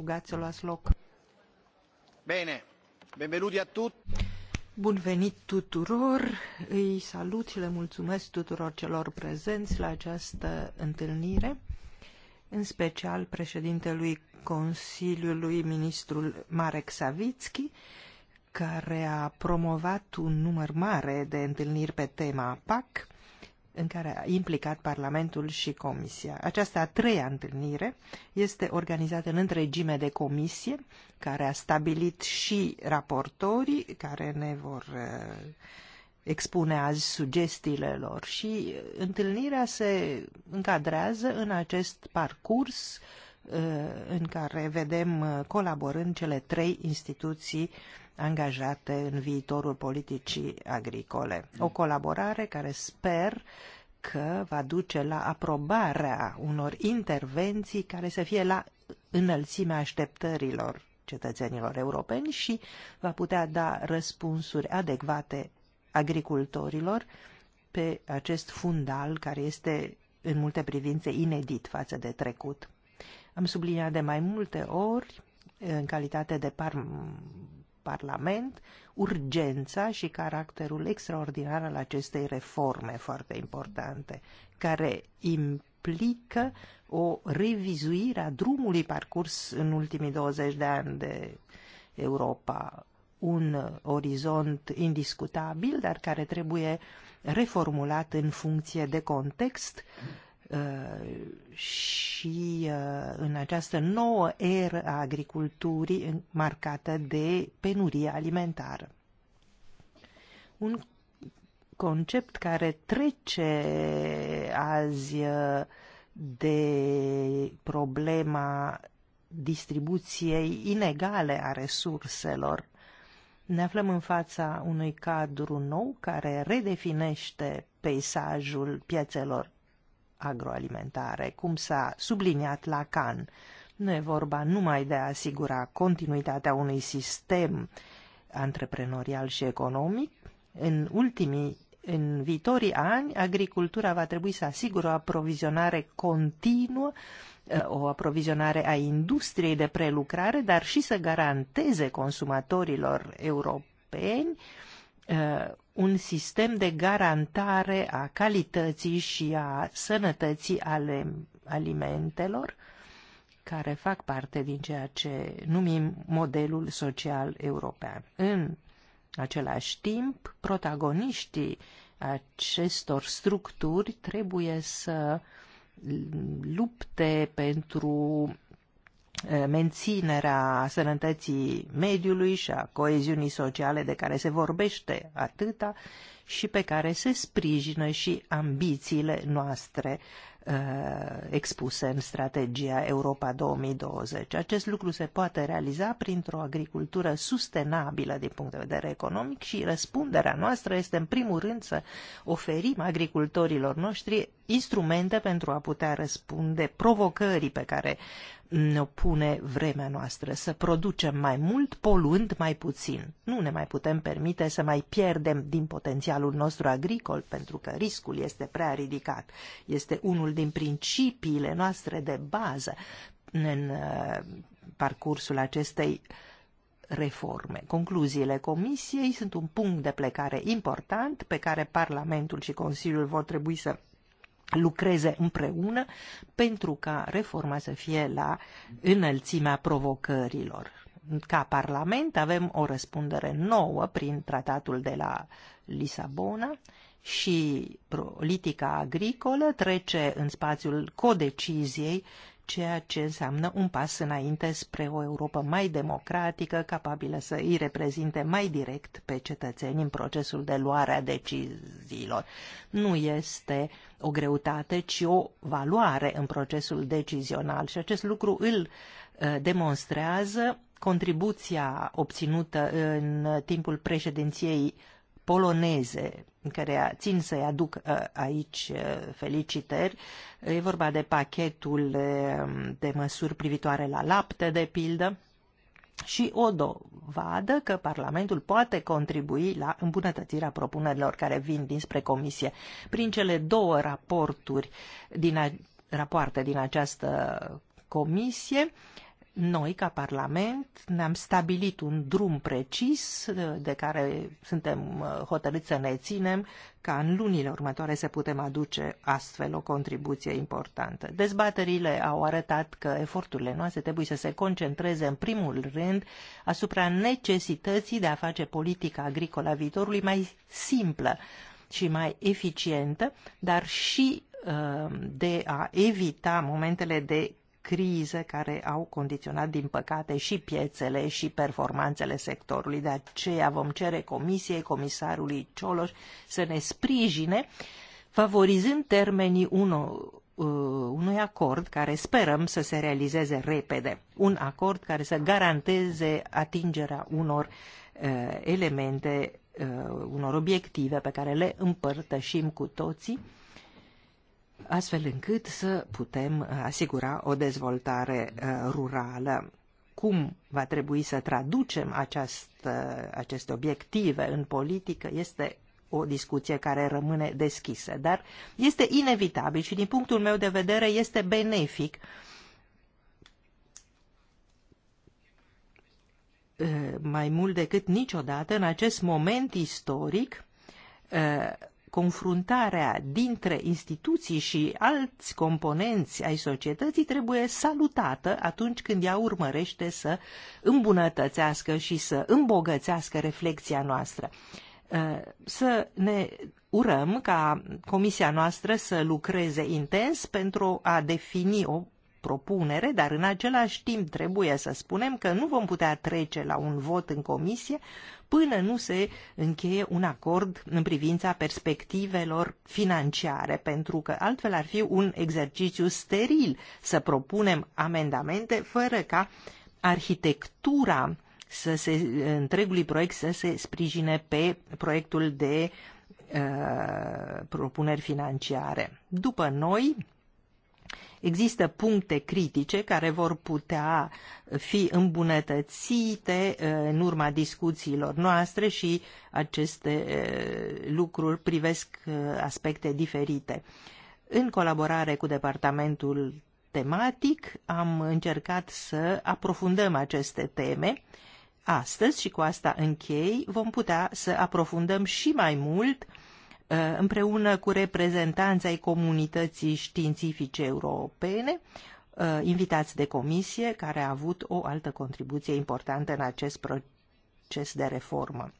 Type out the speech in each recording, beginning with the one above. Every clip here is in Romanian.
rugați să luați loc. Bine, benvenuti a Bun venit tuturor, îi salut și le mulțumesc tuturor celor prezenți la această întâlnire, în special președintelui Consiliului, ministrul Marek Savitski, care a promovat un număr mare de întâlniri pe tema PAC, în care a implicat Parlamentul și Comisia. Această a treia întâlnire este organizată în întregime de comisie, care a stabilit și raportorii care ne vor uh, expune azi sugestiile lor și întâlnirea se încadrează în acest parcurs uh, în care vedem uh, colaborând cele trei instituții angajate în viitorul politicii agricole. O mm. colaborare care sper că va duce la aprobarea unor intervenții care să fie la înălțimea așteptărilor cetățenilor europeni și va putea da răspunsuri adecvate agricultorilor pe acest fundal care este în multe privințe inedit față de trecut. Am subliniat de mai multe ori, în calitate de par Parlament urgența și caracterul extraordinar al acestei reforme foarte importante, care implică o revizuire a drumului parcurs în ultimii 20 de ani de Europa, un orizont indiscutabil, dar care trebuie reformulat în funcție de context, Uh, și uh, în această nouă eră a agriculturii marcată de penurie alimentară. Un concept care trece azi uh, de problema distribuției inegale a resurselor. Ne aflăm în fața unui cadru nou care redefinește peisajul piețelor agroalimentare, cum s-a subliniat la Can. Nu e vorba numai de a asigura continuitatea unui sistem antreprenorial și economic. În ultimii în viitorii ani, agricultura va trebui să asigure o aprovizionare continuă, o aprovizionare a industriei de prelucrare, dar și să garanteze consumatorilor europeni uh, un sistem de garantare a calității și a sănătății ale alimentelor, care fac parte din ceea ce numim modelul social european. În același timp, protagoniștii acestor structuri trebuie să lupte pentru menținerea sănătății mediului și a coeziunii sociale de care se vorbește atâta și pe care se sprijină și ambițiile noastre uh, expuse în strategia Europa 2020. Acest lucru se poate realiza printr-o agricultură sustenabilă din punct de vedere economic și răspunderea noastră este în primul rând să oferim agricultorilor noștri instrumente pentru a putea răspunde provocării pe care ne pune vremea noastră, să producem mai mult poluând mai puțin. Nu ne mai putem permite să mai pierdem din potențialul nostru agricol, pentru că riscul este prea ridicat. Este unul din principiile noastre de bază în uh, parcursul acestei reforme. Concluziile Comisiei sunt un punct de plecare important pe care Parlamentul și Consiliul vor trebui să lucreze împreună pentru ca reforma să fie la înălțimea provocărilor. Ca Parlament avem o răspundere nouă prin tratatul de la Lisabona și politica agricolă trece în spațiul codeciziei ceea ce înseamnă un pas înainte spre o Europa mai democratică, capabilă să îi reprezinte mai direct pe cetățeni în procesul de luare a deciziilor. Nu este o greutate, ci o valoare în procesul decizional și acest lucru îl uh, demonstrează contribuția obținută în timpul președinției poloneze care țin să-i aduc ă, aici ă, felicitări. E vorba de pachetul ă, de măsuri privitoare la lapte, de pildă, și o dovadă că Parlamentul poate contribui la îmbunătățirea propunerilor care vin dinspre Comisie. Prin cele două raporturi din a, rapoarte din această comisie, uh, noi, ca Parlament, ne-am stabilit un drum precis uh, de care suntem uh, hotărâți să ne ținem ca în lunile următoare să putem aduce astfel o contribuție importantă. Dezbaterile au arătat că eforturile noastre trebuie să se concentreze în primul rând asupra necesității de a face politica agricolă a viitorului mai simplă și mai eficientă, dar și uh, de a evita momentele de crize care au condiționat, din păcate, și piețele și performanțele sectorului. De aceea vom cere Comisiei, Comisarului Cioloș să ne sprijine, favorizând termenii uno, uh, unui acord care sperăm să se realizeze repede. Un acord care să garanteze atingerea unor uh, elemente, uh, unor obiective pe care le împărtășim cu toții, astfel încât să putem uh, asigura o dezvoltare uh, rurală. Cum va trebui să traducem această, uh, aceste obiective în politică este o discuție care rămâne deschisă, dar este inevitabil și din punctul meu de vedere este benefic mai mult decât niciodată în acest moment istoric confruntarea dintre instituții și alți componenți ai societății trebuie salutată atunci când ea urmărește să îmbunătățească și să îmbogățească reflexia noastră. Uh, să ne urăm ca comisia noastră să lucreze intens pentru a defini o propunere, dar în același timp trebuie să spunem că nu vom putea trece la un vot în comisie până nu se încheie un acord în privința perspectivelor financiare, pentru că altfel ar fi un exercițiu steril să propunem amendamente fără ca arhitectura să se, întregului proiect să se sprijine pe proiectul de uh, propuneri financiare. După noi, Există puncte critice care vor putea fi îmbunătățite uh, în urma discuțiilor noastre și aceste uh, lucruri privesc uh, aspecte diferite. În colaborare cu departamentul tematic am încercat să aprofundăm aceste teme. Astăzi, și cu asta închei, vom putea să aprofundăm și mai mult uh, Uh, împreună cu reprezentanții ai comunității științifice europene, uh, invitați de comisie, care a avut o altă contribuție importantă în acest proces de reformă.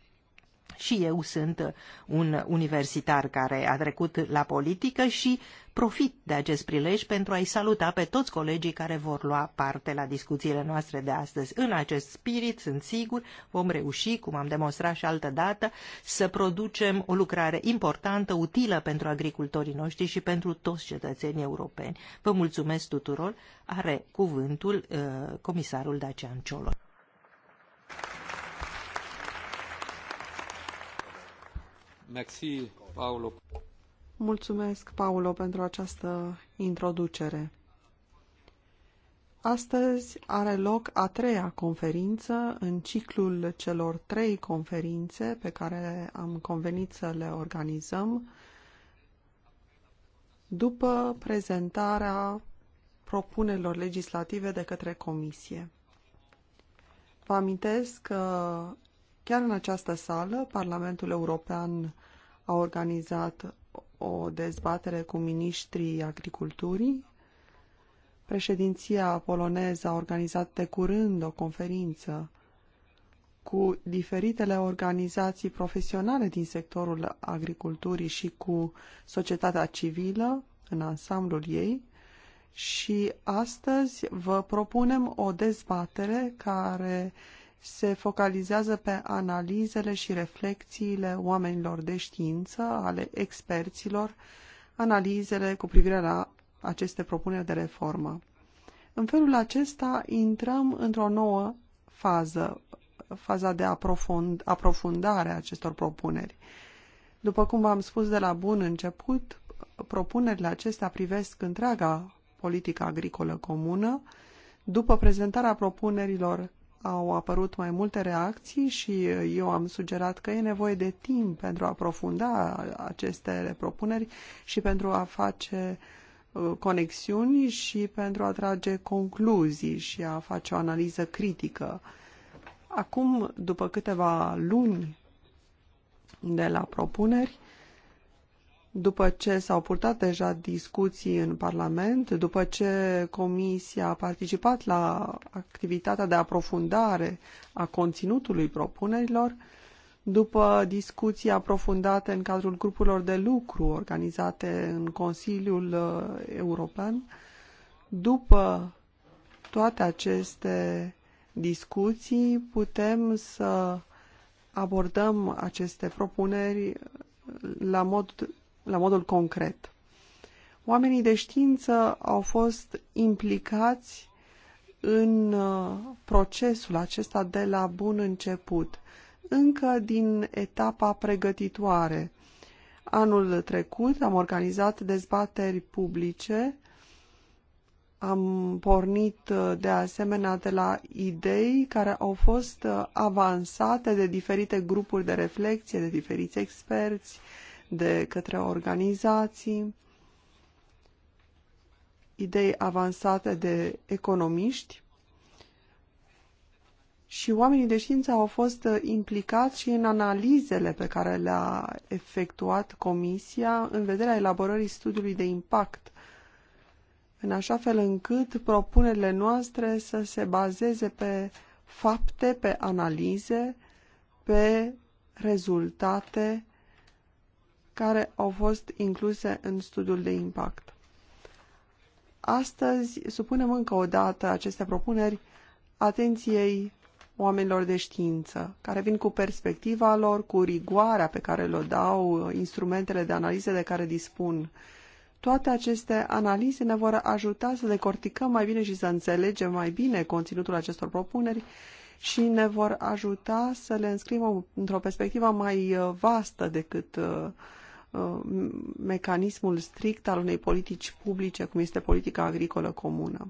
Și eu sunt uh, un universitar care a trecut la politică și profit de acest prilej pentru a-i saluta pe toți colegii care vor lua parte la discuțiile noastre de astăzi. În acest spirit, sunt sigur, vom reuși, cum am demonstrat și altă dată, să producem o lucrare importantă, utilă pentru agricultorii noștri și pentru toți cetățenii europeni. Vă mulțumesc tuturor. Are cuvântul uh, comisarul Dacian Ciolo. Merci, Paolo. Mulțumesc, Paolo, pentru această introducere. Astăzi are loc a treia conferință în ciclul celor trei conferințe pe care am convenit să le organizăm după prezentarea propunerilor legislative de către Comisie. Vă amintesc că chiar în această sală Parlamentul European a organizat o dezbatere cu ministrii agriculturii. Președinția poloneză a organizat de curând o conferință cu diferitele organizații profesionale din sectorul agriculturii și cu societatea civilă în ansamblul ei și astăzi vă propunem o dezbatere care uh, se focalizează pe analizele și reflecțiile oamenilor de știință, ale experților, analizele cu privire la aceste propuneri de reformă. În felul acesta intrăm într-o nouă fază, faza de aprofund, aprofundare a acestor propuneri. După cum v-am spus de la bun început, propunerile acestea privesc întreaga politică agricolă comună. După prezentarea propunerilor au apărut mai multe reacții și eu am sugerat că e nevoie de timp pentru a aprofunda aceste propuneri și pentru a face uh, conexiuni și pentru a trage concluzii și a face o analiză critică. Acum, după câteva luni de la propuneri, după ce s-au purtat deja discuții în Parlament, după ce Comisia a participat la activitatea de aprofundare a conținutului propunerilor, după discuții aprofundate în cadrul grupurilor de lucru organizate în Consiliul uh, European, după toate aceste discuții putem să abordăm aceste propuneri la mod la modul concret. Oamenii de știință au fost implicați în uh, procesul acesta de la bun început, încă din etapa pregătitoare. Anul trecut am organizat dezbateri publice, am pornit uh, de asemenea de la idei care au fost uh, avansate de diferite grupuri de reflexie, de diferiți experți, de către organizații, idei avansate de economiști și oamenii de știință au fost uh, implicați și în analizele pe care le-a efectuat Comisia în vederea elaborării studiului de impact, în așa fel încât propunerile noastre să se bazeze pe fapte, pe analize, pe rezultate care au fost incluse în studiul de impact. Astăzi supunem încă o dată aceste propuneri atenției oamenilor de știință, care vin cu perspectiva lor, cu rigoarea pe care le dau instrumentele de analize de care dispun. Toate aceste analize ne vor ajuta să decorticăm mai bine și să înțelegem mai bine conținutul acestor propuneri și ne vor ajuta să le înscrim într-o perspectivă mai uh, vastă decât uh, mecanismul strict al unei politici publice, cum este politica agricolă comună.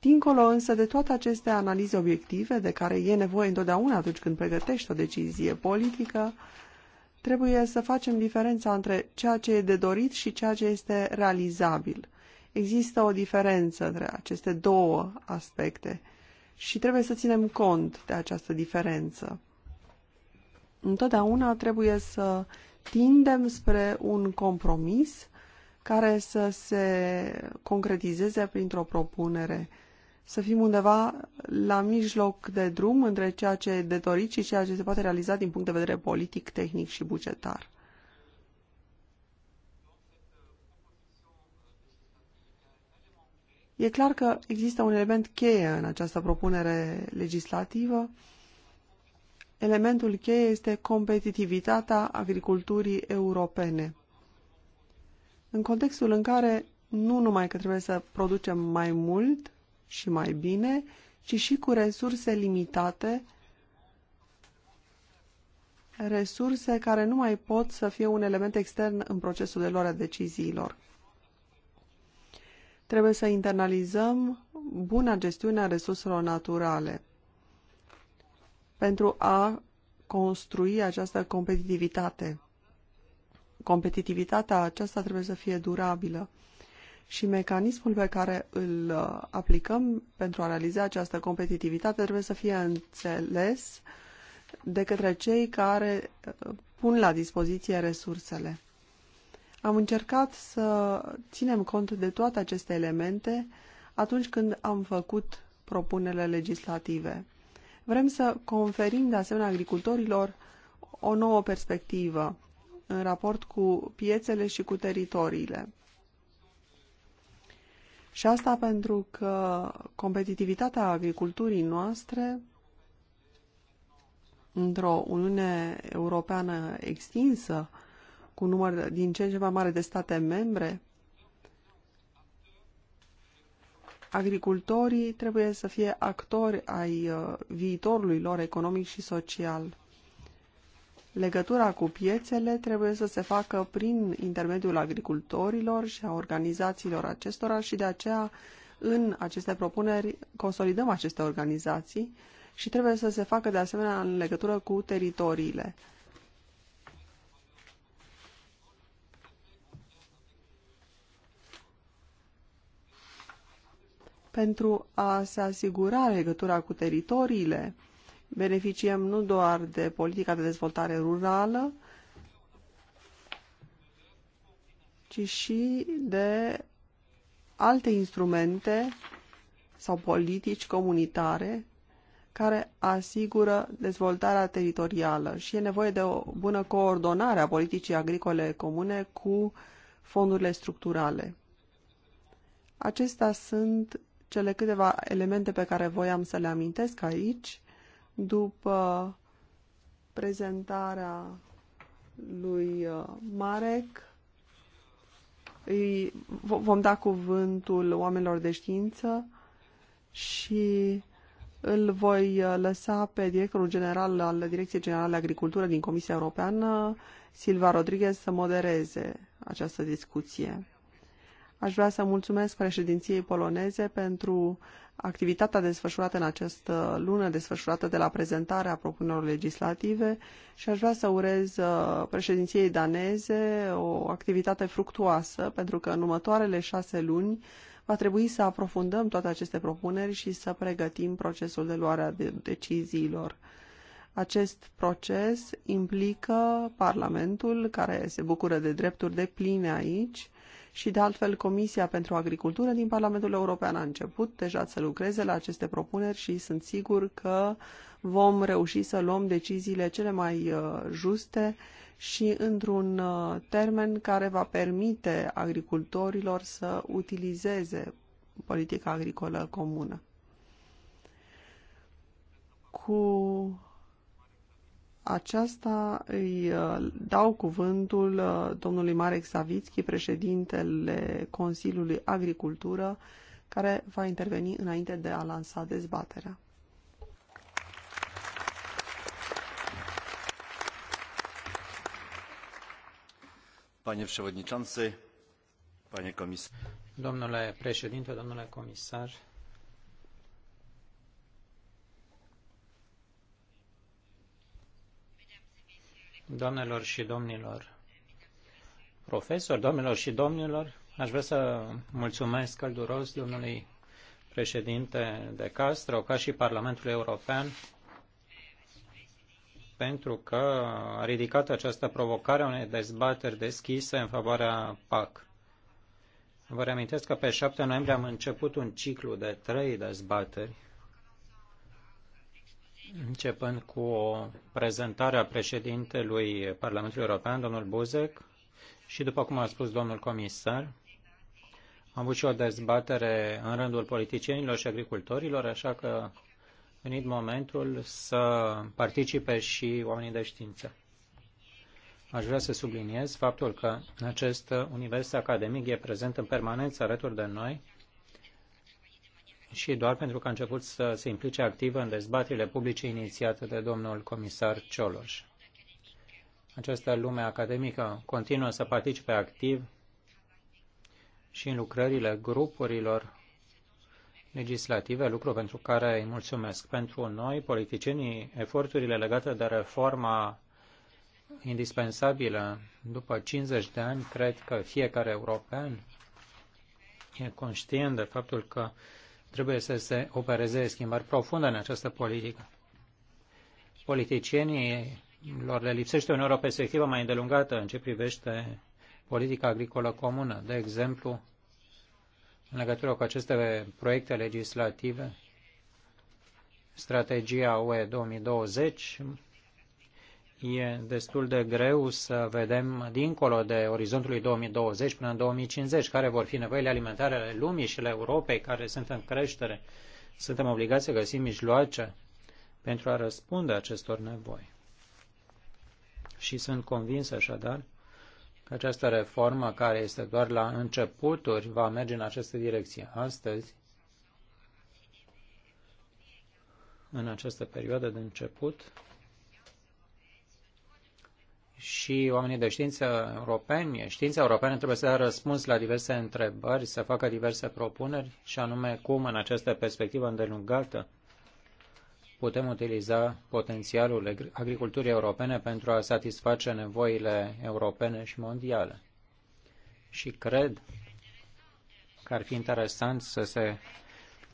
Dincolo însă de toate aceste analize obiective de care e nevoie întotdeauna atunci când pregătești o decizie politică, trebuie să facem diferența între ceea ce e de dorit și ceea ce este realizabil. Există o diferență între aceste două aspecte și trebuie să ținem cont de această diferență. Întotdeauna trebuie să tindem spre un compromis care să se concretizeze printr-o propunere, să fim undeva la mijloc de drum între ceea ce e de dorit și ceea ce se poate realiza din punct de vedere politic, tehnic și bugetar. E clar că există un element cheie în această propunere legislativă Elementul cheie este competitivitatea agriculturii europene. În contextul în care nu numai că trebuie să producem mai mult și mai bine, ci și cu resurse limitate, resurse care nu mai pot să fie un element extern în procesul de luare a deciziilor. Trebuie să internalizăm buna gestiune a resurselor naturale pentru a construi această competitivitate. Competitivitatea aceasta trebuie să fie durabilă și mecanismul pe care îl uh, aplicăm pentru a realiza această competitivitate trebuie să fie înțeles de către cei care uh, pun la dispoziție resursele. Am încercat să ținem cont de toate aceste elemente atunci când am făcut propunerile legislative. Vrem să conferim de asemenea agricultorilor o nouă perspectivă în raport cu piețele și cu teritoriile. Și asta pentru că competitivitatea agriculturii noastre într-o Uniune Europeană extinsă, cu număr din ce în ce mai mare de state membre, agricultorii trebuie să fie actori ai uh, viitorului lor economic și social. Legătura cu piețele trebuie să se facă prin intermediul agricultorilor și a organizațiilor acestora și de aceea în aceste propuneri consolidăm aceste organizații și trebuie să se facă de asemenea în legătură cu teritoriile. pentru a se asigura legătura cu teritoriile. Beneficiem nu doar de politica de dezvoltare rurală, ci și de alte instrumente sau politici comunitare care asigură dezvoltarea teritorială și e nevoie de o bună coordonare a politicii agricole comune cu fondurile structurale. Acestea sunt cele câteva elemente pe care voiam să le amintesc aici, după prezentarea lui uh, Marek, îi vom da cuvântul oamenilor de știință și îl voi uh, lăsa pe directorul general al Direcției Generale Agricultură din Comisia Europeană, Silva Rodriguez, să modereze această discuție. Aș vrea să mulțumesc președinției poloneze pentru activitatea desfășurată în această lună, desfășurată de la prezentarea propunerilor legislative și aș vrea să urez uh, președinției daneze o activitate fructuoasă, pentru că în următoarele șase luni va trebui să aprofundăm toate aceste propuneri și să pregătim procesul de luare a deciziilor. Acest proces implică Parlamentul, care se bucură de drepturi de pline aici, și de altfel Comisia pentru Agricultură din Parlamentul European a început deja să lucreze la aceste propuneri și sunt sigur că vom reuși să luăm deciziile cele mai uh, juste și într-un uh, termen care va permite agricultorilor să utilizeze politica agricolă comună. Cu aceasta îi uh, dau cuvântul uh, domnului Marek Savitski, președintele Consiliului Agricultură, care va interveni înainte de a lansa dezbaterea. Panie președinte, panie comisar. Domnule președinte, domnule comisar, doamnelor și domnilor profesori, domnilor și domnilor, aș vrea să mulțumesc călduros domnului președinte de Castro, ca și Parlamentul European, pentru că a ridicat această provocare a unei dezbateri deschise în favoarea PAC. Vă reamintesc că pe 7 noiembrie am început un ciclu de trei dezbateri Începând cu o prezentare a președintelui Parlamentului European, domnul Buzek, și după cum a spus domnul comisar, am avut și o dezbatere în rândul politicienilor și agricultorilor, așa că a venit momentul să participe și oamenii de știință. Aș vrea să subliniez faptul că acest univers academic e prezent în permanență alături de noi, și doar pentru că a început să se implice activ în dezbaterile publice inițiate de domnul comisar Cioloș. Această lume academică continuă să participe activ și în lucrările grupurilor legislative, lucru pentru care îi mulțumesc. Pentru noi, politicienii, eforturile legate de reforma indispensabilă după 50 de ani, cred că fiecare european e conștient de faptul că Trebuie să se opereze schimbări profunde în această politică. Politicienii lor le lipsește uneori o perspectivă mai îndelungată în ce privește politica agricolă comună. De exemplu, în legătură cu aceste proiecte legislative, strategia UE 2020, e destul de greu să vedem dincolo de orizontului 2020 până în 2050 care vor fi nevoile alimentare ale lumii și ale Europei care sunt în creștere. Suntem obligați să găsim mijloace pentru a răspunde acestor nevoi. Și sunt convins așadar că această reformă, care este doar la începuturi, va merge în această direcție. Astăzi, în această perioadă de început, și oamenii de știință europeni, știința europeană trebuie să dea răspuns la diverse întrebări, să facă diverse propuneri și anume cum în această perspectivă îndelungată putem utiliza potențialul agriculturii europene pentru a satisface nevoile europene și mondiale. Și cred că ar fi interesant să se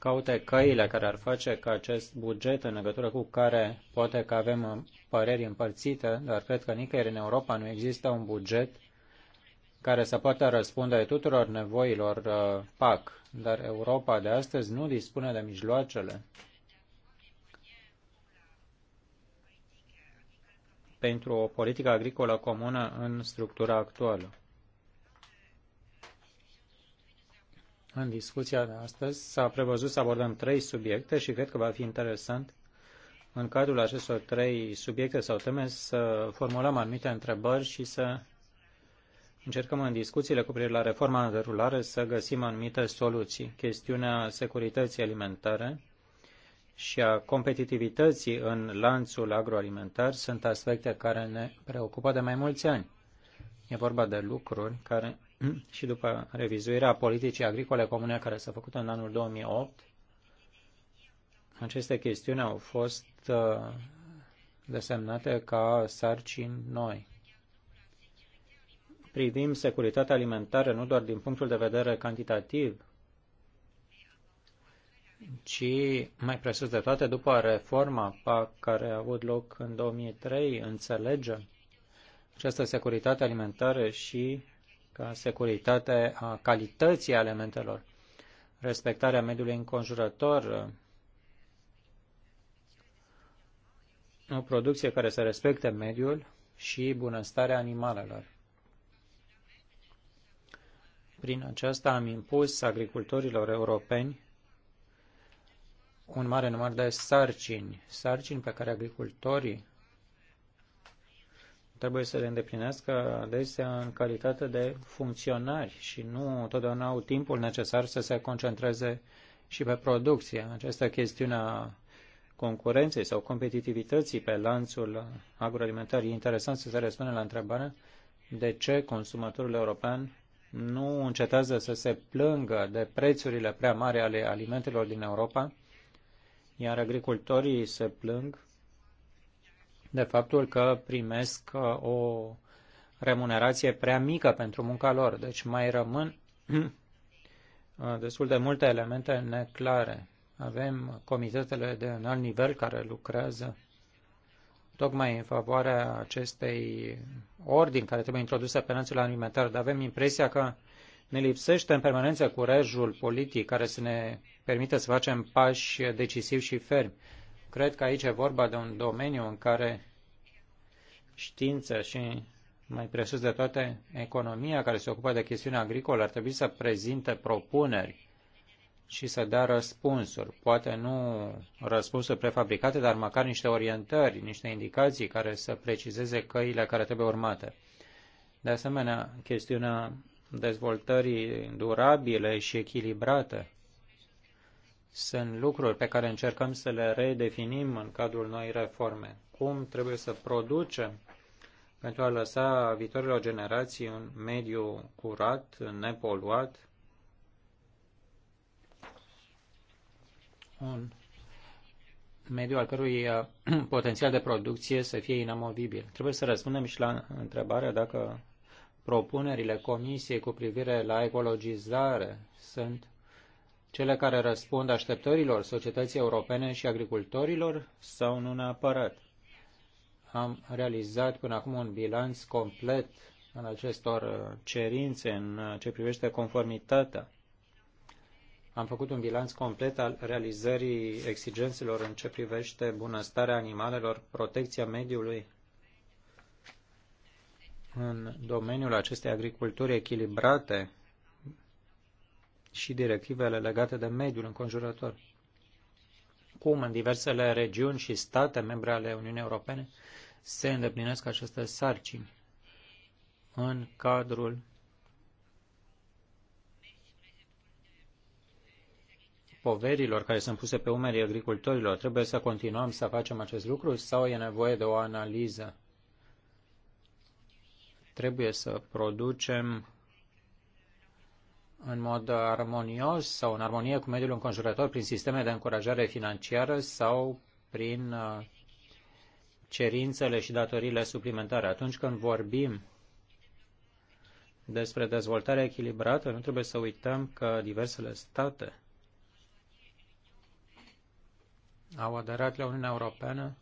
caute căile care ar face ca acest buget în legătură cu care poate că avem păreri împărțite, dar cred că nicăieri în Europa nu există un buget care să poată răspunde tuturor nevoilor uh, PAC, dar Europa de astăzi nu dispune de mijloacele pentru o politică agricolă comună în structura actuală. În discuția de astăzi s-a prevăzut să abordăm trei subiecte și cred că va fi interesant în cadrul acestor trei subiecte sau teme să formulăm anumite întrebări și să încercăm în discuțiile cu privire la reforma în derulare să găsim anumite soluții. Chestiunea securității alimentare și a competitivității în lanțul agroalimentar sunt aspecte care ne preocupă de mai mulți ani. E vorba de lucruri care și după revizuirea politicii agricole comune care s-a făcut în anul 2008, aceste chestiuni au fost uh, desemnate ca sarcini noi. Privim securitatea alimentară nu doar din punctul de vedere cantitativ, ci mai presus de toate după reforma PAC care a avut loc în 2003, înțelegem această securitate alimentară și ca securitate a calității alimentelor, respectarea mediului înconjurător, o producție care să respecte mediul și bunăstarea animalelor. Prin aceasta am impus agricultorilor europeni un mare număr de sarcini, sarcini pe care agricultorii trebuie să le îndeplinească adesea în calitate de funcționari și nu totdeauna au timpul necesar să se concentreze și pe producție. Aceasta e chestiunea concurenței sau competitivității pe lanțul agroalimentar. E interesant să se răspundă la întrebarea de ce consumatorul european nu încetează să se plângă de prețurile prea mari ale alimentelor din Europa, iar agricultorii se plâng de faptul că primesc uh, o remunerație prea mică pentru munca lor. Deci mai rămân uh, destul de multe elemente neclare. Avem comitetele de înalt nivel care lucrează tocmai în favoarea acestei ordini care trebuie introduse pe națiunile alimentare, dar avem impresia că ne lipsește în permanență curajul politic care să ne permită să facem pași decisivi și fermi. Cred că aici e vorba de un domeniu în care știință și mai presus de toate economia care se ocupă de chestiunea agricolă ar trebui să prezinte propuneri și să dea răspunsuri. Poate nu răspunsuri prefabricate, dar măcar niște orientări, niște indicații care să precizeze căile care trebuie urmate. De asemenea, chestiunea dezvoltării durabile și echilibrate sunt lucruri pe care încercăm să le redefinim în cadrul noi reforme. Cum trebuie să producem pentru a lăsa viitorilor generații un mediu curat, nepoluat, un mediu al cărui uh, potențial de producție să fie inamovibil. Trebuie să răspundem și la întrebarea dacă propunerile Comisiei cu privire la ecologizare sunt cele care răspund așteptărilor societății europene și agricultorilor sau nu neapărat. Am realizat până acum un bilanț complet al acestor uh, cerințe în uh, ce privește conformitatea. Am făcut un bilanț complet al realizării exigențelor în ce privește bunăstarea animalelor, protecția mediului în domeniul acestei agriculturi echilibrate și directivele legate de mediul înconjurător. Cum în diversele regiuni și state membre ale Uniunii Europene se îndeplinesc aceste sarcini în cadrul poverilor care sunt puse pe umerii agricultorilor. Trebuie să continuăm să facem acest lucru sau e nevoie de o analiză? Trebuie să producem în mod armonios sau în armonie cu mediul înconjurător prin sisteme de încurajare financiară sau prin uh, cerințele și datoriile suplimentare. Atunci când vorbim despre dezvoltarea echilibrată, nu trebuie să uităm că diversele state au aderat la Uniunea Europeană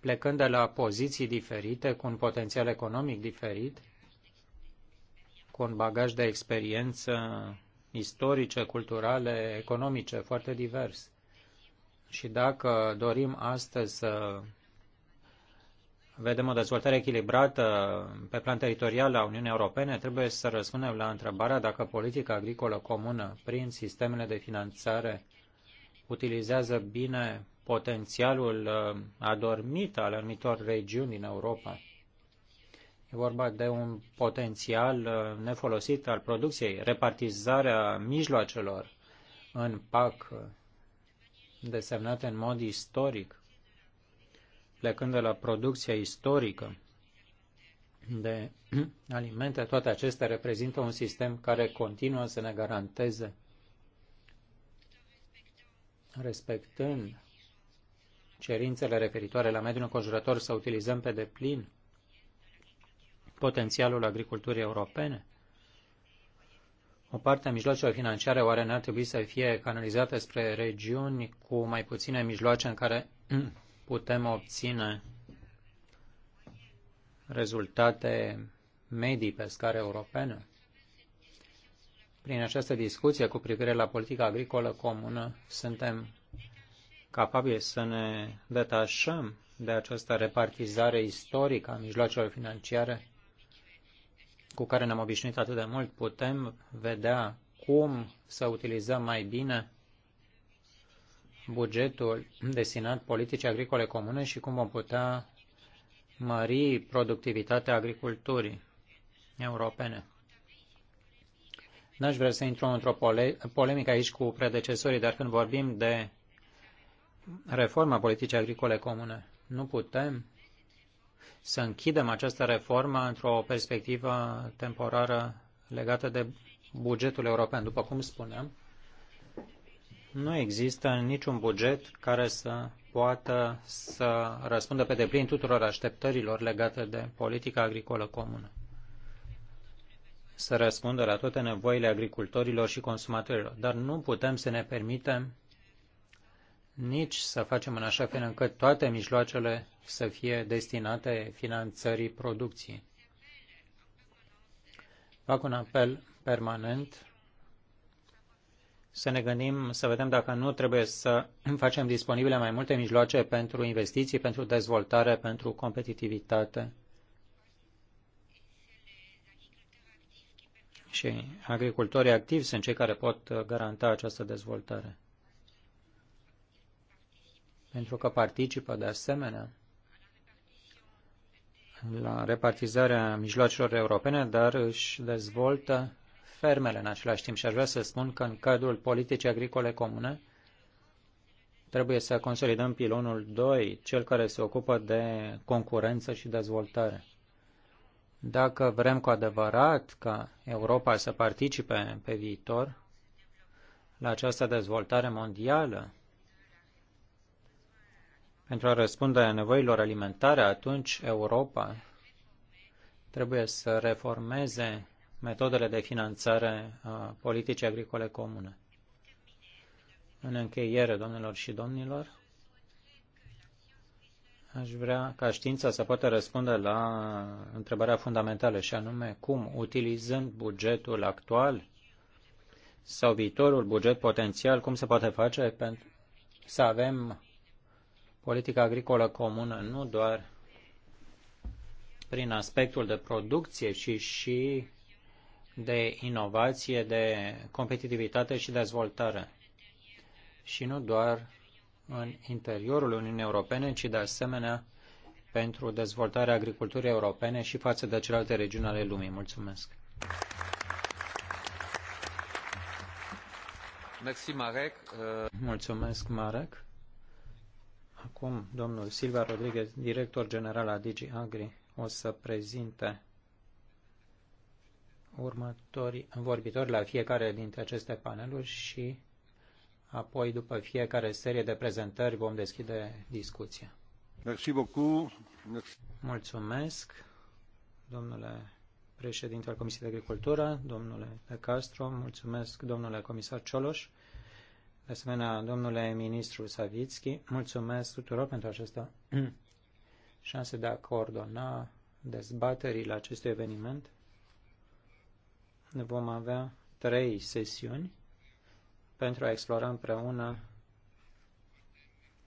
plecând de la poziții diferite, cu un potențial economic diferit cu un bagaj de experiență istorice, culturale, economice foarte divers. Și dacă dorim astăzi să vedem o dezvoltare echilibrată pe plan teritorial a Uniunii Europene, trebuie să răspundem la întrebarea dacă politica agricolă comună, prin sistemele de finanțare, utilizează bine potențialul uh, adormit al anumitor regiuni din Europa E vorba de un potențial uh, nefolosit al producției, repartizarea mijloacelor în PAC uh, desemnate în mod istoric, plecând de la producția istorică de alimente, toate acestea reprezintă un sistem care continuă să ne garanteze, respectând cerințele referitoare la mediul înconjurător, să utilizăm pe deplin potențialul agriculturii europene? O parte a mijloacelor financiare oare n-ar trebui să fie canalizată spre regiuni cu mai puține mijloace în care putem obține rezultate medii pe scară europeană? Prin această discuție cu privire la politica agricolă comună, suntem capabili să ne detașăm de această repartizare istorică a mijloacelor financiare cu care ne-am obișnuit atât de mult, putem vedea cum să utilizăm mai bine bugetul destinat politicii agricole comune și cum vom putea mări productivitatea agriculturii europene. N-aș vrea să intru într-o pole- polemică aici cu predecesorii, dar când vorbim de reforma politicii agricole comune, nu putem să închidem această reformă într-o perspectivă temporară legată de bugetul european. După cum spuneam, nu există niciun buget care să poată să răspundă pe deplin tuturor așteptărilor legate de politica agricolă comună. Să răspundă la toate nevoile agricultorilor și consumatorilor. Dar nu putem să ne permitem nici să facem în așa fel încât toate mijloacele să fie destinate finanțării producției. Fac un apel permanent să ne gândim, să vedem dacă nu trebuie să facem disponibile mai multe mijloace pentru investiții, pentru dezvoltare, pentru competitivitate. Și agricultorii activi sunt cei care pot garanta această dezvoltare pentru că participă de asemenea la repartizarea mijloacelor europene, dar își dezvoltă fermele în același timp. Și aș vrea să spun că în cadrul politicii agricole comune trebuie să consolidăm pilonul 2, cel care se ocupă de concurență și dezvoltare. Dacă vrem cu adevărat ca Europa să participe pe viitor la această dezvoltare mondială, pentru a răspunde nevoilor alimentare, atunci Europa trebuie să reformeze metodele de finanțare a politicii agricole comune. În încheiere, domnilor și domnilor, aș vrea ca știința să poată răspunde la întrebarea fundamentală și anume cum, utilizând bugetul actual sau viitorul buget potențial, cum se poate face pentru să avem politica agricolă comună nu doar prin aspectul de producție, ci și de inovație, de competitivitate și dezvoltare. Și nu doar în interiorul Uniunii Europene, ci de asemenea pentru dezvoltarea agriculturii europene și față de celelalte regiuni ale lumii. Mulțumesc! Mulțumesc, Marek. Acum, domnul Silva Rodriguez, director general al Digi Agri, o să prezinte următorii vorbitori la fiecare dintre aceste paneluri și apoi, după fiecare serie de prezentări, vom deschide discuția. Merci beaucoup. Mulțumesc, domnule președinte al Comisiei de Agricultură, domnule De Castro, mulțumesc, domnule comisar Cioloș de asemenea, domnule ministru Savitski, mulțumesc tuturor pentru această șansă de a coordona dezbaterile acestui eveniment. Vom avea trei sesiuni pentru a explora împreună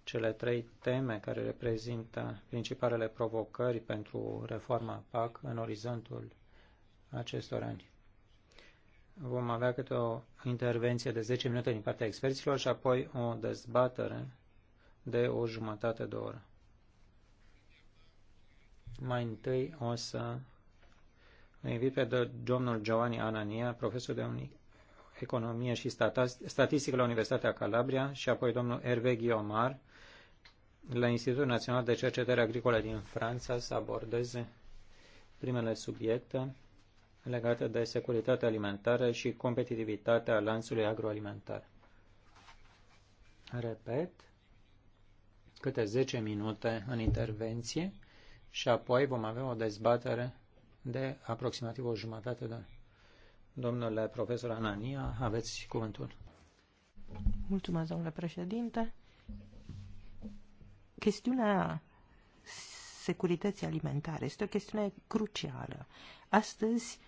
cele trei teme care reprezintă principalele provocări pentru reforma PAC în orizontul acestor ani vom avea câte o intervenție de 10 minute din partea experților și apoi o dezbatere de o jumătate de oră. Mai întâi o să invit pe domnul Giovanni Anania, profesor de economie și statistică la Universitatea Calabria și apoi domnul Hervé Guiomar la Institutul Național de Cercetare Agricolă din Franța să abordeze primele subiecte legate de securitatea alimentară și competitivitatea lanțului agroalimentar. Repet, câte 10 minute în intervenție și apoi vom avea o dezbatere de aproximativ o jumătate de Domnule profesor Anania, aveți cuvântul. Mulțumesc, domnule președinte. Chestiunea securității alimentare este o chestiune crucială. Astăzi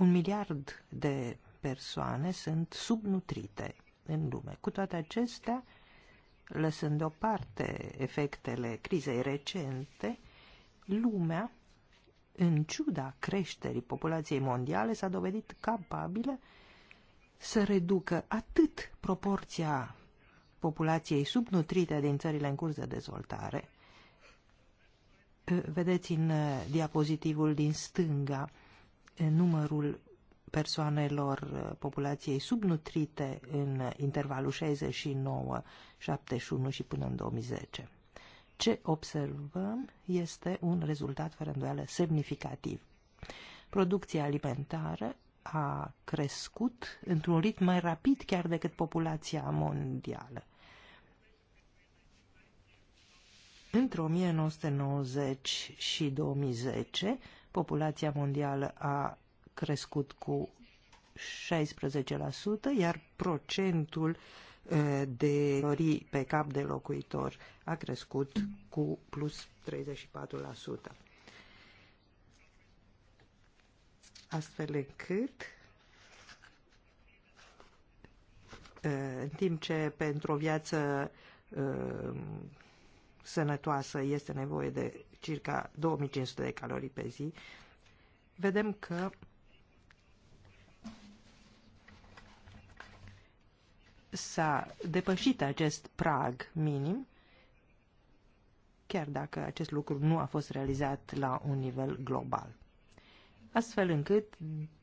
un miliard de persoane sunt subnutrite în lume. Cu toate acestea, lăsând deoparte efectele crizei recente, lumea, în ciuda creșterii populației mondiale, s-a dovedit capabilă să reducă atât proporția populației subnutrite din țările în curs de dezvoltare. Vedeți în diapozitivul din stânga numărul persoanelor uh, populației subnutrite în intervalul 69, 71 și până în 2010. Ce observăm este un rezultat fără îndoială semnificativ. Producția alimentară a crescut într-un ritm mai rapid chiar decât populația mondială. Între 1990 și 2010, populația mondială a crescut cu 16%, iar procentul de ori pe cap de locuitor a crescut cu plus 34%. Astfel încât în timp ce pentru o viață sănătoasă este nevoie de circa 2500 de calorii pe zi, vedem că s-a depășit acest prag minim, chiar dacă acest lucru nu a fost realizat la un nivel global. Astfel încât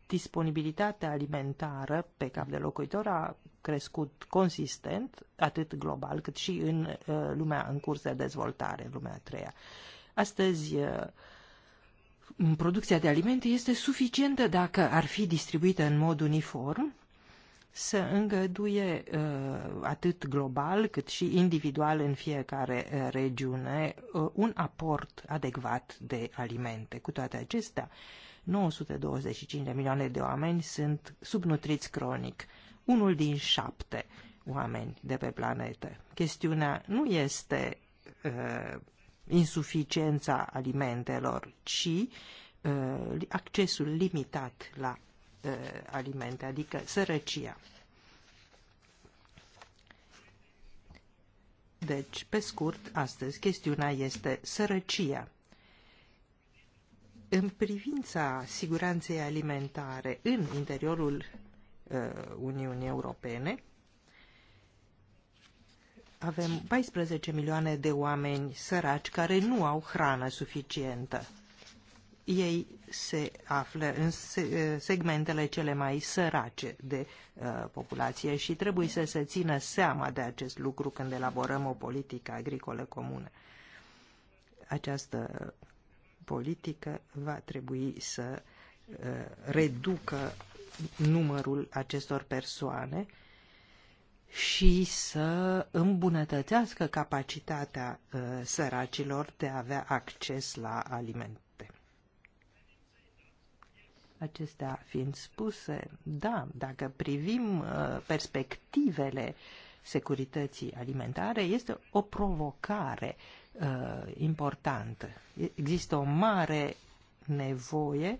disponibilitatea alimentară pe cap de locuitor a crescut consistent, atât global cât și în uh, lumea în curs de dezvoltare, în lumea a treia. Astăzi, uh, producția de alimente este suficientă dacă ar fi distribuită în mod uniform, să îngăduie uh, atât global cât și individual în fiecare uh, regiune un aport adecvat de alimente. Cu toate acestea, 925 de milioane de oameni sunt subnutriți cronic, unul din șapte oameni de pe planetă. Chestiunea nu este insuficiența alimentelor, ci uh, accesul limitat la uh, alimente, adică sărăcia. Deci, pe scurt, astăzi chestiunea este sărăcia. În privința siguranței alimentare în interiorul uh, Uniunii Europene, avem 14 milioane de oameni săraci care nu au hrană suficientă. Ei se află în eh, segmentele cele mai sărace de uh, populație și trebuie să se țină seama de acest lucru când elaborăm o politică agricolă comună. Această politică va trebui să uh, reducă numărul acestor persoane uh, și să îmbunătățească capacitatea uh, săracilor de a avea acces la alimente. Acestea fiind spuse, da, dacă privim uh, perspectivele securității alimentare, este o provocare uh, importantă. Există o mare nevoie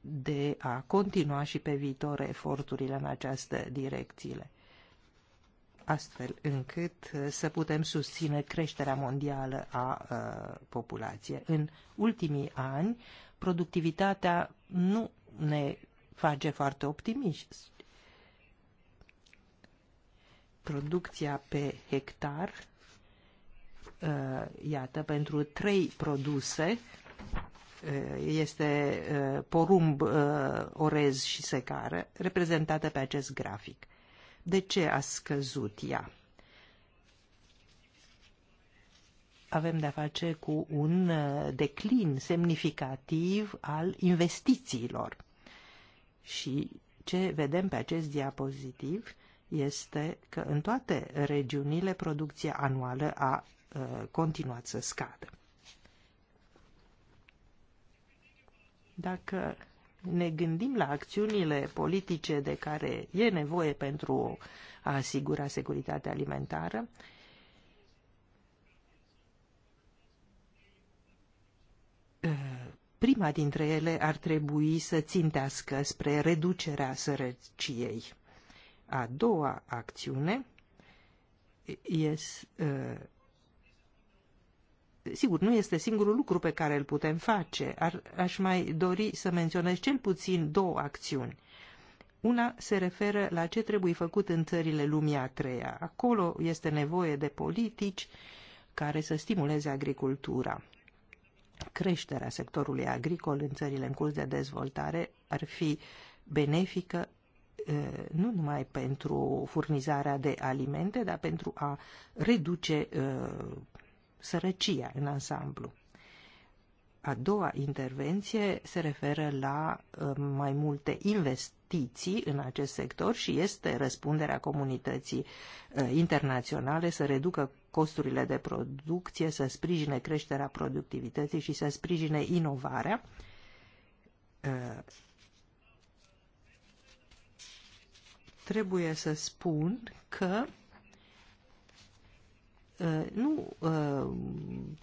de a continua și pe viitor eforturile în această direcție astfel încât uh, să putem susține creșterea mondială a uh, populației. În ultimii ani, productivitatea nu ne face foarte optimiști. Producția pe hectar, uh, iată, pentru trei produse, este porumb, orez și secară, reprezentată pe acest grafic de ce a scăzut ea. Avem de-a face cu un uh, declin semnificativ al investițiilor. Și ce vedem pe acest diapozitiv este că în toate regiunile producția anuală a uh, continuat să scadă. Dacă ne gândim la acțiunile politice de care e nevoie pentru a asigura securitatea alimentară, prima dintre ele ar trebui să țintească spre reducerea sărăciei. A doua acțiune este Sigur, nu este singurul lucru pe care îl putem face. Ar, aș mai dori să menționez cel puțin două acțiuni. Una se referă la ce trebuie făcut în țările lumii a treia. Acolo este nevoie de politici care să stimuleze agricultura. Creșterea sectorului agricol în țările în curs de dezvoltare ar fi benefică nu numai pentru furnizarea de alimente, dar pentru a reduce sărăcia în ansamblu. A doua intervenție se referă la uh, mai multe investiții în acest sector și este răspunderea comunității uh, internaționale să reducă costurile de producție, să sprijine creșterea productivității și să sprijine inovarea. Uh, trebuie să spun că Uh, nu uh,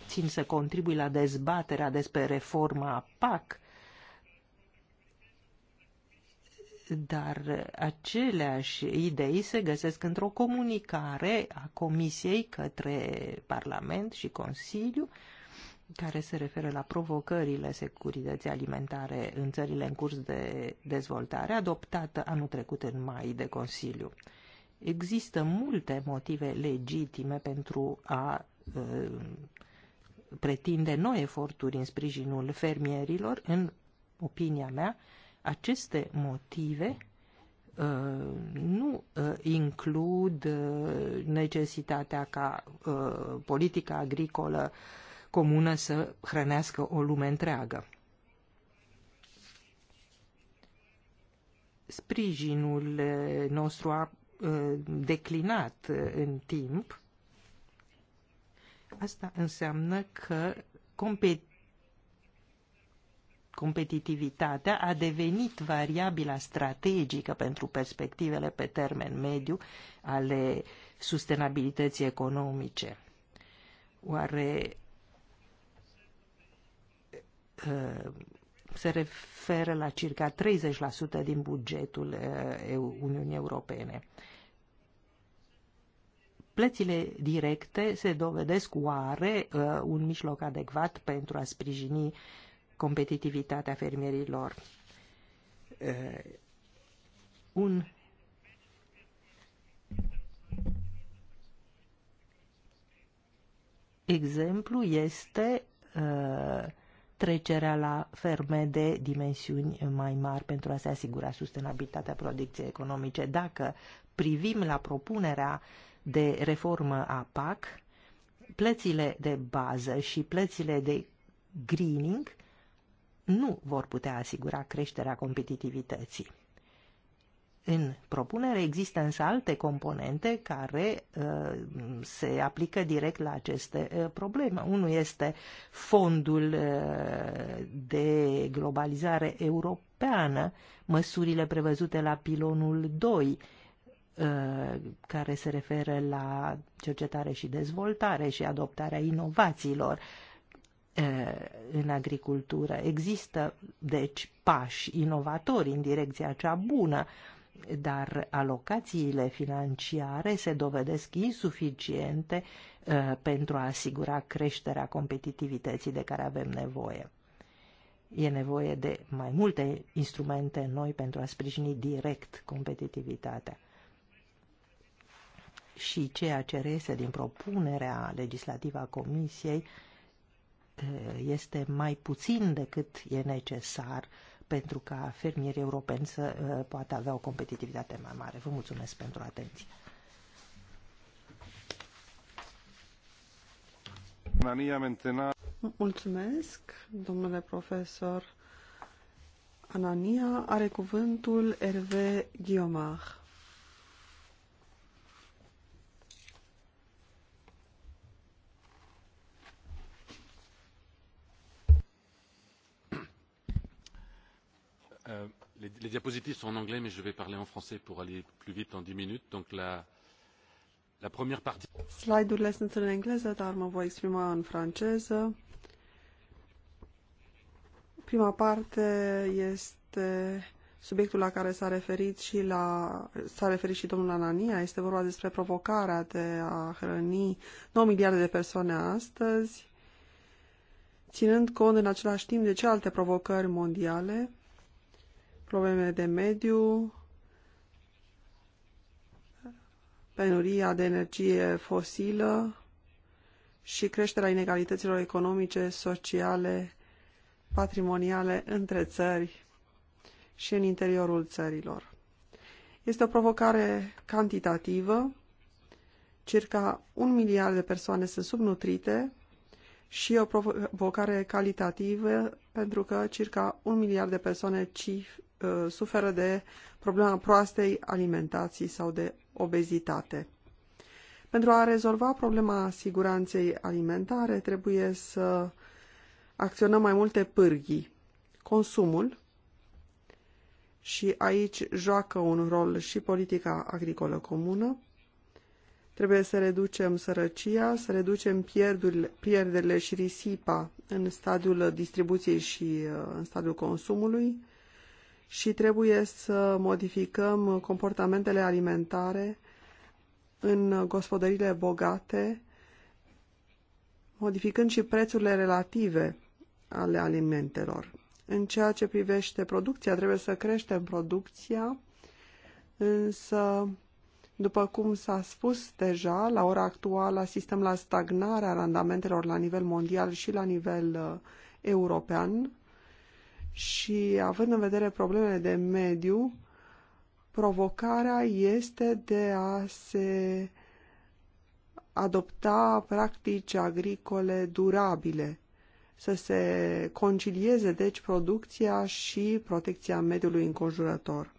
țin să contribui la dezbaterea despre reforma PAC, dar aceleași idei se găsesc într-o comunicare a Comisiei către Parlament și Consiliu care se referă la provocările securității alimentare în țările în curs de dezvoltare, adoptată anul trecut în mai de Consiliu. Există multe motive legitime pentru a uh, pretinde noi eforturi în sprijinul fermierilor. În opinia mea, aceste motive uh, nu uh, includ uh, necesitatea ca uh, politica agricolă comună să hrănească o lume întreagă. sprijinul nostru a Uh, declinat uh, în timp, asta înseamnă că competiția competitivitatea a devenit variabila strategică pentru perspectivele pe termen mediu ale sustenabilității economice. Oare uh, se referă la circa 30% din bugetul uh, Uniunii Europene. Plățile directe se dovedesc oare uh, un mijloc adecvat pentru a sprijini competitivitatea fermierilor? Uh, un exemplu este uh, trecerea la ferme de dimensiuni mai mari pentru a se asigura sustenabilitatea producției economice. Dacă privim la propunerea de reformă a PAC, plățile de bază și plățile de greening nu vor putea asigura creșterea competitivității. În propunere există însă alte componente care uh, se aplică direct la aceste uh, probleme. Unul este fondul uh, de globalizare europeană, măsurile prevăzute la pilonul 2, uh, care se referă la cercetare și dezvoltare și adoptarea inovațiilor uh, în agricultură. Există, deci, pași inovatori în direcția cea bună, uh, dar alocațiile financiare se dovedesc insuficiente uh, pentru a asigura creșterea competitivității de care avem nevoie. E nevoie de mai multe instrumente noi pentru a sprijini direct competitivitatea. Și ceea ce reiese din propunerea legislativă a Comisiei uh, este mai puțin decât e necesar pentru ca fermierii europeni să uh, poată avea o competitivitate mai mare. Vă mulțumesc pentru atenție. Mulțumesc, domnule profesor. Anania are cuvântul Hervé Guiomard. Euh, les, diapositives sont en anglais, mais je vais parler en français pour aller plus vite en dix minutes. Donc la, la première partie. Slide-urile sunt în engleză, dar mă voi exprima în franceză. Prima parte este subiectul la care s-a referit și la s-a referit și domnul Anania, este vorba despre provocarea de a hrăni 9 miliarde de persoane astăzi, ținând cont în același timp de celelalte provocări mondiale, probleme de mediu, penuria de energie fosilă și creșterea inegalităților economice, sociale, patrimoniale între țări și în interiorul țărilor. Este o provocare cantitativă. Circa un miliard de persoane sunt subnutrite și o provocare calitativă pentru că circa un miliard de persoane Uh, suferă de problema proastei alimentații sau de obezitate. Pentru a rezolva problema siguranței alimentare, trebuie să acționăm mai multe pârghii. Consumul, și aici joacă un rol și politica agricolă comună, Trebuie să reducem sărăcia, să reducem pierderile și risipa în stadiul distribuției și uh, în stadiul consumului și trebuie să modificăm comportamentele alimentare în gospodările bogate, modificând și prețurile relative ale alimentelor. În ceea ce privește producția, trebuie să creștem producția, însă, după cum s-a spus deja, la ora actuală asistăm la stagnarea randamentelor la nivel mondial și la nivel uh, european și având în vedere problemele de mediu, provocarea este de a se adopta practici agricole durabile, să se concilieze deci producția și protecția mediului înconjurător.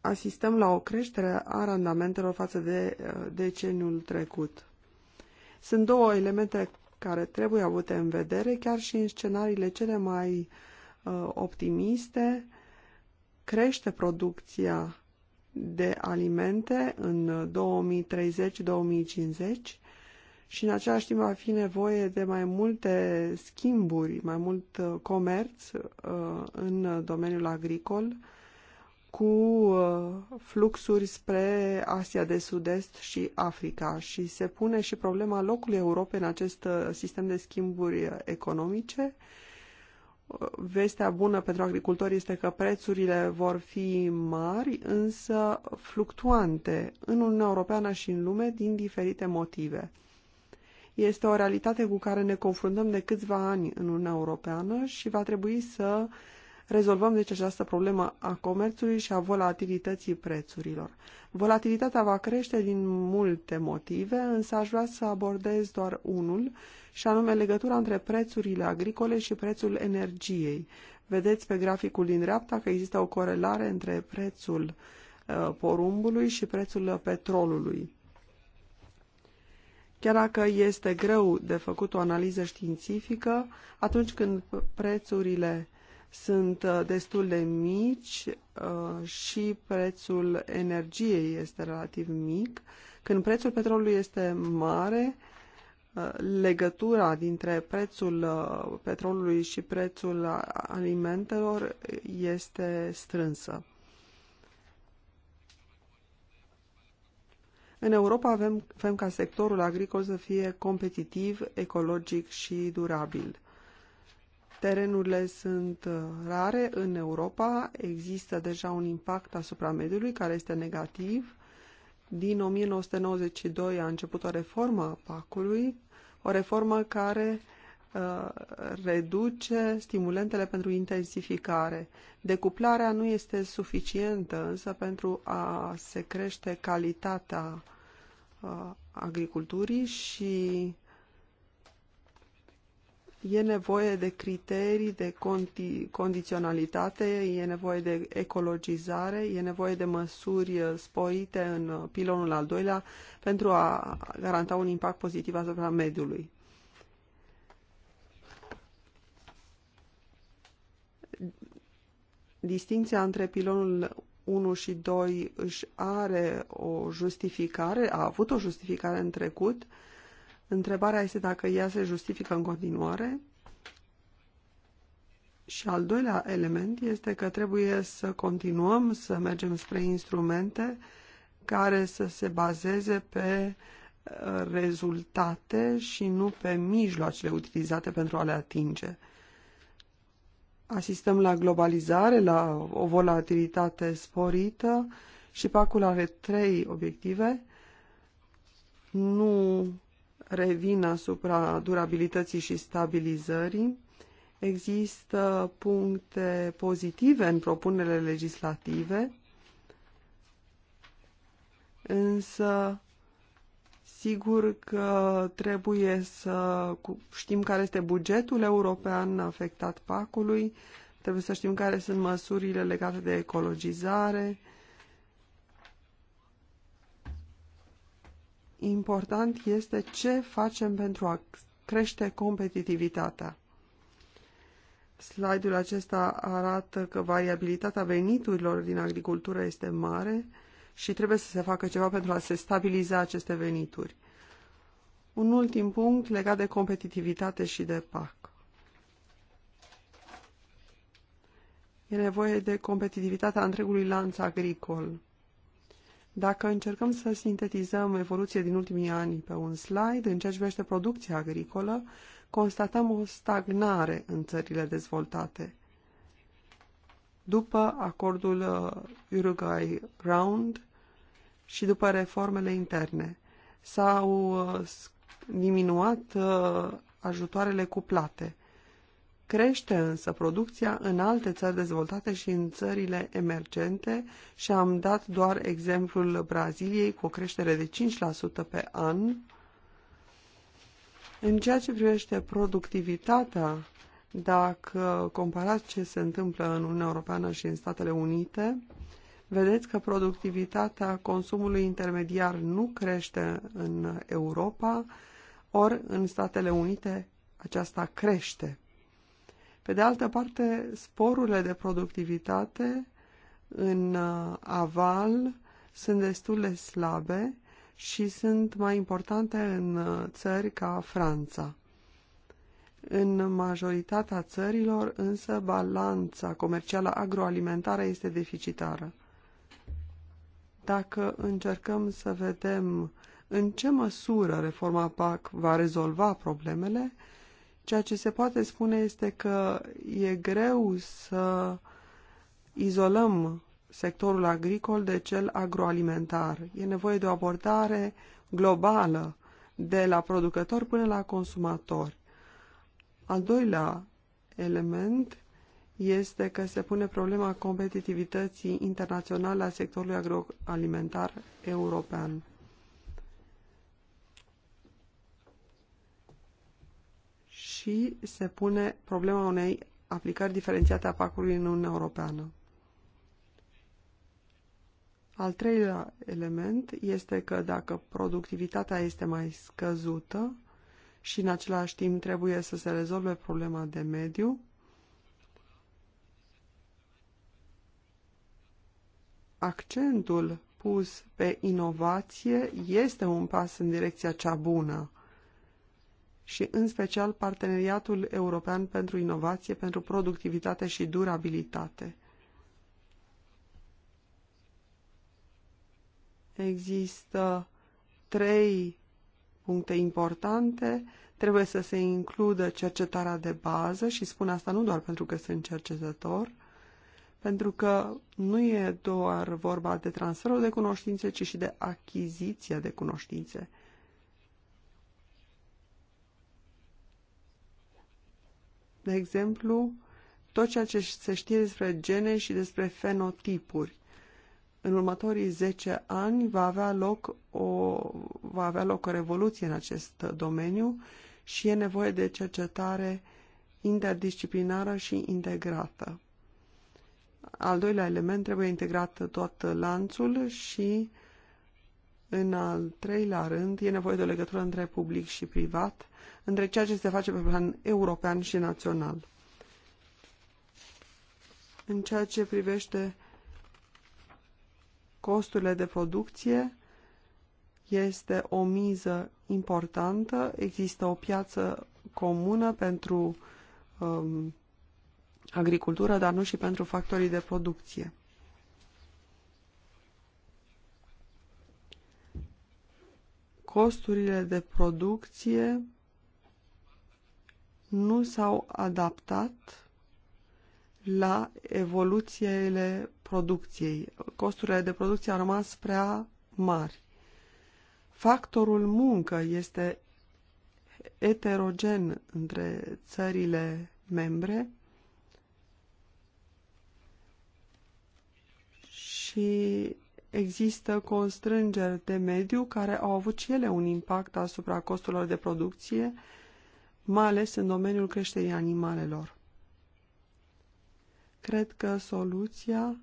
Asistăm la o creștere a randamentelor față de uh, deceniul trecut. Sunt două elemente care trebuie avute în vedere, chiar și în scenariile cele mai uh, optimiste, crește producția de alimente în 2030-2050 și în același timp va fi nevoie de mai multe schimburi, mai mult uh, comerț uh, în domeniul agricol, cu uh, fluxuri spre Asia de Sud-Est și Africa și se pune și problema locului Europei în acest uh, sistem de schimburi economice. Uh, vestea bună pentru agricultori este că prețurile vor fi mari, însă fluctuante în Uniunea Europeană și în lume din diferite motive. Este o realitate cu care ne confruntăm de câțiva ani în Uniunea Europeană și va trebui să Rezolvăm deci această problemă a comerțului și a volatilității prețurilor. Volatilitatea va crește din multe motive, însă aș vrea să abordez doar unul, și anume legătura între prețurile agricole și prețul energiei. Vedeți pe graficul din dreapta că există o corelare între prețul uh, porumbului și prețul petrolului. Chiar dacă este greu de făcut o analiză științifică, atunci când prețurile sunt uh, destul de mici uh, și prețul energiei este relativ mic. Când prețul petrolului este mare, uh, legătura dintre prețul petrolului și prețul alimentelor este strânsă. În Europa avem, avem ca sectorul agricol să fie competitiv, ecologic și durabil. Terenurile sunt uh, rare în Europa, există deja un impact asupra mediului care este negativ. Din 1992 a început o reformă a pacului, o reformă care uh, reduce stimulentele pentru intensificare. Decuplarea nu este suficientă însă pentru a se crește calitatea uh, agriculturii și uh, E nevoie de criterii, de condiționalitate, e nevoie de ecologizare, e nevoie de măsuri uh, sporite în uh, pilonul al doilea pentru a garanta un impact pozitiv asupra mediului. Distinția între pilonul 1 și 2 își are o justificare, a avut o justificare în trecut, Întrebarea este dacă ea se justifică în continuare. Și al doilea element este că trebuie să continuăm să mergem spre instrumente care să se bazeze pe uh, rezultate și nu pe mijloacele utilizate pentru a le atinge. Asistăm la globalizare, la o volatilitate sporită și pacul are trei obiective. Nu revin asupra durabilității și stabilizării. Există puncte pozitive în propunerile legislative, însă sigur că trebuie să știm care este bugetul european afectat pacului, trebuie să știm care sunt măsurile legate de ecologizare, important este ce facem pentru a crește competitivitatea. Slide-ul acesta arată că variabilitatea veniturilor din agricultură este mare și trebuie să se facă ceva pentru a se stabiliza aceste venituri. Un ultim punct legat de competitivitate și de PAC. E nevoie de competitivitatea întregului lanț agricol. Dacă încercăm să sintetizăm evoluția din ultimii ani pe un slide, în ceea ce privește producția agricolă, constatăm o stagnare în țările dezvoltate. După acordul uh, Uruguay Round și după reformele interne, s-au uh, diminuat uh, ajutoarele cuplate. Crește însă producția în alte țări dezvoltate și în țările emergente și am dat doar exemplul Braziliei cu o creștere de 5% pe an. În ceea ce privește productivitatea, dacă comparați ce se întâmplă în Uniunea Europeană și în Statele Unite, vedeți că productivitatea consumului intermediar nu crește în Europa, ori în Statele Unite aceasta crește. Pe de altă parte, sporurile de productivitate în uh, aval sunt destul de slabe și sunt mai importante în uh, țări ca Franța. În majoritatea țărilor, însă, balanța comercială agroalimentară este deficitară. Dacă încercăm să vedem în ce măsură reforma PAC va rezolva problemele, Ceea ce se poate spune este că e greu să izolăm sectorul agricol de cel agroalimentar. E nevoie de o abordare globală, de la producător până la consumator. Al doilea element este că se pune problema competitivității internaționale a sectorului agroalimentar european. și se pune problema unei aplicări diferențiate a pacului în Uniunea Europeană. Al treilea element este că dacă productivitatea este mai scăzută și în același timp trebuie să se rezolve problema de mediu, accentul pus pe inovație este un pas în direcția cea bună și în special Parteneriatul European pentru Inovație, pentru Productivitate și Durabilitate. Există trei puncte importante. Trebuie să se includă cercetarea de bază și spun asta nu doar pentru că sunt cercetător, pentru că nu e doar vorba de transferul de cunoștințe, ci și de achiziția de cunoștințe. De exemplu, tot ceea ce se știe despre gene și despre fenotipuri. În următorii 10 ani va avea loc o, va avea loc o revoluție în acest domeniu și e nevoie de cercetare interdisciplinară și integrată. Al doilea element trebuie integrat tot lanțul și în al treilea rând e nevoie de o legătură între public și privat între ceea ce se face pe plan european și național. În ceea ce privește costurile de producție, este o miză importantă. Există o piață comună pentru um, agricultură, dar nu și pentru factorii de producție. Costurile de producție nu s-au adaptat la evoluțiile producției. Costurile de producție au rămas prea mari. Factorul muncă este eterogen între țările membre și există constrângeri de mediu care au avut și ele un impact asupra costurilor de producție mai ales în domeniul creșterii animalelor. Cred că soluția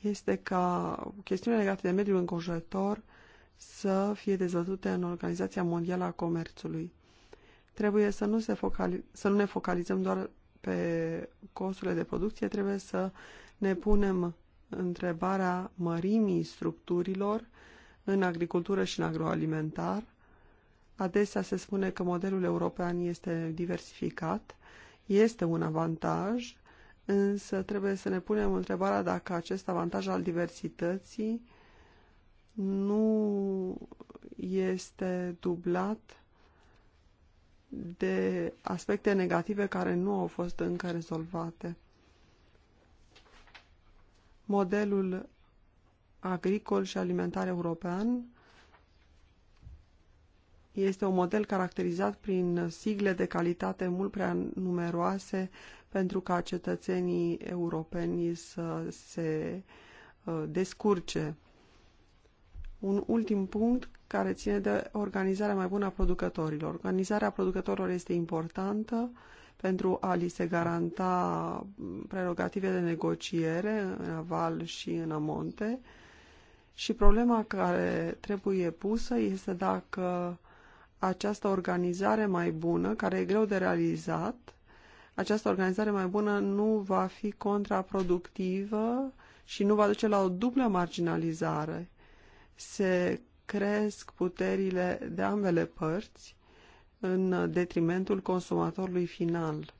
este ca chestiunile legate de mediul înconjurător să fie dezvăzute în Organizația Mondială a Comerțului. Trebuie să nu, se focali- să nu ne focalizăm doar pe costurile de producție, trebuie să ne punem întrebarea mărimii structurilor în agricultură și în agroalimentar Adesea se spune că modelul european este diversificat, este un avantaj, însă trebuie să ne punem întrebarea dacă acest avantaj al diversității nu este dublat de aspecte negative care nu au fost încă rezolvate. Modelul agricol și alimentar european este un model caracterizat prin sigle de calitate mult prea numeroase pentru ca cetățenii europeni să se uh, descurce. Un ultim punct care ține de organizarea mai bună a producătorilor. Organizarea producătorilor este importantă pentru a li se garanta prerogative de negociere în aval și în amonte și problema care trebuie pusă este dacă această organizare mai bună, care e greu de realizat, această organizare mai bună nu va fi contraproductivă și nu va duce la o dublă marginalizare. Se cresc puterile de ambele părți în detrimentul consumatorului final.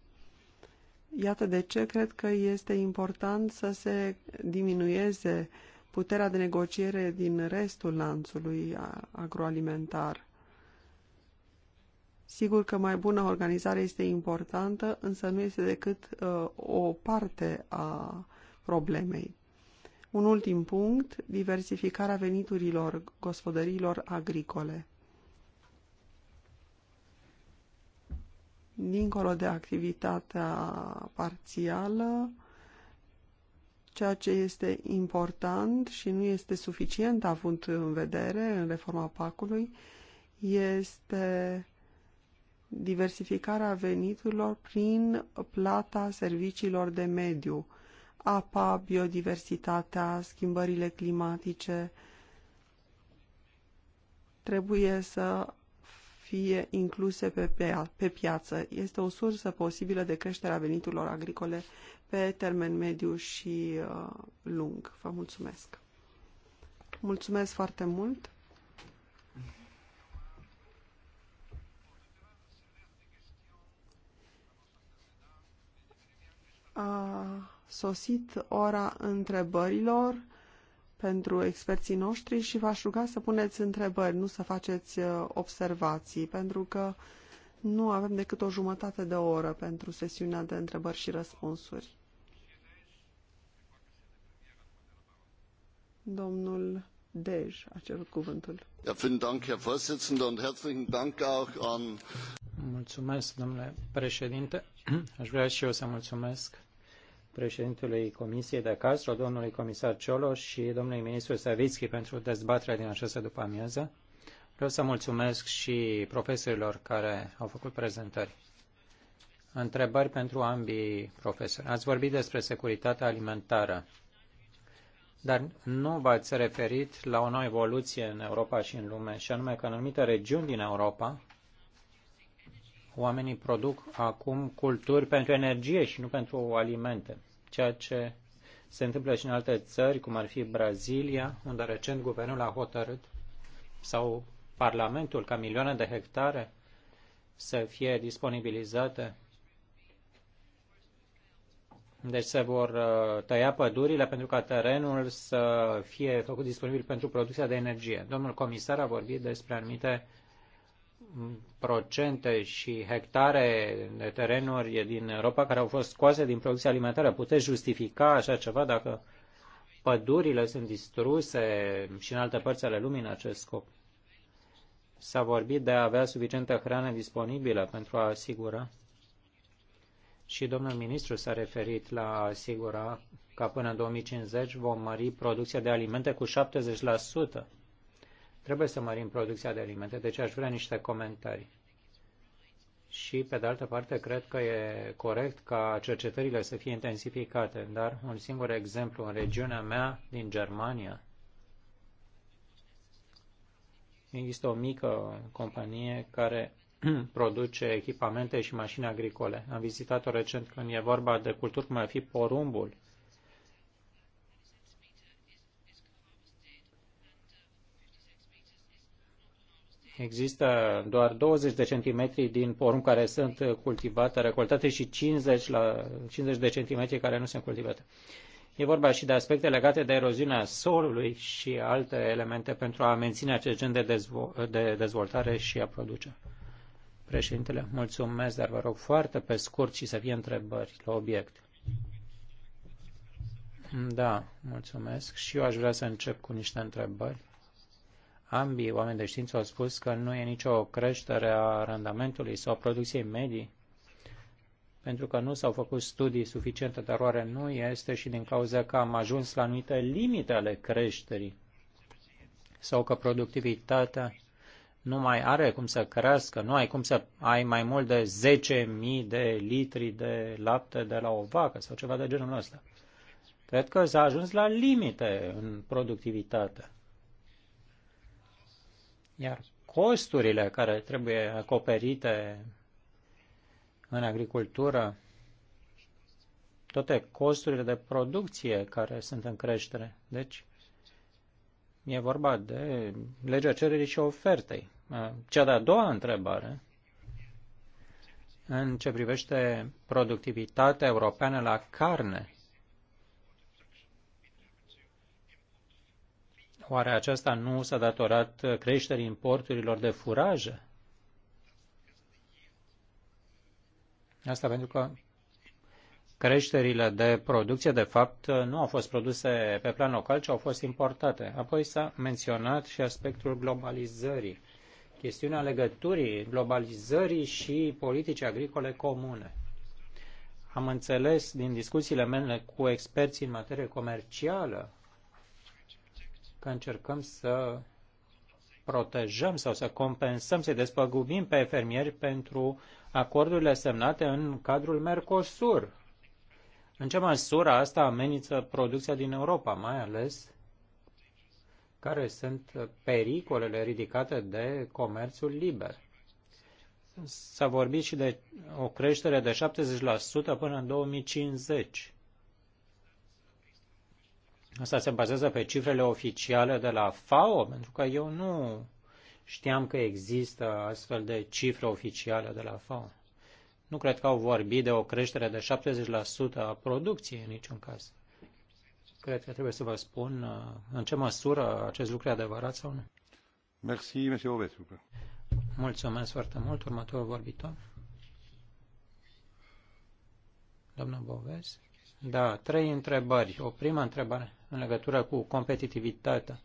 Iată de ce cred că este important să se diminueze puterea de negociere din restul lanțului agroalimentar. Sigur că mai bună organizare este importantă, însă nu este decât uh, o parte a problemei. Un ultim punct, diversificarea veniturilor gospodăriilor agricole. Dincolo de activitatea parțială, ceea ce este important și nu este suficient avut în vedere în reforma PAC-ului este diversificarea veniturilor prin plata serviciilor de mediu, apa, biodiversitatea, schimbările climatice, trebuie să fie incluse pe, pia pe piață. Este o sursă posibilă de creștere a veniturilor agricole pe termen mediu și uh, lung. Vă mulțumesc! Mulțumesc foarte mult! a sosit ora întrebărilor pentru experții noștri și v-aș ruga să puneți întrebări, nu să faceți uh, observații, pentru că nu avem decât o jumătate de oră pentru sesiunea de întrebări și răspunsuri. Domnul Dej a cerut cuvântul. Mulțumesc, domnule președinte. Aș vrea și eu să mulțumesc președintelui Comisiei de Castro, domnului comisar Ciolo și domnului ministru Savitski pentru dezbaterea din această după amiază. Vreau să mulțumesc și profesorilor care au făcut prezentări. Întrebări pentru ambii profesori. Ați vorbit despre securitatea alimentară, dar nu v-ați referit la o nouă evoluție în Europa și în lume, și anume că în anumite regiuni din Europa, oamenii produc acum culturi pentru energie și nu pentru alimente ceea ce se întâmplă și în alte țări, cum ar fi Brazilia, unde recent guvernul a hotărât, sau Parlamentul, ca milioane de hectare să fie disponibilizate. Deci se vor uh, tăia pădurile pentru ca terenul să fie făcut disponibil pentru producția de energie. Domnul comisar a vorbit despre anumite procente și hectare de terenuri din Europa care au fost scoase din producția alimentară. Puteți justifica așa ceva dacă pădurile sunt distruse și în alte părți ale lumii în acest scop? S-a vorbit de a avea suficientă hrană disponibilă pentru a asigura și domnul ministru s-a referit la asigura că până în 2050 vom mări producția de alimente cu 70% Trebuie să mărim producția de alimente, deci aș vrea niște comentarii. Și, pe de altă parte, cred că e corect ca cercetările să fie intensificate, dar un singur exemplu, în regiunea mea din Germania, există o mică companie care produce echipamente și mașini agricole. Am vizitat-o recent când e vorba de culturi cum ar fi porumbul. Există doar 20 de centimetri din porumb care sunt cultivate, recoltate și 50, la, 50 de centimetri care nu sunt cultivate. E vorba și de aspecte legate de eroziunea solului și alte elemente pentru a menține acest gen de, dezvo- de dezvoltare și a produce. Președintele, mulțumesc, dar vă rog foarte pe scurt și să fie întrebări la obiect. Da, mulțumesc. Și eu aș vrea să încep cu niște întrebări ambii oameni de știință au spus că nu e nicio creștere a randamentului sau producției medii, pentru că nu s-au făcut studii suficiente, dar oare nu este și din cauza că am ajuns la anumite limite ale creșterii sau că productivitatea nu mai are cum să crească, nu ai cum să ai mai mult de 10.000 de litri de lapte de la o vacă sau ceva de genul ăsta. Cred că s-a ajuns la limite în productivitate. Iar costurile care trebuie acoperite în agricultură, toate costurile de producție care sunt în creștere. Deci, e vorba de legea cererii și ofertei. Cea de-a doua întrebare, în ce privește productivitatea europeană la carne, Oare aceasta nu s-a datorat creșterii importurilor de furaje? Asta pentru că creșterile de producție, de fapt, nu au fost produse pe plan local, ci au fost importate. Apoi s-a menționat și aspectul globalizării, chestiunea legăturii globalizării și politicii agricole comune. Am înțeles din discuțiile mele cu experții în materie comercială că încercăm să protejăm sau să compensăm, să despăgubim pe fermieri pentru acordurile semnate în cadrul Mercosur. În ce măsură asta amenință producția din Europa, mai ales care sunt pericolele ridicate de comerțul liber? S-a vorbit și de o creștere de 70% până în 2050. Asta se bazează pe cifrele oficiale de la FAO, pentru că eu nu știam că există astfel de cifre oficiale de la FAO. Nu cred că au vorbit de o creștere de 70% a producției în niciun caz. Cred că trebuie să vă spun uh, în ce măsură acest lucru e adevărat sau nu. Merci, monsieur Ovesu. Mulțumesc foarte mult. Următorul vorbitor. Doamna Bovesc. Da, trei întrebări. O prima întrebare în legătură cu competitivitatea.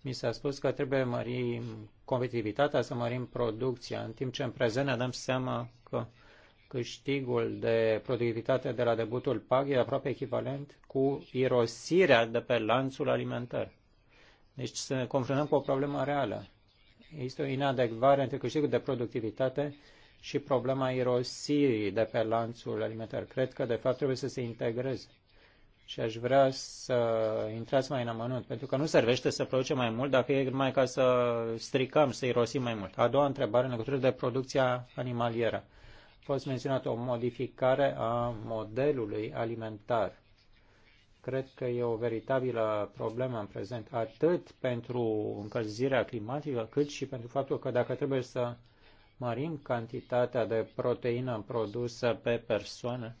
Mi s-a spus că trebuie mărim competitivitatea, să mărim producția, în timp ce în prezent ne dăm seama că câștigul de productivitate de la debutul PAG e aproape echivalent cu irosirea de pe lanțul alimentar. Deci să ne confruntăm cu o problemă reală. Este o inadecvare între câștigul de productivitate și problema irosirii de pe lanțul alimentar. Cred că, de fapt, trebuie să se integreze. Și aș vrea să intrați mai în amănunt, pentru că nu servește să producem mai mult dacă e mai ca să stricăm, să irosim mai mult. A doua întrebare, în legătură de producția animalieră. A fost menționată o modificare a modelului alimentar. Cred că e o veritabilă problemă în prezent, atât pentru încălzirea climatică, cât și pentru faptul că dacă trebuie să mărim cantitatea de proteină produsă pe persoană,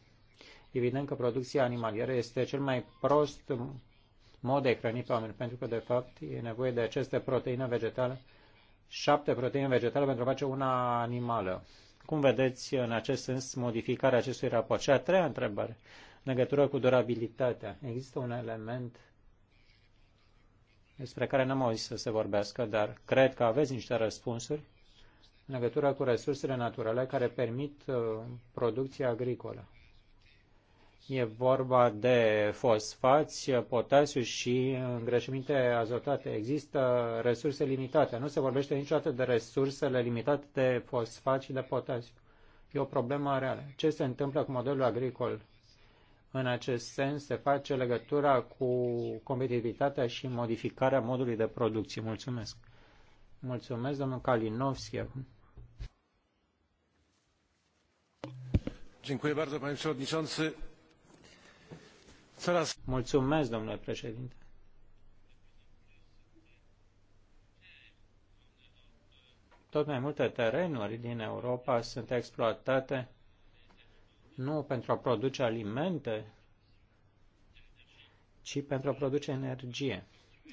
evident că producția animalieră este cel mai prost mod de hrăni pe oameni, pentru că, de fapt, e nevoie de aceste proteine vegetale, șapte proteine vegetale pentru a face una animală. Cum vedeți, în acest sens, modificarea acestui raport? Și a treia întrebare, în legătură cu durabilitatea. Există un element despre care n-am auzit să se vorbească, dar cred că aveți niște răspunsuri în legătură cu resursele naturale care permit uh, producția agricolă. E vorba de fosfați, potasiu și îngrășăminte azotate. Există resurse limitate. Nu se vorbește niciodată de resursele limitate de fosfați și de potasiu. E o problemă reală. Ce se întâmplă cu modelul agricol? În acest sens se face legătura cu competitivitatea și modificarea modului de producție. Mulțumesc. Mulțumesc, domnul Kalinovski. Dziękuję bardzo, Tot mai multe terenuri din Europa sunt exploatate nu pentru a produce alimente, ci pentru a produce energie.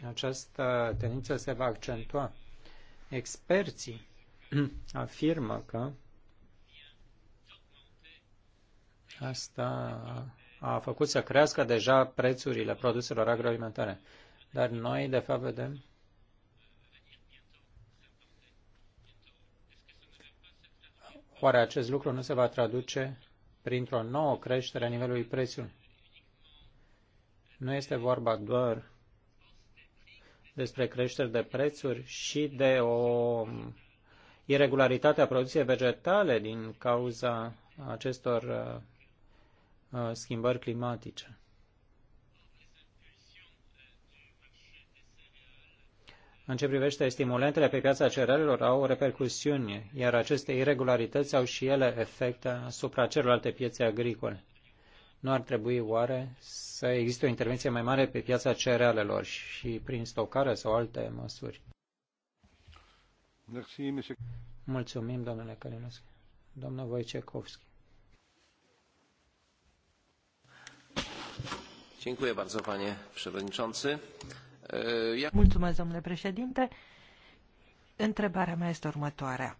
Această tendință se va accentua. Experții afirmă că Asta a făcut să crească deja prețurile produselor agroalimentare. Dar noi, de fapt, vedem Oare acest lucru nu se va traduce printr-o nouă creștere a nivelului prețului? Nu este vorba doar despre creșteri de prețuri și de o irregularitate a producției vegetale din cauza acestor Uh, schimbări climatice. În ce privește stimulentele pe piața cererilor au repercusiuni, iar aceste irregularități au și ele efecte asupra celorlalte piețe agricole. Nu ar trebui oare să existe o intervenție mai mare pe piața cerealelor și prin stocare sau alte măsuri? Mulțumim, domnule Călinescu. domnul Wojciechowski. Mulțumesc, domnule președinte. Întrebarea mea este următoarea.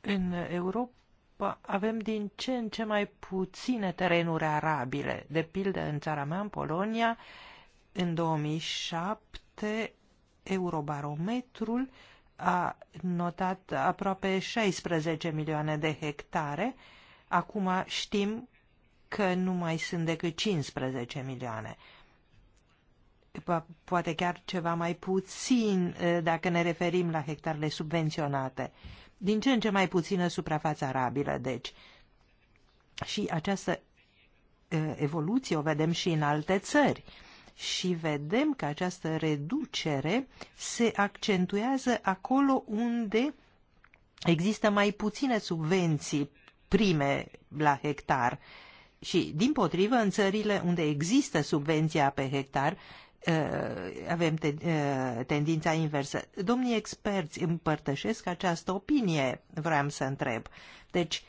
În Europa avem din ce în ce mai puține terenuri arabile. De pildă, în țara mea, în Polonia, în 2007, Eurobarometrul a notat aproape 16 milioane de hectare. Acum știm că nu mai sunt decât 15 milioane. Poate chiar ceva mai puțin dacă ne referim la hectarele subvenționate. Din ce în ce mai puțină suprafață arabilă, deci. Și această evoluție o vedem și în alte țări și vedem că această reducere se accentuează acolo unde există mai puține subvenții prime la hectar și, din potrivă, în țările unde există subvenția pe hectar, uh, avem uh, tendința inversă. Domnii experți împărtășesc această opinie, vreau să întreb. Deci,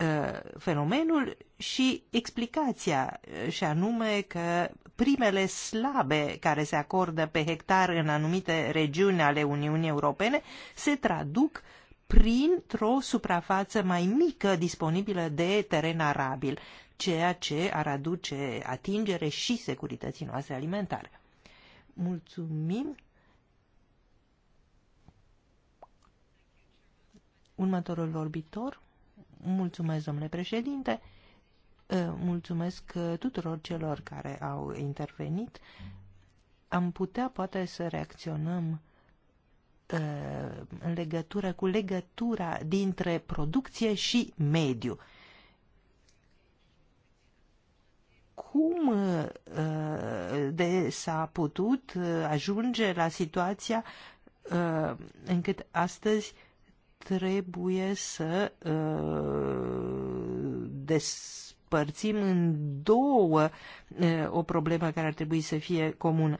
uh, fenomenul și explicația, și anume că primele slabe care se acordă pe hectar în anumite regiuni ale Uniunii Europene se traduc printr-o suprafață mai mică disponibilă de teren arabil ceea ce ar aduce atingere și securității noastre alimentare. Mulțumim! Următorul vorbitor. Mulțumesc, domnule președinte. Ă, mulțumesc ă, tuturor celor care au intervenit. Am putea poate să reacționăm ă, în legătură cu legătura dintre producție și mediu. cum uh, de s-a putut uh, ajunge la situația uh, încât astăzi trebuie să despărțim în două o problemă care ar trebui să fie comună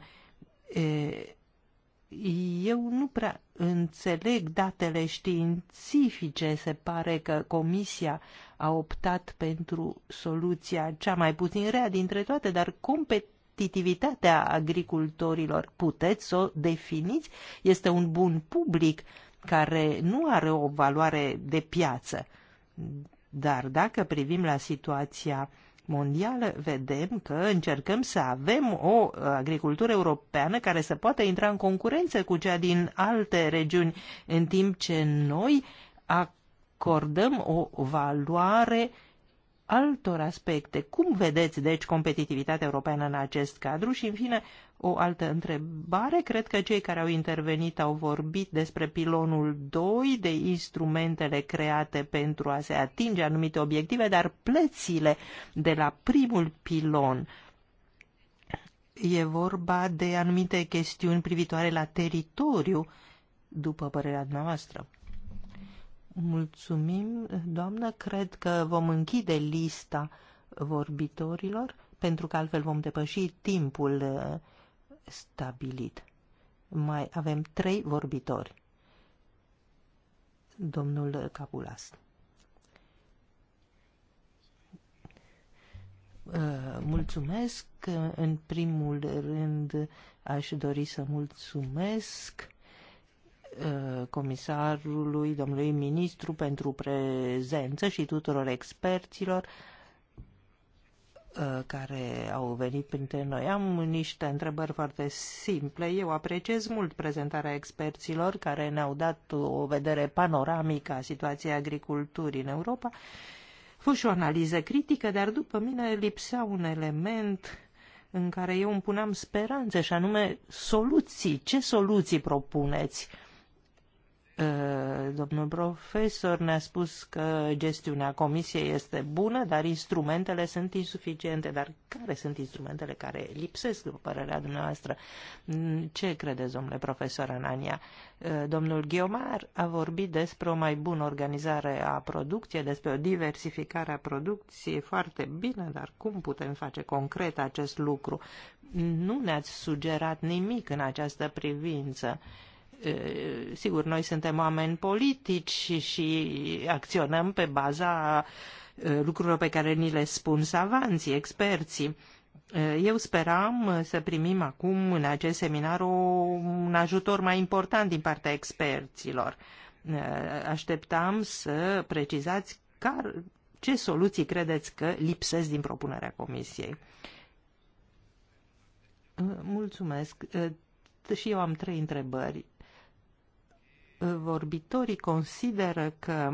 eu nu prea înțeleg datele științifice. Se pare că Comisia a optat pentru soluția cea mai puțin rea dintre toate, dar competitivitatea agricultorilor puteți să o definiți. Este un bun public care nu are o valoare de piață. Dar dacă privim la situația uh, mondială, vedem că încercăm să avem o agricultură europeană care să poată intra în concurență cu cea din alte regiuni, în timp ce noi acordăm o valoare altor aspecte. Cum vedeți, deci, competitivitatea europeană în acest cadru? Și, în fine, o altă întrebare. Cred că cei care au intervenit au vorbit despre pilonul 2, de instrumentele create pentru a se atinge anumite obiective, dar plățile de la primul pilon e vorba de anumite chestiuni privitoare la teritoriu, după părerea noastră. Mulțumim, doamnă. Cred că vom închide lista vorbitorilor, pentru că altfel vom depăși timpul uh, stabilit. Mai avem trei vorbitori. Domnul Capulas. Uh, mulțumesc. În primul rând aș dori să mulțumesc Uh, comisarului, domnului ministru pentru prezență și tuturor experților uh, care au venit printre noi. Am niște întrebări foarte simple. Eu apreciez mult prezentarea experților care ne-au dat o vedere panoramică a situației agriculturii în Europa. A și o analiză critică, dar după mine lipsea un element în care eu îmi puneam speranțe, și anume soluții. Ce soluții propuneți? Uh, Eh, domnul profesor ne-a spus că gestiunea comisiei este bună, dar instrumentele sunt insuficiente. Dar care sunt instrumentele care lipsesc, după părerea dumneavoastră? Mm, ce credeți, domnule profesor Anania? Eh, domnul Ghiomar a vorbit despre o mai bună organizare a producției, despre o diversificare a producției foarte bine, dar cum putem face concret acest lucru? Nu ne-ați sugerat nimic în această privință. Eh, sigur, noi suntem oameni politici și, și acționăm pe baza eh, lucrurilor pe care ni le spun savanții, experții. Eh, eu speram să primim acum în acest seminar o, un ajutor mai important din partea experților. Așteptam să precizați care, ce soluții credeți că lipsesc din propunerea Comisiei. Mulțumesc. Și eu am trei întrebări vorbitorii consideră că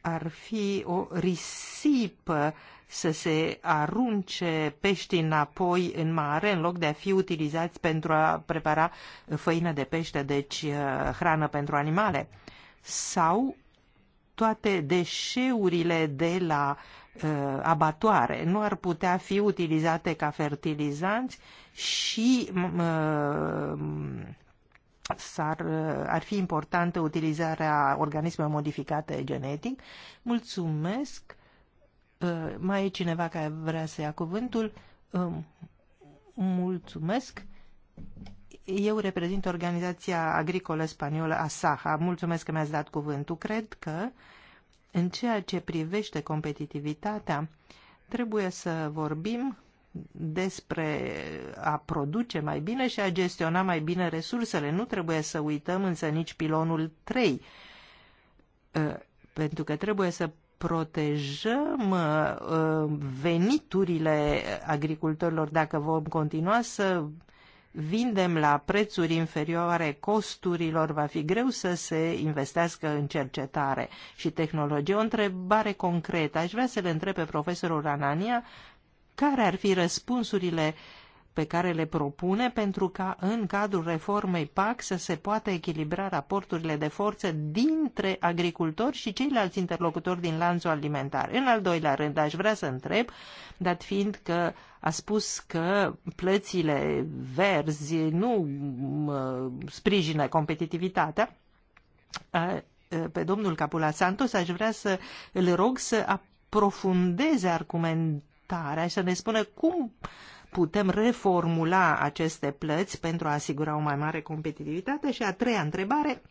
ar fi o risipă să se arunce pești înapoi în mare în loc de a fi utilizați pentru a prepara făină de pește, deci uh, hrană pentru animale. Sau toate deșeurile de la uh, abatoare nu ar putea fi utilizate ca fertilizanți și uh, s-ar, ar fi importantă utilizarea organismelor modificate genetic. Mulțumesc. Uh, mai e cineva care vrea să ia cuvântul? Um, mulțumesc. Eu reprezint organizația agricolă spaniolă ASAHA. Mulțumesc că mi-ați dat cuvântul. Cred că în ceea ce privește competitivitatea trebuie să vorbim despre a produce mai bine și a gestiona mai bine resursele. Nu trebuie să uităm însă nici pilonul 3, ă, pentru că trebuie să protejăm ă, ă, veniturile agricultorilor dacă vom continua să vindem la prețuri inferioare costurilor, va fi greu să se investească în cercetare și tehnologie. O întrebare concretă. Aș vrea să le întreb pe profesorul Anania care ar fi răspunsurile pe care le propune pentru ca în cadrul reformei PAC să se poată echilibra raporturile de forță dintre agricultori și ceilalți interlocutori din lanțul alimentar. În al doilea rând, aș vrea să întreb, dat fiind că a spus că plățile verzi nu sprijină competitivitatea, pe domnul Capula Santos aș vrea să îl rog să aprofundeze argumentul comunicarea și să ne spună cum putem reformula aceste plăți pentru a asigura o mai mare competitivitate? Și a treia întrebare,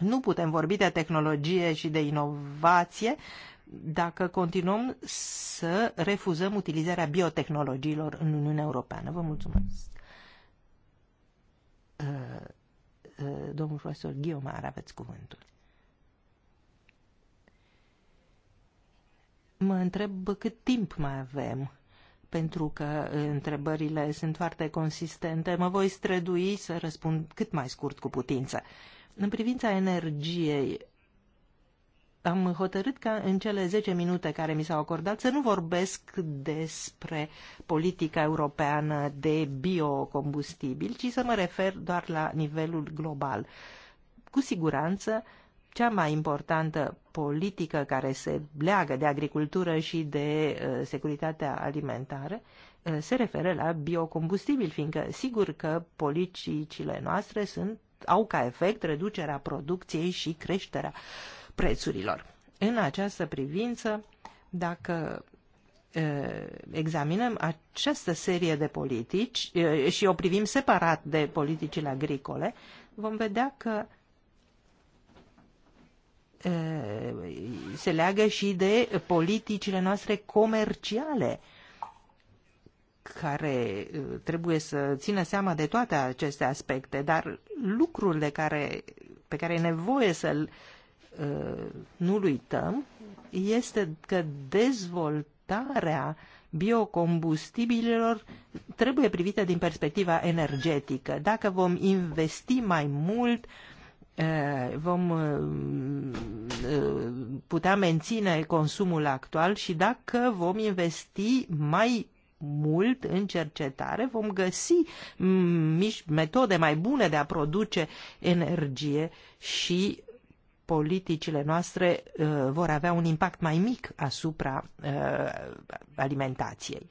nu putem vorbi de tehnologie și de inovație dacă continuăm să refuzăm utilizarea biotehnologiilor în Uniunea Europeană. Vă mulțumesc. Uh, uh, domnul profesor Ghiomar, aveți cuvântul. mă întreb cât timp mai avem, pentru că întrebările sunt foarte consistente. Mă voi strădui să răspund cât mai scurt cu putință. În privința energiei, am hotărât ca în cele 10 minute care mi s-au acordat să nu vorbesc despre politica europeană de biocombustibil, ci să mă refer doar la nivelul global. Cu siguranță, uh, cea mai importantă politică care se leagă de agricultură și de uh, securitatea alimentară uh, se referă la biocombustibil, fiindcă sigur că politicile noastre sunt, au ca efect reducerea producției și creșterea prețurilor. În această privință, dacă uh, examinăm această serie de politici uh, și o privim separat de politicile agricole, vom vedea că se leagă și de politicile noastre comerciale care trebuie să țină seama de toate aceste aspecte, dar lucrul de care, pe care e nevoie să-l nu-l uităm este că dezvoltarea biocombustibililor trebuie privită din perspectiva energetică. Dacă vom investi mai mult uh, Eh, vom eh, eh, putea menține consumul actual și dacă vom investi mai mult în cercetare, vom găsi mm, metode mai bune de a produce energie și politicile noastre vor avea un impact mai mic asupra alimentației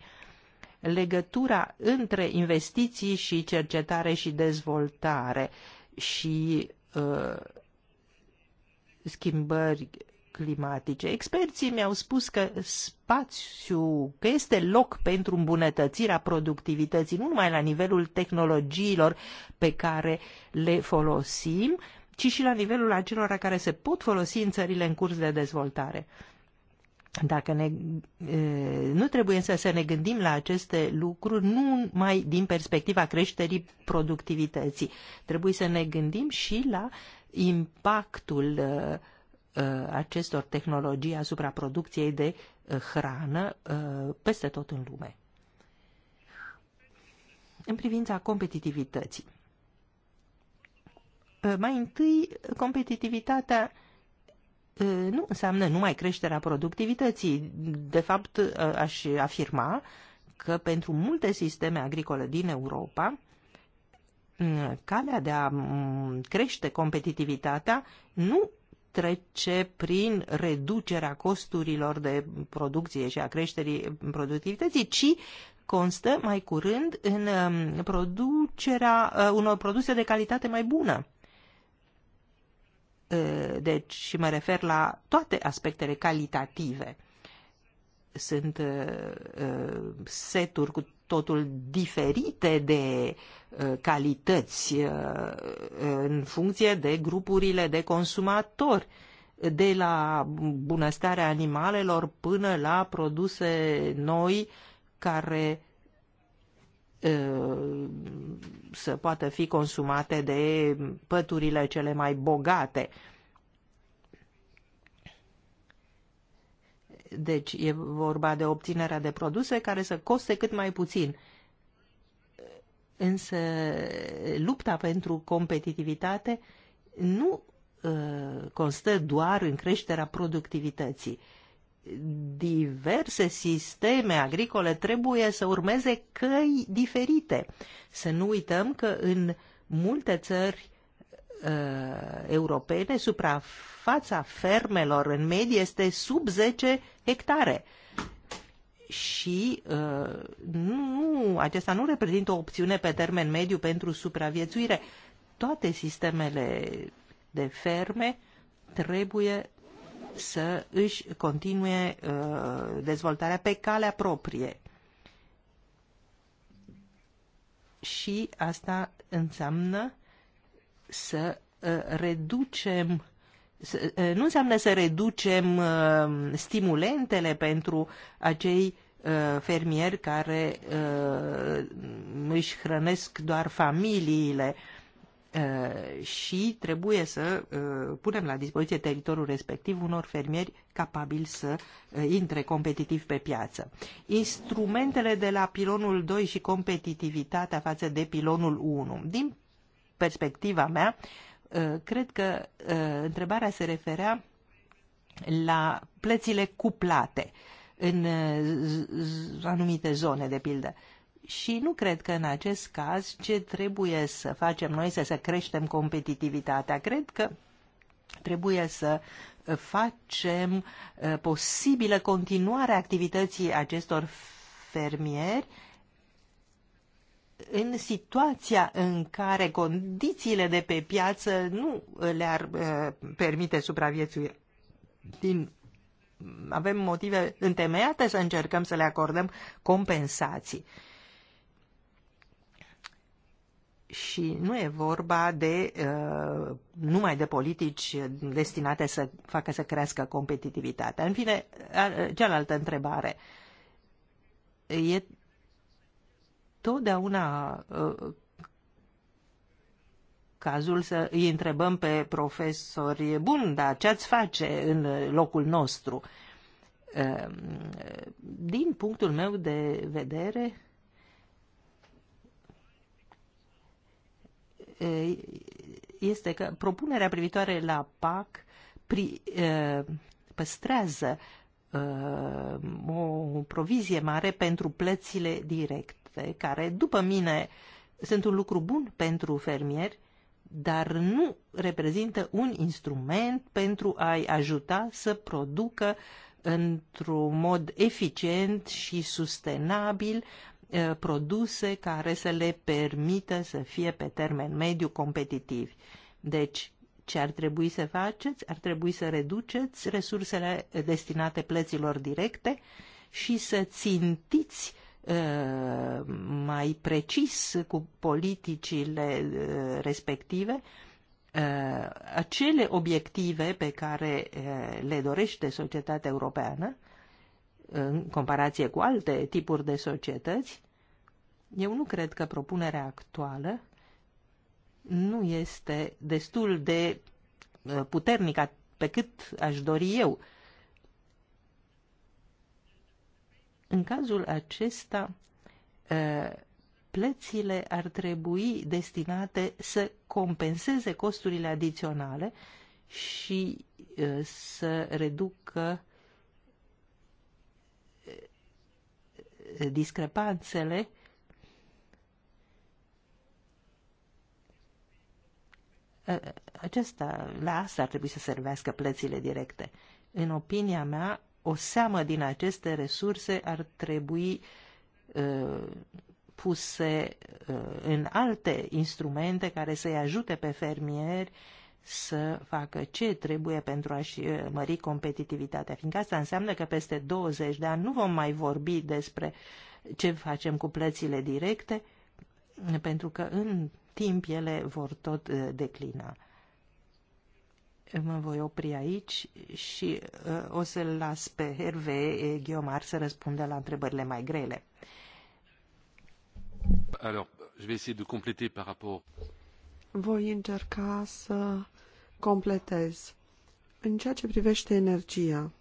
legătura între investiții și cercetare și dezvoltare și Uh, schimbări climatice. Experții mi-au spus că spațiu, că este loc pentru îmbunătățirea productivității, nu numai la nivelul tehnologiilor pe care le folosim, ci și la nivelul acelora care se pot folosi în țările în curs de dezvoltare. Dacă ne, nu trebuie însă să ne gândim la aceste lucruri nu mai din perspectiva creșterii productivității. Trebuie să ne gândim și la impactul acestor tehnologii asupra producției de hrană peste tot în lume. În privința competitivității. Mai întâi, competitivitatea Uh, nu înseamnă numai creșterea productivității. De fapt, uh, aș afirma că pentru multe sisteme agricole din Europa, uh, calea de a mm, crește competitivitatea nu trece prin reducerea costurilor de producție și a creșterii productivității, ci constă mai curând în um, producerea unor produse de calitate mai bună. Eh, deci și mă refer la toate aspectele calitative. Sunt eh, eh, seturi cu totul diferite de calități în funcție de grupurile de consumatori de la bunăstarea animalelor până la produse noi care să poată fi consumate de păturile cele mai bogate. Deci e vorba de obținerea de produse care să coste cât mai puțin. Însă lupta pentru competitivitate nu constă doar în creșterea productivității diverse sisteme agricole trebuie să urmeze căi diferite. Să nu uităm că în multe țări uh, europene suprafața fermelor în medie este sub 10 hectare. Și uh, nu, acesta nu reprezintă o opțiune pe termen mediu pentru supraviețuire. Toate sistemele de ferme trebuie să își continue uh, dezvoltarea pe calea proprie. Și asta înseamnă să uh, reducem uh, nu înseamnă să reducem stimulentele pentru acei fermieri care își hrănesc doar familiile Eh, și trebuie să eh, punem la dispoziție teritoriul respectiv unor fermieri capabili să eh, intre competitiv pe piață. Instrumentele de la pilonul 2 și competitivitatea față de pilonul 1. Din perspectiva mea, cred că întrebarea se referea la plățile cuplate în anumite zone, de pildă și nu cred că în acest caz ce trebuie să facem noi să, să creștem competitivitatea. Cred că trebuie să uh, facem uh, posibilă continuarea activității acestor fermieri în situația în care condițiile de pe piață nu le-ar uh, permite supraviețuirea. Din avem motive întemeiate să încercăm să le acordăm compensații și nu e vorba de uh, numai de politici destinate să facă să crească competitivitatea. În fine, cealaltă întrebare. E totdeauna uh, cazul să îi întrebăm pe profesori, bun, dar ce ați face în locul nostru? Uh, din punctul meu de vedere, este că propunerea privitoare la PAC pri, păstrează o provizie mare pentru plățile directe, care, după mine, sunt un lucru bun pentru fermieri, dar nu reprezintă un instrument pentru a-i ajuta să producă într-un mod eficient și sustenabil Eh, produse care să le permită să fie pe termen mediu competitivi. Deci, ce ar trebui să faceți? Ar trebui să reduceți resursele destinate plăților directe și să țintiți eh, mai precis cu politicile eh, respective acele obiective pe care le dorește societatea europeană în comparație cu alte tipuri de societăți, eu nu cred că propunerea actuală nu este destul de uh, puternică pe cât aș dori eu. În cazul acesta, uh, plățile ar trebui destinate să compenseze costurile adiționale și uh, să reducă discrepanțele acesta, la asta ar trebui să servească plățile directe. În opinia mea, o seamă din aceste resurse ar trebui uh, puse uh, în alte instrumente care să-i ajute pe fermieri uh, să facă ce trebuie pentru a-și mări competitivitatea, fiindcă asta înseamnă că peste 20 de ani nu vom mai vorbi despre ce facem cu plățile directe, pentru că în timp ele vor tot declina. Mă voi opri aici și o să-l las pe Hervé Ghiomar să răspundă la întrebările mai grele. Alors, je vais essayer de compléter par rapport voi încerca să completez. În ceea ce privește energia,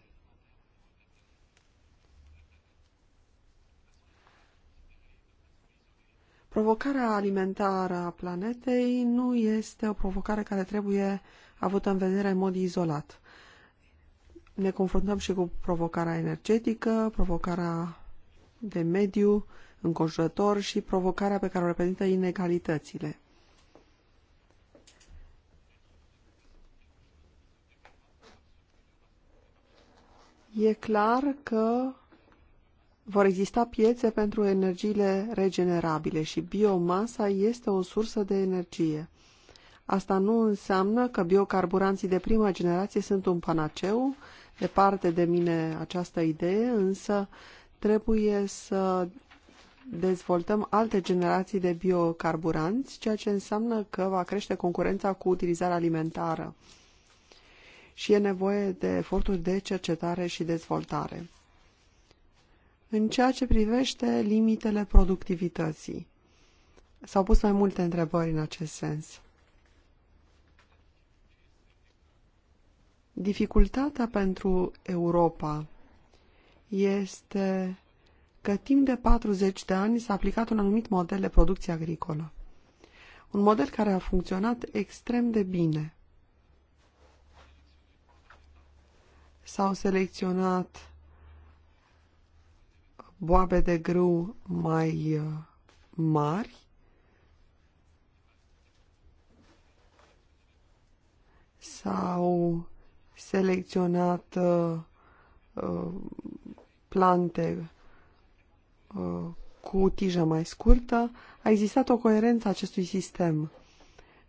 Provocarea alimentară a planetei nu este o provocare care trebuie avută în vedere în mod izolat. Ne confruntăm și cu provocarea energetică, provocarea de mediu înconjurător și provocarea pe care o reprezintă inegalitățile. E clar că vor exista piețe pentru energiile regenerabile și biomasa este o sursă de energie. Asta nu înseamnă că biocarburanții de prima generație sunt un panaceu, departe de mine această idee, însă trebuie să dezvoltăm alte generații de biocarburanți, ceea ce înseamnă că va crește concurența cu utilizarea alimentară și e nevoie de eforturi de cercetare și dezvoltare. În ceea ce privește limitele productivității, s-au pus mai multe întrebări în acest sens. Dificultatea pentru Europa este că timp de 40 de ani s-a aplicat un anumit model de producție agricolă. Un model care a funcționat extrem de bine. s-au selecționat boabe de grâu mai uh, mari. S-au selecționat uh, uh, plante uh, cu tijă mai scurtă. A existat o coerență a acestui sistem.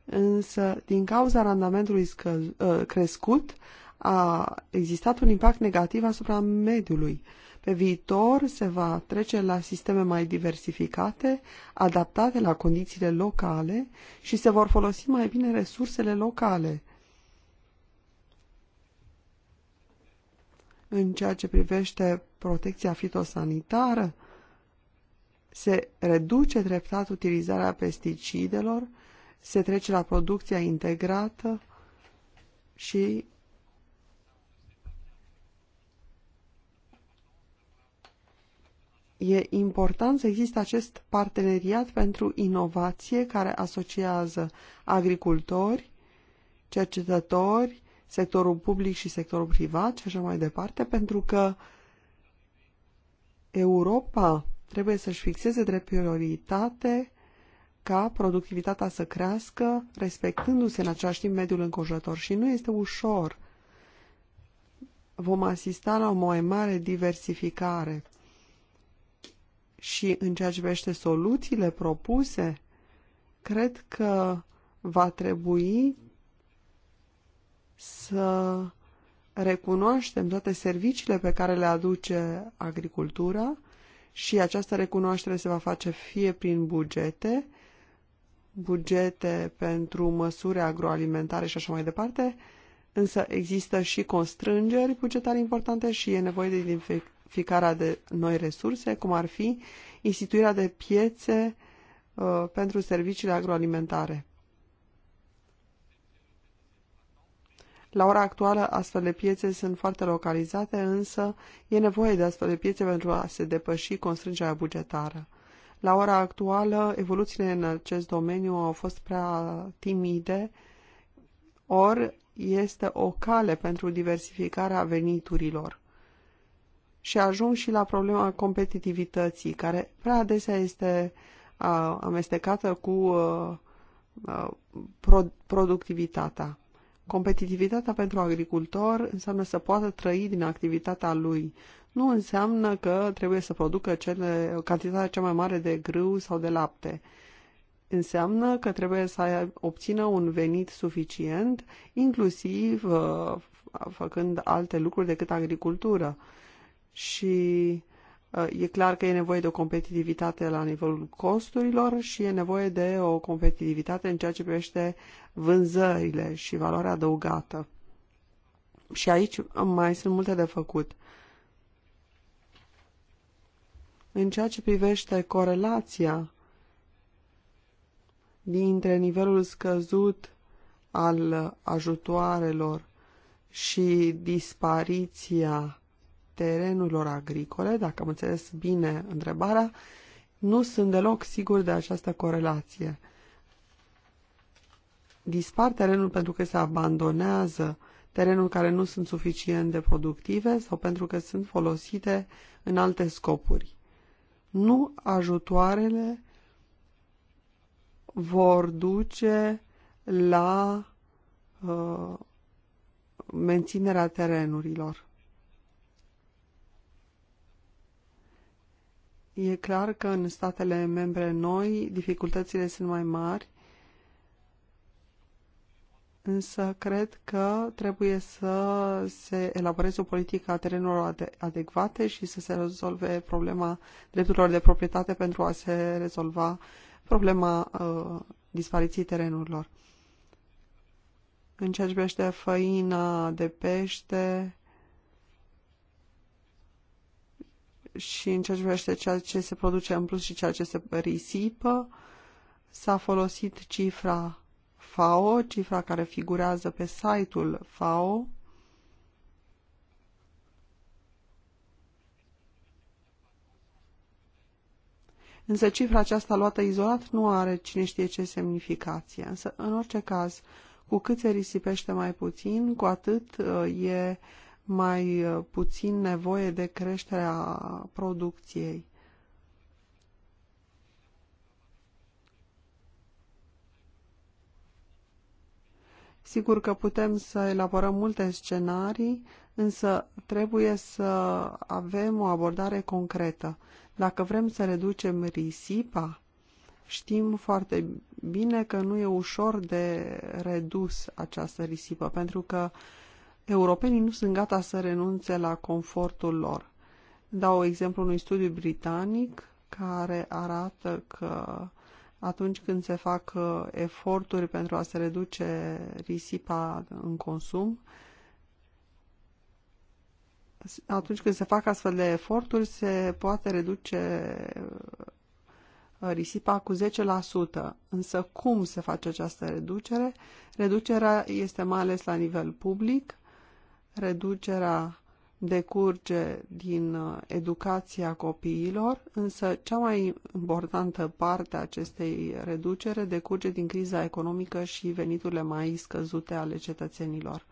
Însă, din cauza randamentului scăl, uh, crescut, a existat un impact negativ asupra mediului. Pe viitor se va trece la sisteme mai diversificate, adaptate la condițiile locale și se vor folosi mai bine resursele locale. În ceea ce privește protecția fitosanitară, se reduce treptat utilizarea pesticidelor, se trece la producția integrată și e important să existe acest parteneriat pentru inovație care asociază agricultori, cercetători, sectorul public și sectorul privat și așa mai departe, pentru că Europa trebuie să-și fixeze drept prioritate ca productivitatea să crească, respectându-se în același timp mediul înconjurător. Și nu este ușor. Vom asista la o mai mare diversificare și în ceea ce privește soluțiile propuse, cred că va trebui să recunoaștem toate serviciile pe care le aduce agricultura și această recunoaștere se va face fie prin bugete, bugete pentru măsuri agroalimentare și așa mai departe, însă există și constrângeri bugetare importante și e nevoie de identificarea de noi resurse, cum ar fi instituirea de piețe uh, pentru serviciile agroalimentare. La ora actuală, astfel de piețe sunt foarte localizate, însă e nevoie de astfel de piețe pentru a se depăși constrângerea bugetară. La ora actuală, evoluțiile în acest domeniu au fost prea timide, ori este o cale pentru diversificarea veniturilor și ajung și la problema competitivității, care prea adesea este uh, amestecată cu uh, pro productivitatea. Competitivitatea pentru agricultor înseamnă să poată trăi din activitatea lui. Nu înseamnă că trebuie să producă cele, cantitatea cea mai mare de grâu sau de lapte. Înseamnă că trebuie să obțină un venit suficient, inclusiv uh, făcând alte lucruri decât agricultură. Uh, și uh, e clar că e nevoie de o competitivitate la nivelul costurilor și e nevoie de o competitivitate în ceea ce privește vânzările și valoarea adăugată. Și aici mai sunt multe de făcut. În ceea ce privește corelația dintre nivelul scăzut al ajutoarelor și dispariția terenurilor agricole, dacă am înțeles bine întrebarea, nu sunt deloc sigur de această corelație. Dispar terenul pentru că se abandonează terenul care nu sunt suficient de productive sau pentru că sunt folosite în alte scopuri. Nu ajutoarele vor duce la uh, menținerea terenurilor. E clar că în statele membre noi dificultățile sunt mai mari, însă cred că trebuie să se elaboreze o politică a terenurilor adecvate și să se rezolve problema drepturilor de proprietate pentru a se rezolva problema uh, dispariției terenurilor. În ceea ce privește făina de pește, și în ceea ce privește ceea ce se produce în plus și ceea ce se risipă. S-a folosit cifra FAO, cifra care figurează pe site-ul FAO. Însă cifra aceasta luată izolat nu are cine știe ce semnificație. Însă, în orice caz, cu cât se risipește mai puțin, cu atât uh, e uh, mai uh, puțin nevoie de creșterea producției. Sigur că putem să elaborăm multe scenarii, însă trebuie să avem o abordare concretă. Dacă vrem să reducem risipa, știm foarte bine că nu e ușor de redus această risipă, pentru că uh, europenii nu sunt gata să renunțe la confortul lor. Dau exemplu unui studiu britanic care arată că atunci când se fac uh, eforturi pentru a se reduce risipa în consum, atunci când se fac astfel de eforturi, se poate reduce uh, risipa cu 10%. Însă cum se face această reducere? Reducerea este mai ales la nivel public reducerea decurge din uh, educația copiilor, însă cea mai importantă parte a acestei reducere decurge din criza economică și veniturile mai scăzute ale cetățenilor.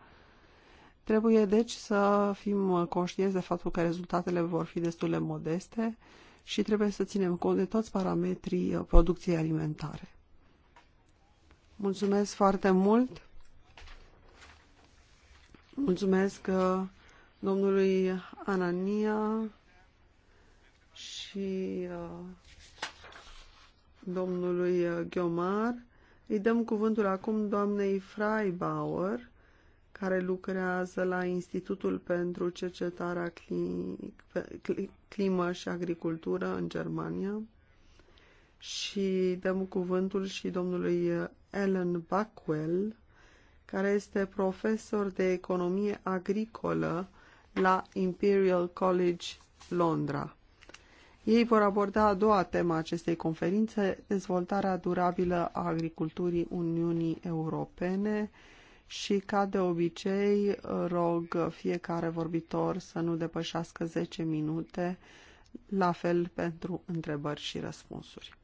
Trebuie deci să fim uh, conștienți de faptul că rezultatele vor fi destul de modeste și trebuie să ținem cont de toți parametrii uh, producției alimentare. Mulțumesc foarte mult! Mulțumesc uh, domnului Anania și uh, domnului uh, Ghiomar. Îi dăm cuvântul acum doamnei Freibauer, care lucrează la Institutul pentru Cercetarea Climă și Agricultură în Germania. Și dăm cuvântul și domnului Ellen Buckwell, care este profesor de economie agricolă la Imperial College Londra. Ei vor aborda a doua temă acestei conferințe, dezvoltarea durabilă a agriculturii Uniunii Europene și, ca de obicei, rog fiecare vorbitor să nu depășească 10 minute, la fel pentru întrebări și răspunsuri.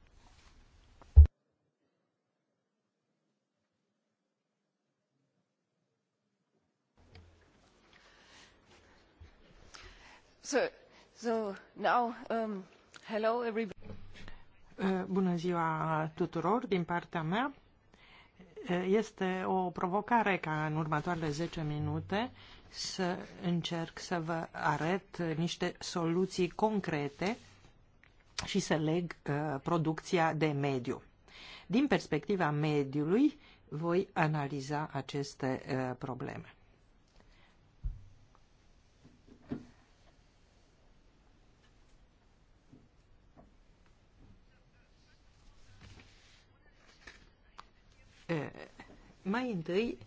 Um, uh, bună ziua tuturor din partea mea. Uh, este o provocare ca în următoarele 10 minute să încerc să vă arăt niște soluții concrete și să leg uh, producția de mediu. Din perspectiva mediului, voi analiza aceste probleme. Mai întâi,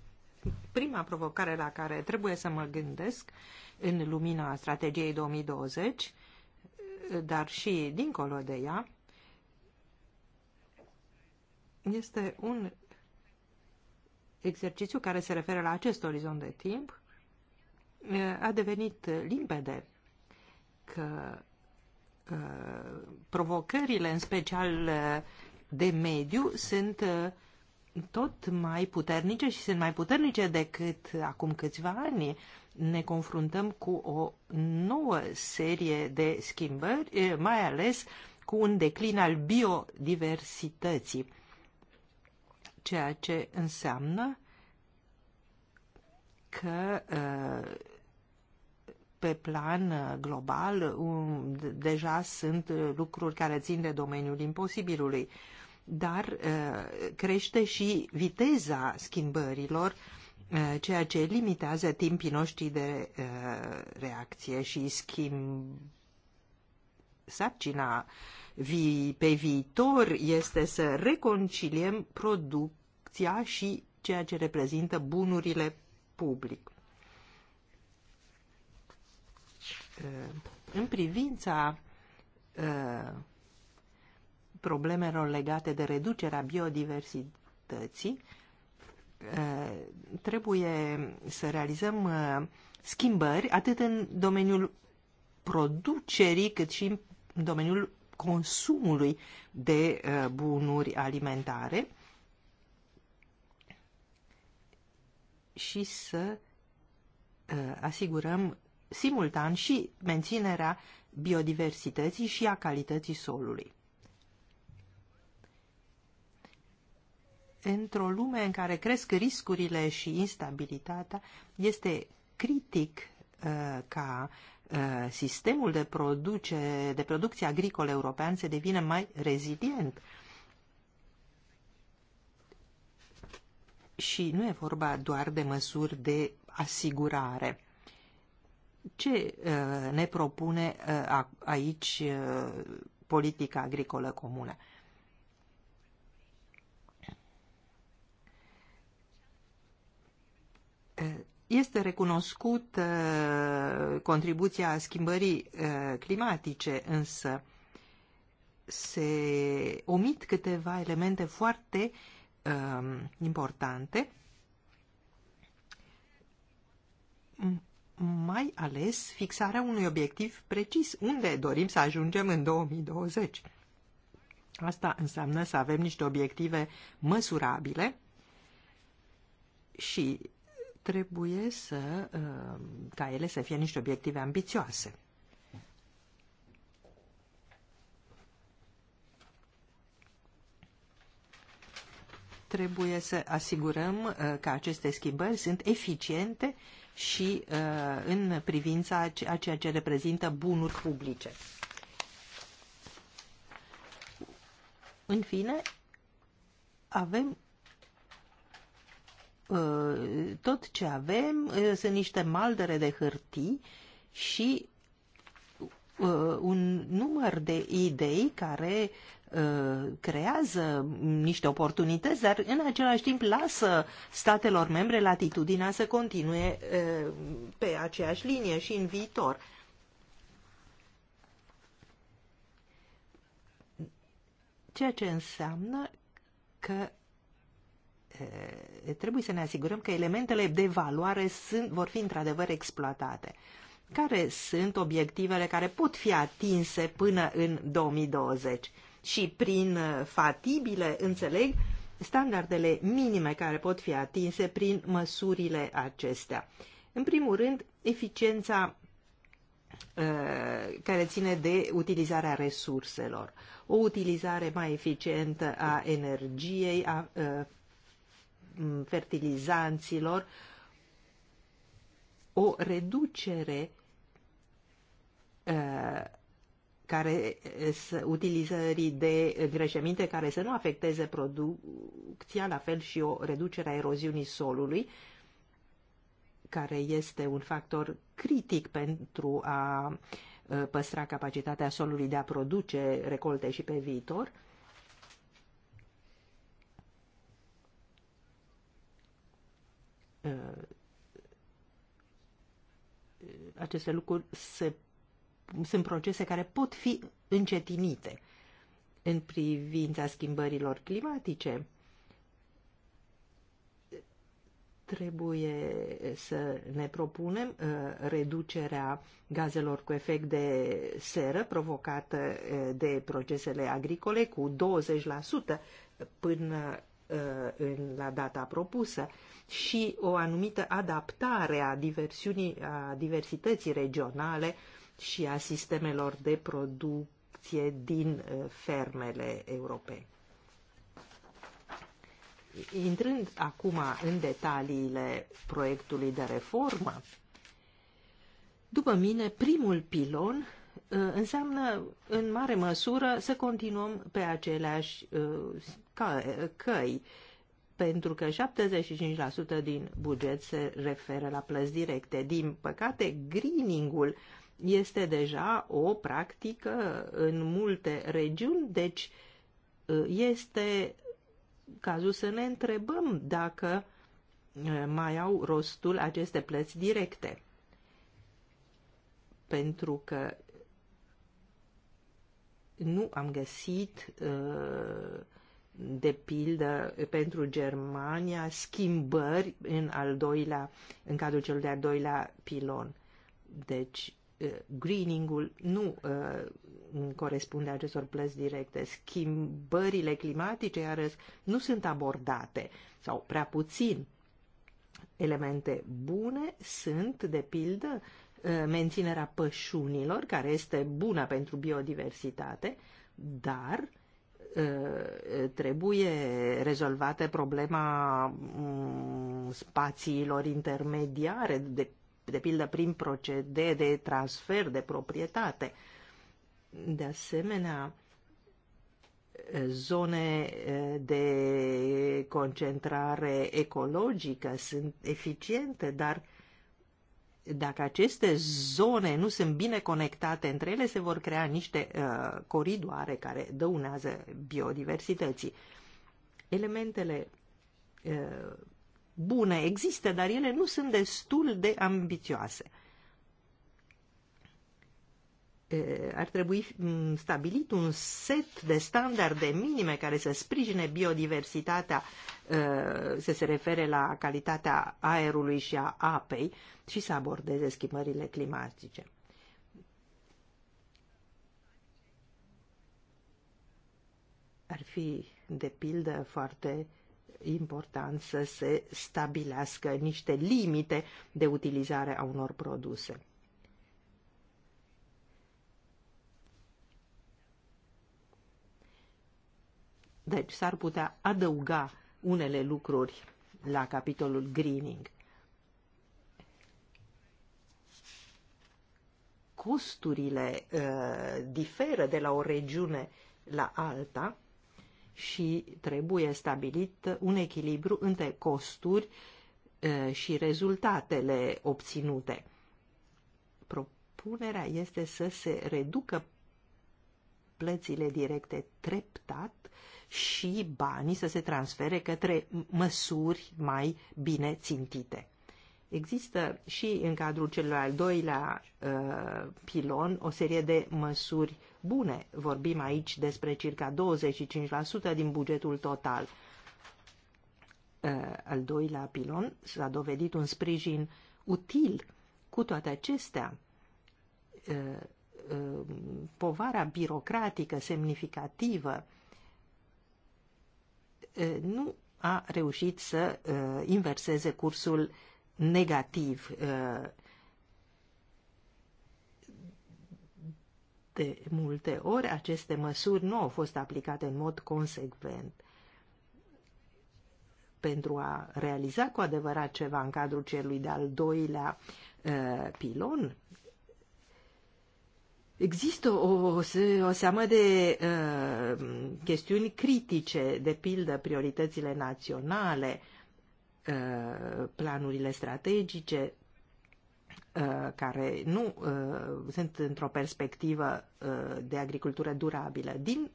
prima provocare la care trebuie să mă gândesc în lumina strategiei 2020, dar și dincolo de ea, este un exercițiu care se referă la acest orizont de timp. A devenit limpede că uh, provocările, în special uh, de mediu, sunt uh, tot mai puternice și sunt mai puternice decât acum câțiva ani. Ne confruntăm cu o nouă serie de schimbări, eh, mai ales cu un declin al biodiversității, ceea ce înseamnă că eh, pe plan eh, global um, deja sunt lucruri care țin de domeniul imposibilului dar uh, crește și viteza schimbărilor, uh, ceea ce limitează timpii noștri de uh, reacție și schimb sarcina pe viitor este să reconciliem producția și ceea ce reprezintă bunurile public. În privința problemelor legate de reducerea biodiversității, trebuie să realizăm schimbări atât în domeniul producerii cât și în domeniul consumului de bunuri alimentare și să asigurăm simultan și menținerea biodiversității și a calității solului. într-o lume în care cresc riscurile și instabilitatea, este critic uh, ca uh, sistemul de, produce, de producție agricole european să devină mai rezilient. Și nu e vorba doar de măsuri de asigurare. Ce uh, ne propune uh, aici politica agricolă comună? este recunoscut uh, contribuția schimbării uh, climatice, însă se omit câteva elemente foarte um, importante, mai ales fixarea unui obiectiv precis, unde dorim să ajungem în 2020. Asta înseamnă să avem niște obiective măsurabile și trebuie să, uh, ca ele să fie niște obiective ambițioase. Trebuie să asigurăm uh, că aceste schimbări sunt eficiente și uh, în privința a ceea ce reprezintă bunuri publice. În fine, avem Uh, tot ce avem uh, sunt niște maldere de hârtii și uh, un număr de idei care creează niște oportunități, dar în același timp lasă statelor membre latitudinea să continue pe aceeași linie și în viitor. Ceea ce înseamnă că trebuie să ne asigurăm că elementele de valoare sunt, vor fi într-adevăr exploatate. Care sunt obiectivele care pot fi atinse până în 2020? Și prin uh, fatibile, înțeleg, standardele minime care pot fi atinse prin măsurile acestea. În primul rând, eficiența uh, care ține de utilizarea resurselor, o utilizare mai eficientă a energiei, a uh, Mm, fertilizanților, o reducere uh, care uh, să, utilizării de îngrășăminte care să nu afecteze producția, la fel și o reducere a eroziunii solului, care este un factor critic pentru a uh, păstra capacitatea solului de a produce recolte și pe viitor. Uh, aceste lucruri se, sunt procese care pot fi încetinite în privința schimbărilor climatice. Trebuie să ne propunem uh, reducerea gazelor cu efect de seră provocată uh, de procesele agricole cu 20% până Uh, în, la data propusă și o anumită adaptare a, diversiunii, a diversității regionale și a sistemelor de producție din uh, fermele europene. Intrând acum în detaliile proiectului de reformă, după mine, primul pilon uh, înseamnă în mare măsură să continuăm pe aceleași căi, pentru că 75% din buget se referă la plăți directe. Din păcate, greening-ul este deja o practică în multe regiuni, deci ă, este cazul să ne întrebăm dacă ă, mai au rostul aceste plăți directe. Pentru că nu am găsit uh, de pildă pentru Germania, schimbări în al doilea, în cadrul celui de-al doilea pilon. Deci, uh, greening-ul nu uh, corespunde acestor plăți directe. Schimbările climatice, iarăși, nu sunt abordate sau prea puțin. Elemente bune sunt, de pildă, uh, menținerea pășunilor, care este bună pentru biodiversitate, dar trebuie rezolvate problema mm, spațiilor intermediare, de, de pildă prin procede de transfer de proprietate. De asemenea, zone de concentrare ecologică sunt eficiente, dar uh, dacă aceste zone nu sunt bine conectate între ele, se vor crea niște uh, coridoare care dăunează biodiversității. Elementele uh, bune există, dar ele nu sunt destul de ambițioase ar trebui mm, stabilit un set de standarde minime care să sprijine biodiversitatea, să se refere la calitatea aerului și a apei și să abordeze schimbările climatice. Ar fi, de pildă, foarte important să se stabilească niște limite de utilizare a unor produse Deci s-ar putea adăuga unele lucruri la capitolul greening. Costurile uh, diferă de la o regiune la alta și trebuie stabilit un echilibru între costuri uh, și rezultatele obținute. Propunerea este să se reducă plățile directe treptat uh, și banii să se transfere către măsuri mai bine țintite. Există și în cadrul celui al doilea uh, pilon o serie de măsuri bune. Vorbim aici despre circa 25% din bugetul total. Uh, al doilea pilon s-a dovedit un sprijin util. Cu toate acestea, uh, uh povara birocratică semnificativă nu a reușit să inverseze cursul negativ de multe ori aceste măsuri nu au fost aplicate în mod consecvent. Pentru a realiza cu adevărat ceva în cadrul celui de-al doilea uh, pilon, Există o, o seamă de uh, chestiuni critice, de pildă prioritățile naționale, uh, planurile strategice, uh, care nu uh, sunt într-o perspectivă uh, de agricultură durabilă. Din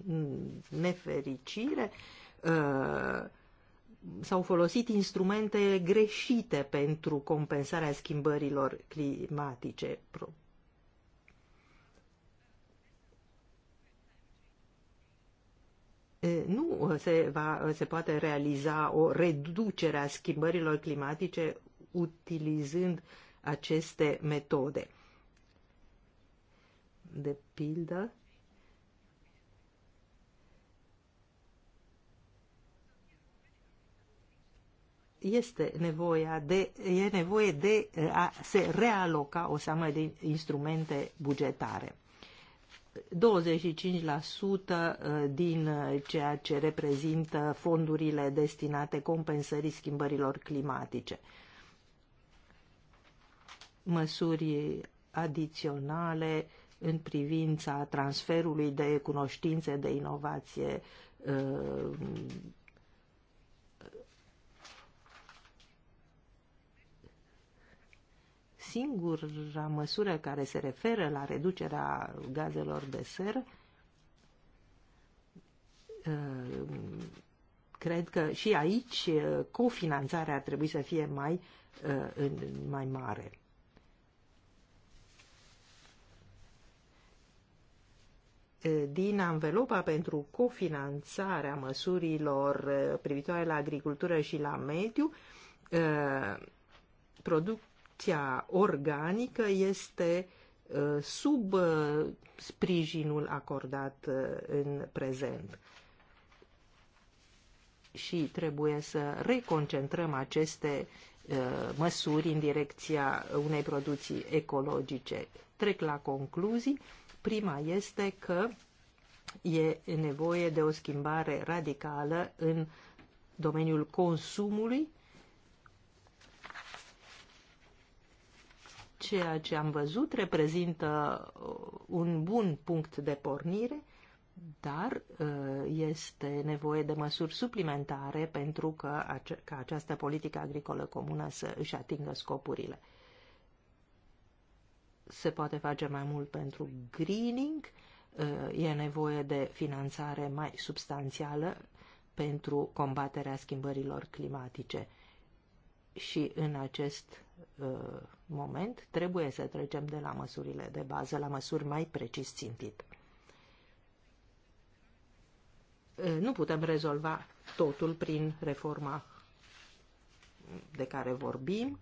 nefericire, uh, s-au folosit instrumente greșite pentru compensarea schimbărilor climatice. nu se, va, se poate realiza o reducere a schimbărilor climatice utilizând aceste metode. De pildă, este nevoia de, e nevoie de a se realoca o seamă de instrumente bugetare. 25% uh, din uh, ceea ce reprezintă fondurile destinate compensării schimbărilor climatice. Măsuri adiționale în privința transferului de cunoștințe, de inovație uh, singura măsură care se referă la reducerea gazelor de ser, uh, cred că și aici uh, cofinanțarea ar trebui să fie mai, uh, mai mare. din anvelopa pentru cofinanțarea măsurilor privitoare la agricultură și la mediu, produc, producția organică este uh, sub uh, sprijinul acordat uh, în prezent. Și trebuie să reconcentrăm aceste măsuri în direcția unei producții ecologice. Trec la concluzii. Prima este că e nevoie de o schimbare radicală în domeniul consumului ceea ce am văzut reprezintă uh, un bun punct de pornire, dar uh, este nevoie de măsuri suplimentare pentru că, ca această politică agricolă comună să își atingă scopurile. Se poate face mai mult pentru greening, uh, e nevoie de finanțare mai substanțială pentru combaterea schimbărilor climatice. Și în acest Uh, moment trebuie să trecem de la măsurile de bază la măsuri mai precis țintit. Uh, nu putem rezolva totul prin reforma de care vorbim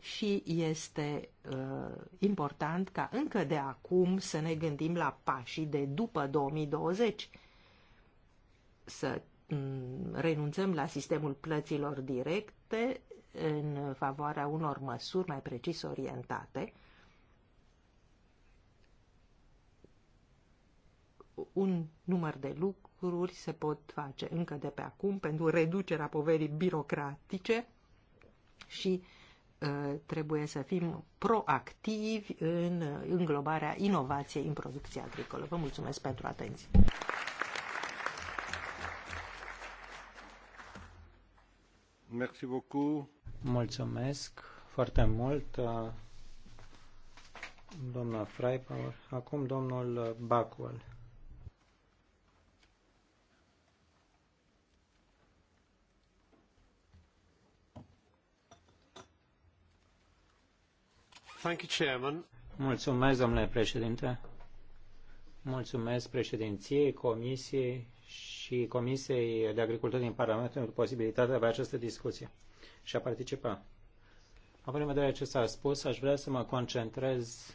și este uh, important ca încă de acum să ne gândim la pașii de după 2020, să mm, renunțăm la sistemul plăților directe, în favoarea unor măsuri mai precis orientate, un număr de lucruri se pot face încă de pe acum pentru reducerea poverii birocratice și uh, trebuie să fim proactivi în uh, înglobarea inovației în producția agricolă. Vă mulțumesc pentru atenție! Merci beaucoup. Mulțumesc foarte mult, uh, doamna Freipauer. Acum domnul Bacual. Thank you, Chairman. Mulțumesc, domnule președinte. Mulțumesc președinției, comisiei și Comisiei de Agricultură din Parlament pentru posibilitatea de a avea această discuție și a participa. Având în vedere ce s-a spus, aș vrea să mă concentrez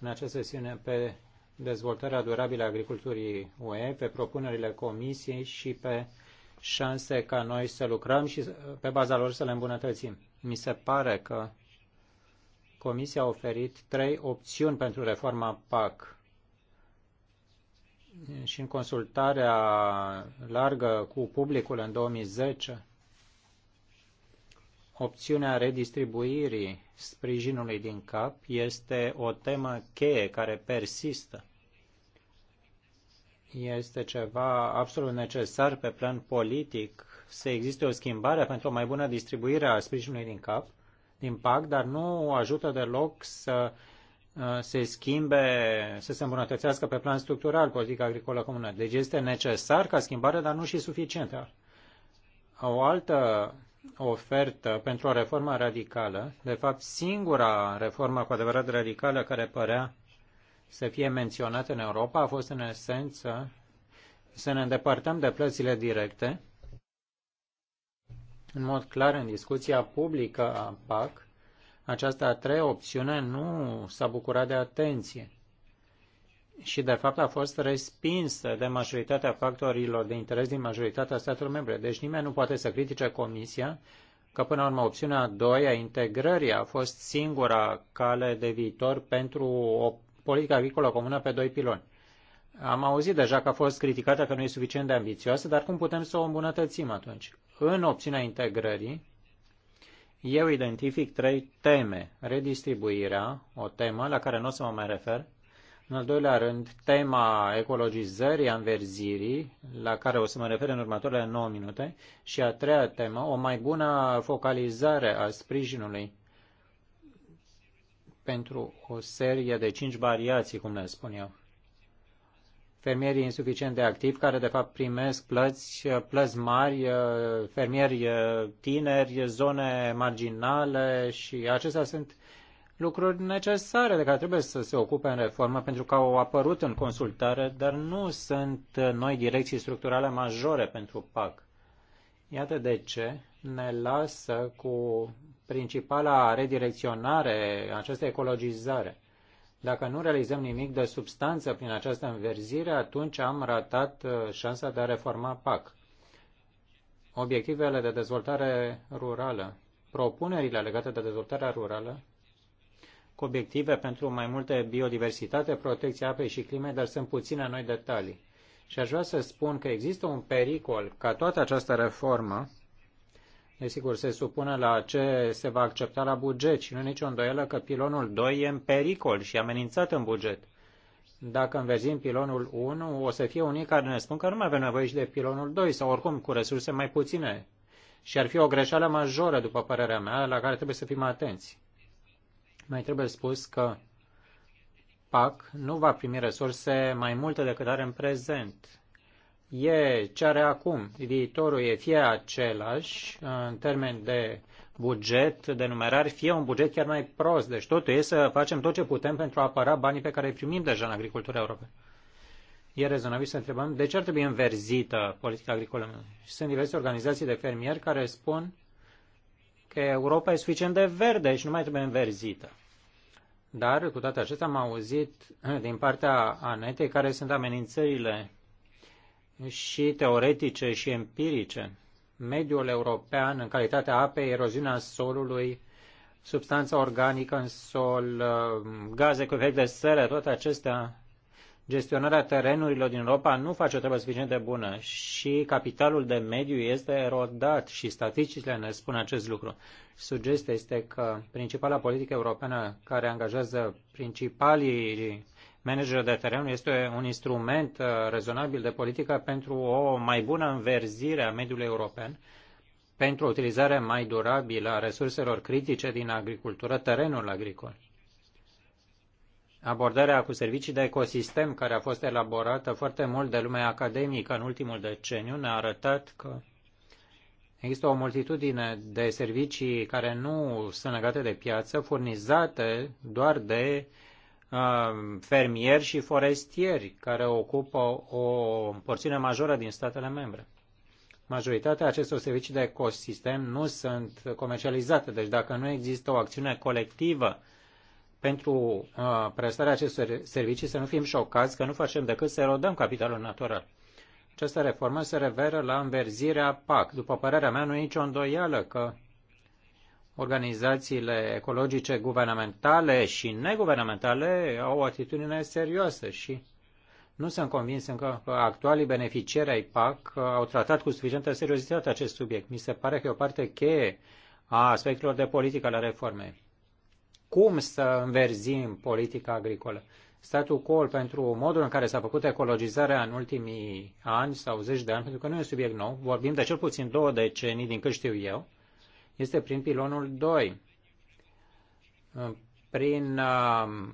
în această sesiune pe dezvoltarea durabilă a agriculturii UE, pe propunerile Comisiei și pe șanse ca noi să lucrăm și pe baza lor să le îmbunătățim. Mi se pare că Comisia a oferit trei opțiuni pentru reforma PAC și în consultarea largă cu publicul în 2010, opțiunea redistribuirii sprijinului din cap este o temă cheie care persistă. Este ceva absolut necesar pe plan politic să existe o schimbare pentru o mai bună distribuire a sprijinului din cap, din PAC, dar nu ajută deloc să se schimbe, să se îmbunătățească pe plan structural politica agricolă comună. Deci este necesar ca schimbare, dar nu și suficientă. O altă ofertă pentru o reformă radicală, de fapt singura reformă cu adevărat radicală care părea să fie menționată în Europa, a fost în esență să ne îndepărtăm de plățile directe. În mod clar, în discuția publică a PAC, această a treia opțiune nu s-a bucurat de atenție și, de fapt, a fost respinsă de majoritatea factorilor de interes din majoritatea statelor membre. Deci nimeni nu poate să critique Comisia că, până la urmă, opțiunea a doua, integrării, a fost singura cale de viitor pentru o politică agricolă comună pe doi piloni. Am auzit deja că a fost criticată că nu e suficient de ambițioasă, dar cum putem să o îmbunătățim atunci? În opțiunea integrării, eu identific trei teme. Redistribuirea, o temă la care nu o să mă mai refer. În al doilea rând, tema ecologizării, anverzirii, la care o să mă refer în următoarele 9 minute. Și a treia temă, o mai bună focalizare a sprijinului pentru o serie de cinci variații, cum le spun eu fermierii insuficient de activi, care de fapt primesc plăți, plăți mari, fermieri tineri, zone marginale și acestea sunt lucruri necesare de care trebuie să se ocupe în reformă pentru că au apărut în consultare, dar nu sunt noi direcții structurale majore pentru PAC. Iată de ce ne lasă cu principala redirecționare, această ecologizare. Dacă nu realizăm nimic de substanță prin această înverzire, atunci am ratat uh, șansa de a reforma PAC. Obiectivele de dezvoltare rurală, propunerile legate de dezvoltarea rurală, cu obiective pentru mai multe biodiversitate, protecția apei și climei, dar sunt puține noi detalii. Și aș vrea să spun că există un pericol ca toată această reformă desigur, se supune la ce se va accepta la buget și nu e nicio îndoială că pilonul 2 e în pericol și amenințat în buget. Dacă înverzim pilonul 1, o să fie unii care ne spun că nu mai avem nevoie și de pilonul 2 sau oricum cu resurse mai puține. Și ar fi o greșeală majoră, după părerea mea, la care trebuie să fim atenți. Mai trebuie spus că PAC nu va primi resurse mai multe decât are în prezent e ce are acum. Viitorul e fie același uh, în termen de buget, de numerar, fie un buget chiar mai prost. Deci totul e să facem tot ce putem pentru a apăra banii pe care îi primim deja în agricultura europeană. E rezonabil să întrebăm de ce ar trebui înverzită politica agricolă. Sunt diverse organizații de fermieri care spun că Europa e suficient de verde și nu mai trebuie înverzită. Dar, cu toate acestea, am auzit uh, din partea Anetei care sunt amenințările și teoretice și empirice. Mediul european, în calitatea apei, eroziunea solului, substanța organică în sol, uh, gaze cu efect de seră, toate acestea, gestionarea terenurilor din Europa nu face o treabă suficient de bună și capitalul de mediu este erodat și statisticile ne spun acest lucru. Sugestia este că principala politică europeană care angajează principalii managerul de teren este un instrument uh, rezonabil de politică pentru o mai bună înverzire a mediului european, pentru o utilizare mai durabilă a resurselor critice din agricultură, terenul agricol. Abordarea cu servicii de ecosistem care a fost elaborată foarte mult de lumea academică în ultimul deceniu ne-a arătat că Există o multitudine de servicii care nu sunt legate de piață, furnizate doar de Uh, fermieri și forestieri, care ocupă o porțiune majoră din statele membre. Majoritatea acestor servicii de ecosistem nu sunt comercializate, deci dacă nu există o acțiune colectivă pentru uh, prestarea acestor servicii, să nu fim șocați că nu facem decât să erodăm capitalul natural. Această reformă se referă la înverzirea PAC. După părerea mea, nu e nicio îndoială că organizațiile ecologice guvernamentale și neguvernamentale au o atitudine serioasă și nu sunt convins încă că actualii beneficiari ai PAC au tratat cu suficientă seriozitate acest subiect. Mi se pare că e o parte cheie a aspectelor de politică la reforme. Cum să înverzim politica agricolă? Statul col pentru modul în care s-a făcut ecologizarea în ultimii ani sau zeci de ani, pentru că nu e un subiect nou, vorbim de cel puțin două decenii din cât știu eu, este prin pilonul 2, uh, prin uh,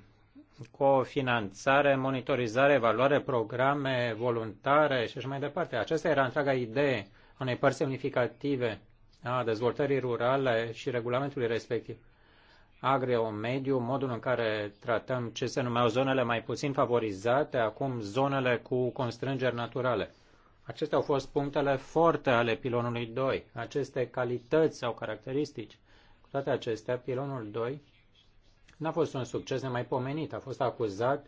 cofinanțare, monitorizare, evaluare, programe voluntare și așa mai departe. Aceasta era întreaga idee a unei părți semnificative a dezvoltării rurale și regulamentului respectiv. Agreo, mediu, modul în care tratăm ce se numeau zonele mai puțin favorizate, acum zonele cu constrângeri naturale. Acestea au fost punctele forte ale pilonului 2, aceste calități sau caracteristici. Cu toate acestea, pilonul 2 n-a fost un succes nemaipomenit, a fost acuzat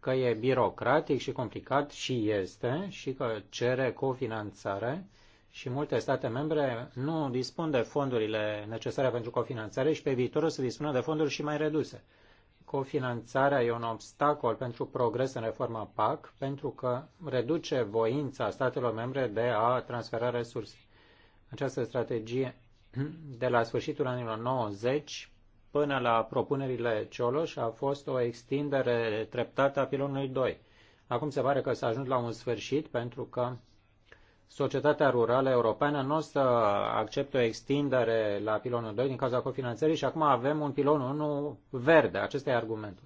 că e birocratic și complicat și este și că cere cofinanțare și multe state membre nu dispun de fondurile necesare pentru cofinanțare și pe viitor o să dispună de fonduri și mai reduse cofinanțarea e un obstacol pentru progres în reforma PAC, pentru că reduce voința statelor membre de a transfera resurse. Această strategie de la sfârșitul anilor 90 până la propunerile Cioloș a fost o extindere treptată a pilonului 2. Acum se pare că s-a ajuns la un sfârșit pentru că societatea rurală europeană nu o să accepte o extindere la pilonul 2 din cauza cofinanțării și acum avem un pilon 1 verde. Acesta e argumentul.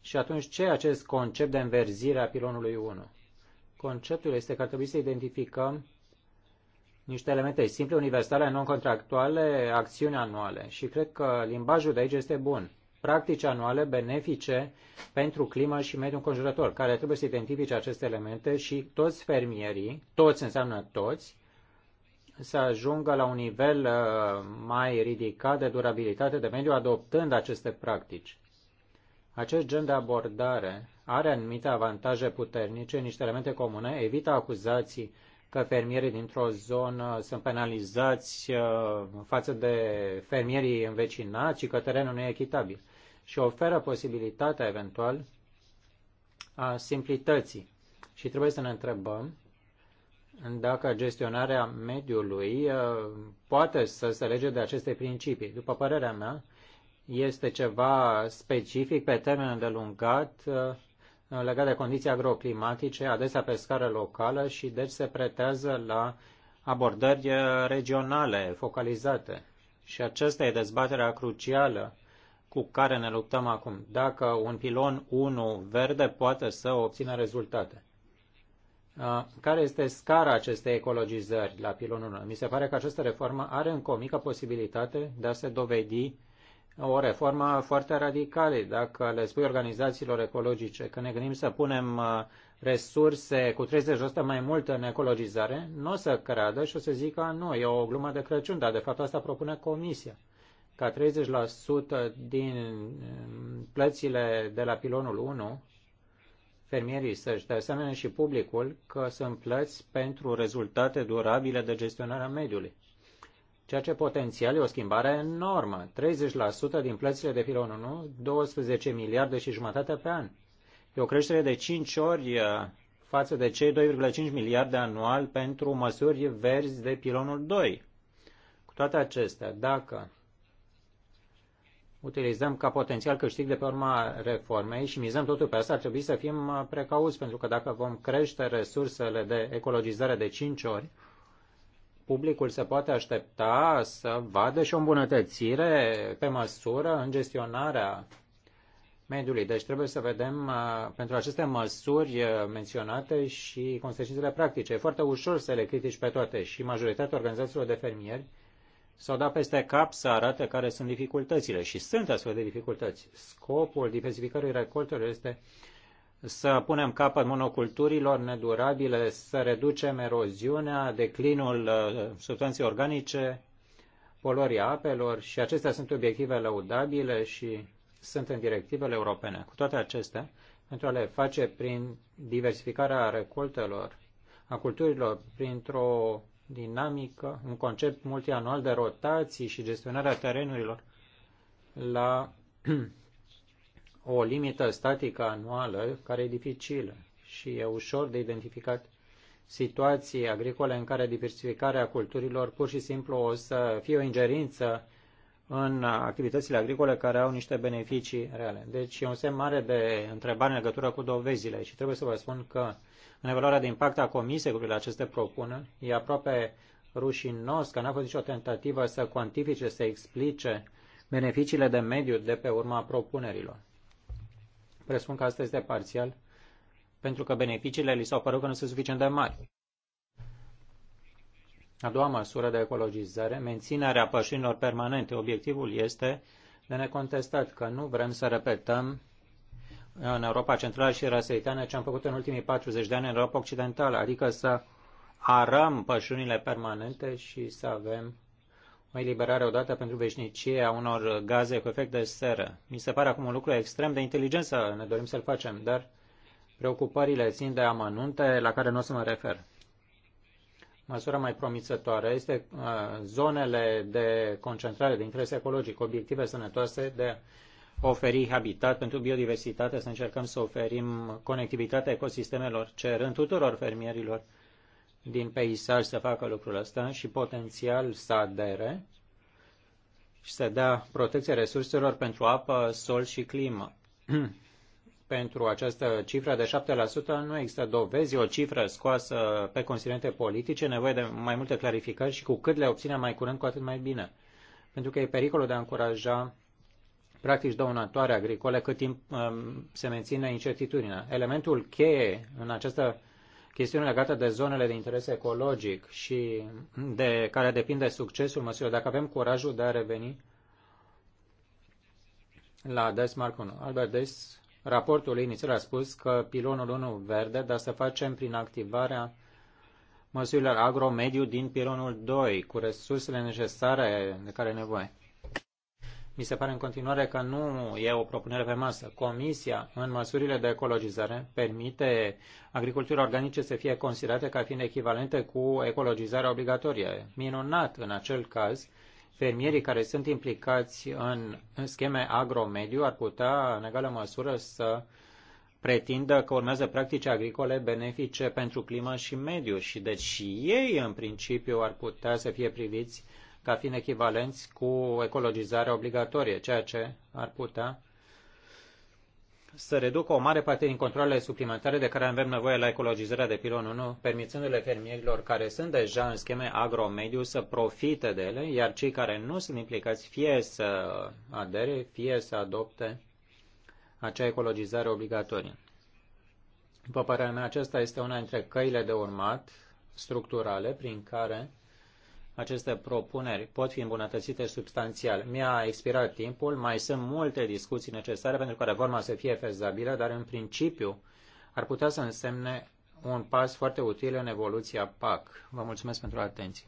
Și atunci ce e acest concept de înverzire a pilonului 1? Conceptul este că ar trebui să identificăm niște elemente simple, universale, non-contractuale, acțiuni anuale. Și cred că limbajul de aici este bun practici anuale benefice pentru climă și mediul înconjurător, care trebuie să identifice aceste elemente și toți fermierii, toți înseamnă toți, să ajungă la un nivel uh, mai ridicat de durabilitate de mediu adoptând aceste practici. Acest gen de abordare are anumite avantaje puternice, niște elemente comune, evită acuzații că fermierii dintr-o zonă sunt penalizați uh, față de fermierii învecinați și că terenul nu e echitabil și oferă posibilitatea eventual a simplității. Și trebuie să ne întrebăm dacă gestionarea mediului uh, poate să se lege de aceste principii. După părerea mea, este ceva specific pe termen îndelungat uh, legat de condiții agroclimatice, adesea pe scară locală și deci se pretează la abordări uh, regionale, focalizate. Și aceasta e dezbaterea crucială cu care ne luptăm acum. Dacă un pilon 1 verde poate să obțină rezultate. Care este scara acestei ecologizări la pilonul 1? Mi se pare că această reformă are încă o mică posibilitate de a se dovedi o reformă foarte radicală. Dacă le spui organizațiilor ecologice că ne gândim să punem resurse cu 30% mai mult în ecologizare, nu o să creadă și o să zică nu, e o glumă de Crăciun, dar de fapt asta propune Comisia ca 30% din eh, plățile de la pilonul 1, fermierii să-și de asemenea și publicul că sunt plăți pentru rezultate durabile de gestionarea mediului. Ceea ce potențial e o schimbare enormă. 30% din plățile de pilonul 1, 12 miliarde și jumătate pe an. E o creștere de 5 ori eh, față de cei 2,5 miliarde anual pentru măsuri verzi de pilonul 2. Cu toate acestea, dacă utilizăm ca potențial câștig de pe urma reformei și mizăm totul pe asta, ar trebui să fim uh, precauți, pentru că dacă vom crește resursele de ecologizare de 5 ori, publicul se poate aștepta să vadă și o îmbunătățire pe măsură în gestionarea mediului. Deci trebuie să vedem uh, pentru aceste măsuri uh, menționate și consecințele practice. E foarte ușor să le critici pe toate și majoritatea organizațiilor de fermieri s-au dat peste cap să arate care sunt dificultățile și sunt astfel de dificultăți. Scopul diversificării recoltelor este să punem capăt monoculturilor nedurabile, să reducem eroziunea, declinul uh, substanței organice, poluarea apelor și acestea sunt obiective laudabile și sunt în directivele europene. Cu toate acestea, pentru a le face prin diversificarea recoltelor, a culturilor, printr-o dinamică, un concept multianual de rotații și gestionarea terenurilor la o limită statică anuală care e dificilă și e ușor de identificat situații agricole în care diversificarea culturilor pur și simplu o să fie o ingerință în activitățile agricole care au niște beneficii reale. Deci e un semn mare de întrebare în legătură cu dovezile și trebuie să vă spun că în evaluarea de impact a Comisiei cu privire la aceste propuneri, e aproape rușinos că n-a fost nicio tentativă să cuantifice, să explice beneficiile de mediu de pe urma propunerilor. Presupun că asta este parțial, pentru că beneficiile li s-au părut că nu sunt suficient de mari. A doua măsură de ecologizare, menținerea pășinilor permanente. Obiectivul este de necontestat că nu vrem să repetăm în Europa Centrală și Răsăritană ce am făcut în ultimii 40 de ani în Europa Occidentală, adică să arăm pășunile permanente și să avem o eliberare odată pentru veșnicie a unor gaze cu efect de seră. Mi se pare acum un lucru extrem de inteligent să ne dorim să-l facem, dar preocupările țin de amănunte la care nu o să mă refer. Măsura mai promițătoare este uh, zonele de concentrare de interes ecologic, obiective sănătoase de oferi habitat pentru biodiversitate, să încercăm să oferim conectivitatea ecosistemelor, cerând tuturor fermierilor din peisaj să facă lucrul ăsta și potențial să adere și să dea protecție resurselor pentru apă, sol și climă. pentru această cifră de 7% nu există dovezi, o cifră scoasă pe considerente politice, nevoie de mai multe clarificări și cu cât le obținem mai curând, cu atât mai bine. Pentru că e pericolul de a încuraja practici dăunătoare agricole cât timp um, se menține incertitudinea. Elementul cheie în această chestiune legată de zonele de interes ecologic și de care depinde succesul măsurilor, dacă avem curajul de a reveni la Des 1. Albert Des, raportul inițial a spus că pilonul 1 verde, dar să facem prin activarea măsurilor agromediu din pilonul 2, cu resursele necesare de care e nevoie. Mi se pare în continuare că nu e o propunere pe masă. Comisia, în măsurile de ecologizare, permite agricultura organice să fie considerate ca fiind echivalente cu ecologizarea obligatorie. Minunat în acel caz, fermierii care sunt implicați în scheme agromediu ar putea, în egală măsură, să pretindă că urmează practici agricole benefice pentru climă și mediu și deci și ei, în principiu, ar putea să fie priviți ca fiind echivalenți cu ecologizarea obligatorie, ceea ce ar putea să reducă o mare parte din controlele suplimentare de care avem nevoie la ecologizarea de pilon 1, permițându-le fermierilor care sunt deja în scheme agromediu să profite de ele, iar cei care nu sunt implicați fie să adere, fie să adopte acea ecologizare obligatorie. După părerea mea, aceasta este una dintre căile de urmat structurale prin care aceste propuneri pot fi îmbunătățite substanțial. Mi-a expirat timpul, mai sunt multe discuții necesare pentru ca reforma să fie fezabilă, dar în principiu ar putea să însemne un pas foarte util în evoluția PAC. Vă mulțumesc pentru atenție.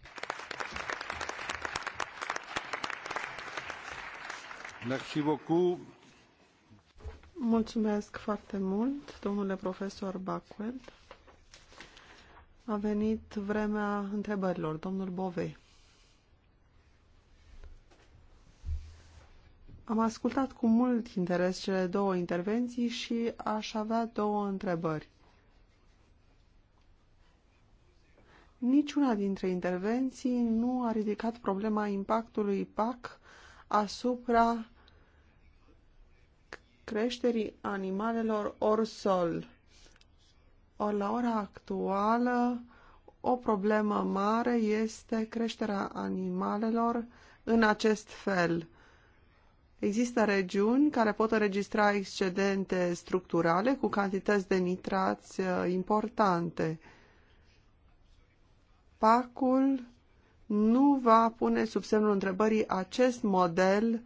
Mulțumesc foarte mult, domnule profesor Bacuet. A venit vremea întrebărilor. Domnul Bovei. Am ascultat cu mult interes cele două intervenții și aș avea două întrebări. Niciuna dintre intervenții nu a ridicat problema impactului PAC asupra creșterii animalelor orsol. Ă, la ora actuală, o problemă mare este creșterea animalelor în acest fel. Există regiuni care pot înregistra excedente structurale cu cantități de nitrați ă, importante. Pacul nu va pune sub semnul întrebării acest model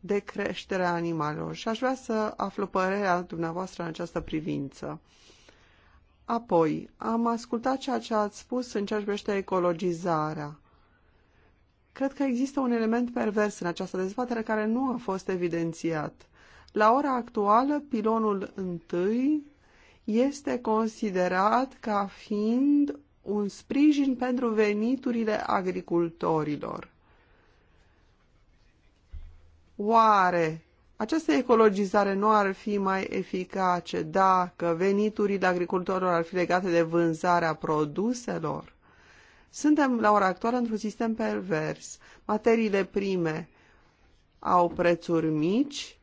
de creștere a animalelor și aș vrea să aflu părerea dumneavoastră în această privință. Apoi, am ascultat ceea ce ați spus în ceea ce privește ecologizarea. Cred că există un element pervers în această dezbatere care nu a fost evidențiat. La ora actuală, pilonul întâi este considerat ca fiind un sprijin pentru veniturile agricultorilor. Oare această ecologizare nu ar fi mai eficace dacă veniturile agricultorilor ar fi legate de vânzarea produselor? Suntem la ora actuală într-un sistem pervers. Materiile prime au prețuri mici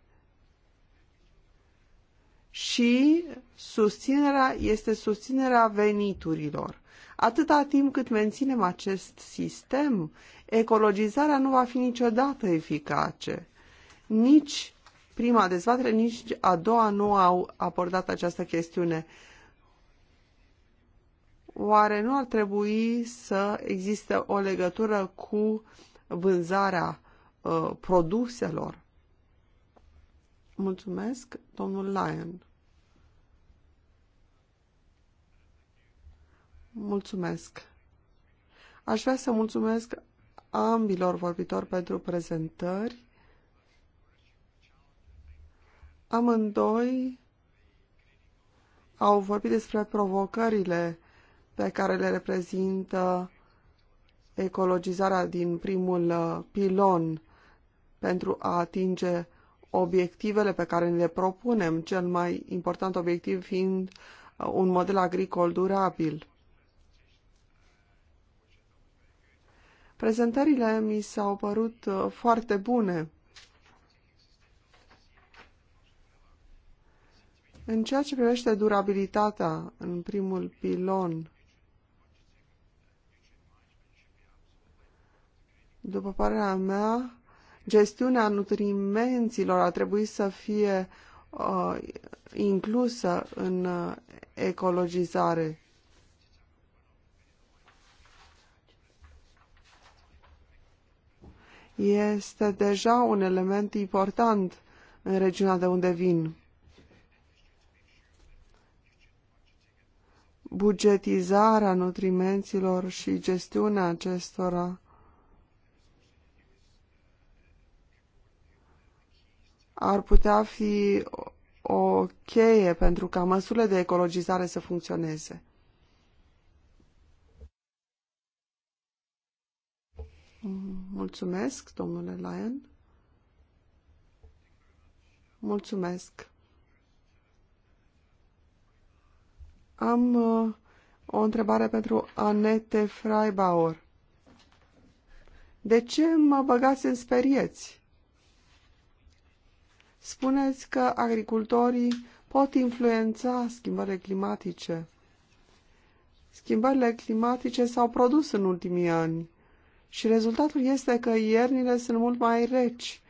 și susținerea este susținerea veniturilor. Atâta timp cât menținem acest sistem, ecologizarea nu va fi niciodată eficace. Nici prima dezbatere, nici a doua nu au abordat această chestiune. Oare nu ar trebui să existe o legătură cu vânzarea uh, produselor? Mulțumesc, domnul Lyon. Mulțumesc. Aș vrea să mulțumesc ambilor vorbitori pentru prezentări. Amândoi au vorbit despre provocările pe care le reprezintă ecologizarea din primul uh, pilon pentru a atinge obiectivele pe care le propunem, cel mai important obiectiv fiind uh, un model agricol durabil. Prezentările mi s-au părut uh, foarte bune. În ceea ce privește durabilitatea în primul pilon, după părerea mea, gestiunea nutrimenților a trebuit să fie uh, inclusă în uh, ecologizare. Este deja un element important în regiunea de unde vin. bugetizarea nutrimenților și gestiunea acestora. ar putea fi o cheie pentru ca măsurile de ecologizare să funcționeze. Mulțumesc, domnule Lyon. Mulțumesc. Am uh, o întrebare pentru Anete Freibauer. De ce mă băgați în sperieți? Spuneți că agricultorii pot influența schimbările climatice. Schimbările climatice s-au produs în ultimii ani și rezultatul este că iernile sunt mult mai reci.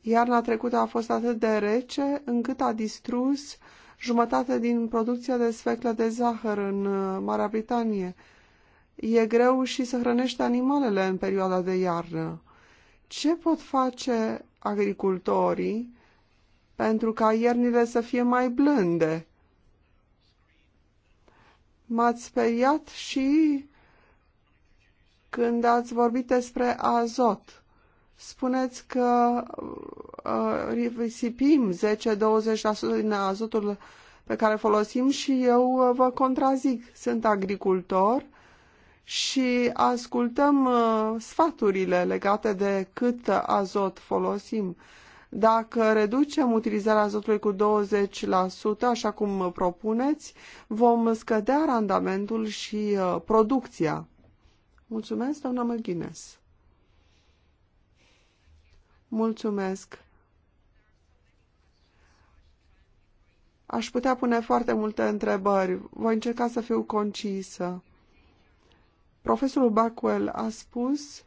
Iarna trecută a fost atât de rece încât a distrus jumătate din producția de sfeclă de zahăr în uh, Marea Britanie. E greu și să hrănește animalele în perioada de iarnă. Ce pot face agricultorii pentru ca iernile să fie mai blânde? M-ați speriat și când ați vorbit despre azot spuneți că uh, risipim 10-20% din azotul pe care folosim și eu uh, vă contrazic. Sunt agricultor și ascultăm uh, sfaturile legate de cât azot folosim. Dacă reducem utilizarea azotului cu 20%, așa cum propuneți, vom scădea randamentul și uh, producția. Mulțumesc, doamna McGuinness. Mulțumesc. Aș putea pune foarte multe întrebări. Voi încerca să fiu concisă. Profesorul Bacuel a spus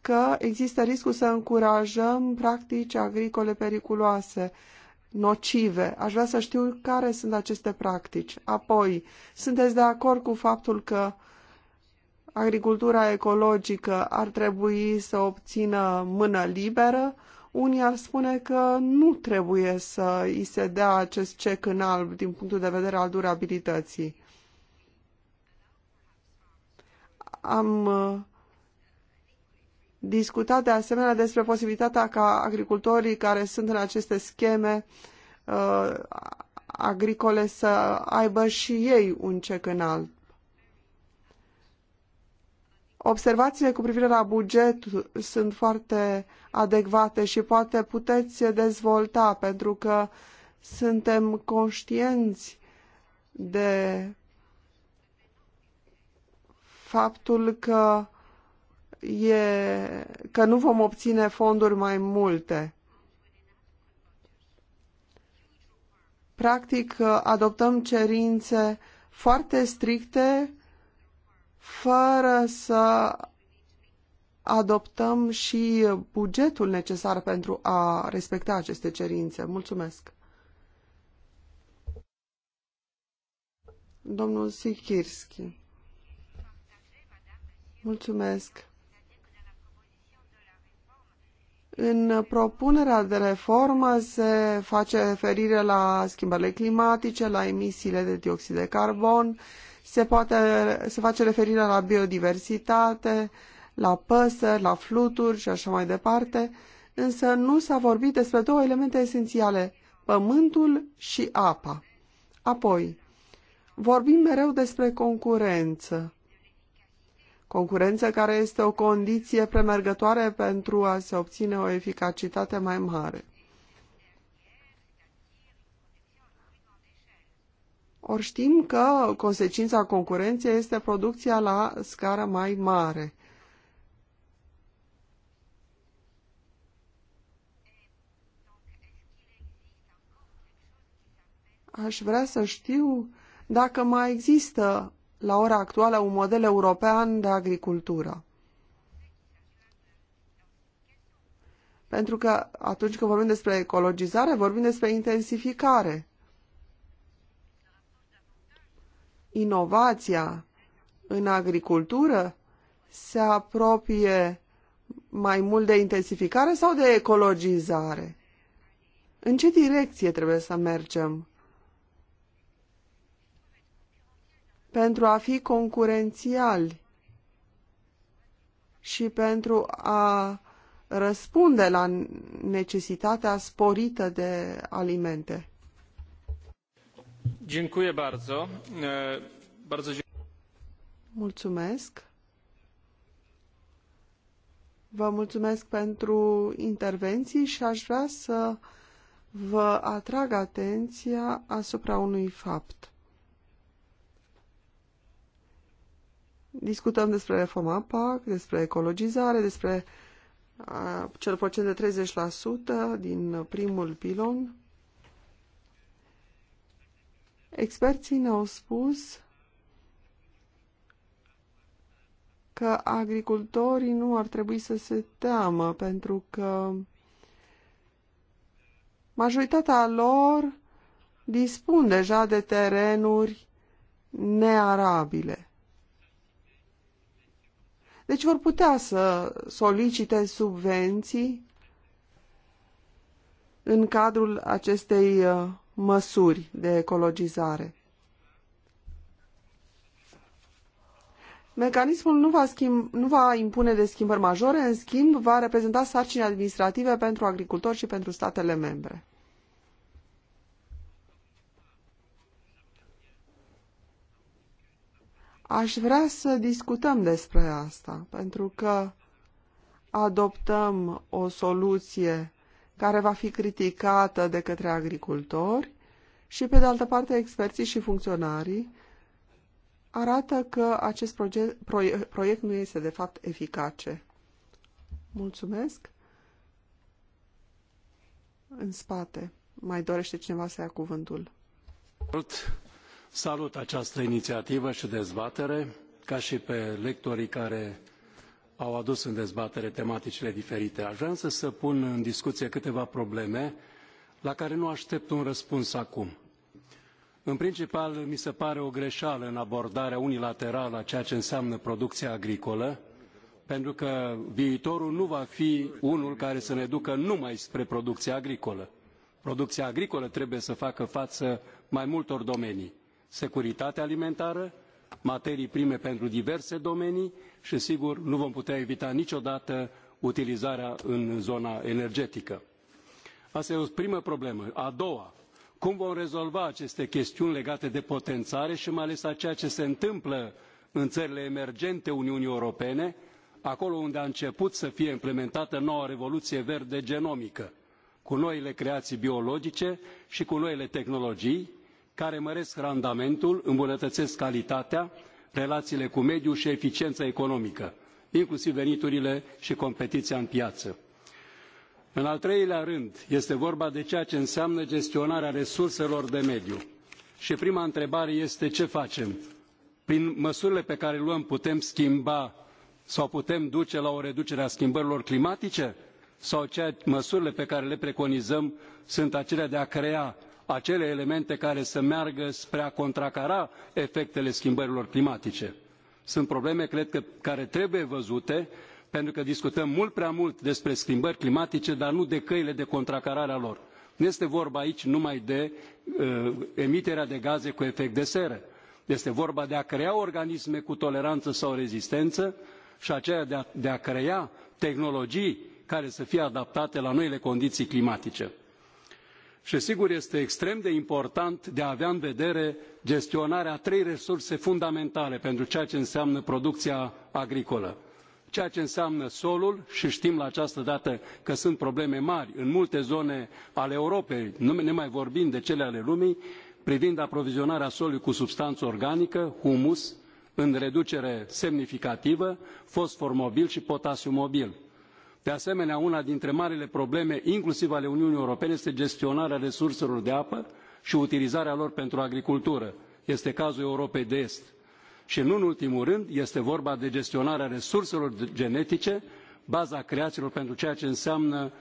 că există riscul să încurajăm practici agricole periculoase, nocive. Aș vrea să știu care sunt aceste practici. Apoi, sunteți de acord cu faptul că agricultura ecologică ar trebui să obțină mână liberă, unii ar spune că nu trebuie să îi se dea acest cec în alb din punctul de vedere al durabilității. Am uh, discutat de asemenea despre posibilitatea ca agricultorii care sunt în aceste scheme uh, agricole să aibă și ei un cec în alb. Observațiile cu privire la buget sunt foarte adecvate și poate puteți dezvolta, pentru că suntem conștienți de faptul că, e, că nu vom obține fonduri mai multe. Practic, adoptăm cerințe foarte stricte fără să adoptăm și bugetul necesar pentru a respecta aceste cerințe. Mulțumesc! Domnul Sikirski. Mulțumesc! În propunerea de reformă se face referire la schimbările climatice, la emisiile de dioxid de carbon, se, poate, se face referire la biodiversitate, la păsări, la fluturi și așa mai departe, însă nu s-a vorbit despre două elemente esențiale, pământul și apa. Apoi, vorbim mereu despre concurență. Concurență care este o condiție premergătoare pentru a se obține o eficacitate mai mare. Ori știm că consecința concurenței este producția la scară mai mare. Aș vrea să știu dacă mai există la ora actuală un model european de agricultură. Pentru că atunci când vorbim despre ecologizare, vorbim despre intensificare. inovația în agricultură se apropie mai mult de intensificare sau de ecologizare? În ce direcție trebuie să mergem? Pentru a fi concurențiali și pentru a răspunde la necesitatea sporită de alimente. Dziękuję bardzo. Bardzo Mulțumesc. Vă mulțumesc pentru intervenții și aș vrea să vă atrag atenția asupra unui fapt. Discutăm despre reforma PAC, despre ecologizare, despre cel procent de 30% din primul pilon Experții ne-au spus că agricultorii nu ar trebui să se teamă pentru că majoritatea lor dispun deja de terenuri nearabile. Deci vor putea să solicite subvenții în cadrul acestei uh, măsuri de ecologizare. Mecanismul nu va, schimb, nu va impune de schimbări majore, în schimb va reprezenta sarcini administrative pentru agricultori și pentru statele membre. Aș vrea să discutăm despre asta, pentru că adoptăm o soluție care va fi criticată de către agricultori și, pe de altă parte, experții și funcționarii arată că acest proiect, proiect nu este, de fapt, eficace. Mulțumesc! În spate. Mai dorește cineva să ia cuvântul. Salut această inițiativă și dezbatere, ca și pe lectorii care au adus în dezbatere tematicile diferite. Aș vrea însă să pun în discuție câteva probleme la care nu aștept un răspuns acum. În principal, mi se pare o greșeală în abordarea unilaterală a ceea ce înseamnă producția agricolă, pentru că viitorul nu va fi unul care să ne ducă numai spre producția agricolă. Producția agricolă trebuie să facă față mai multor domenii. Securitatea alimentară, materii prime pentru diverse domenii și, sigur, nu vom putea evita niciodată utilizarea în zona energetică. Asta e o primă problemă. A doua, cum vom rezolva aceste chestiuni legate de potențare și mai ales a ceea ce se întâmplă în țările emergente Uniunii Europene, acolo unde a început să fie implementată noua revoluție verde genomică, cu noile creații biologice și cu noile tehnologii, care măresc randamentul, îmbunătățesc calitatea, relațiile cu mediul și eficiența economică, inclusiv veniturile și competiția în piață. În al treilea rând, este vorba de ceea ce înseamnă gestionarea resurselor de mediu. Și prima întrebare este ce facem? Prin măsurile pe care le luăm putem schimba sau putem duce la o reducere a schimbărilor climatice? Sau ceea, măsurile pe care le preconizăm sunt acelea de a crea acele elemente care să meargă spre a contracara efectele schimbărilor climatice. Sunt probleme, cred că, care trebuie văzute, pentru că discutăm mult prea mult despre schimbări climatice, dar nu de căile de contracarare a lor. Nu este vorba aici numai de uh, emiterea de gaze cu efect de seră. Este vorba de a crea organisme cu toleranță sau rezistență și aceea de a, de a crea tehnologii care să fie adaptate la noile condiții climatice și sigur este extrem de important de a avea în vedere gestionarea a trei resurse fundamentale pentru ceea ce înseamnă producia agricolă ceea ce înseamnă solul i tim la această dată că sunt probleme mari în multe zone ale europei ne mai vorbim de cele ale lumii privind aprovizionarea solului cu substană organică humus în reducere semnificativă fosfor mobil i potasiu mobil de asemenea, una dintre marile probleme, inclusiv ale Uniunii Europene, este gestionarea resurselor de apă și utilizarea lor pentru agricultură. Este cazul Europei de Est. Și nu în ultimul rând, este vorba de gestionarea resurselor genetice, baza creațiilor pentru ceea ce înseamnă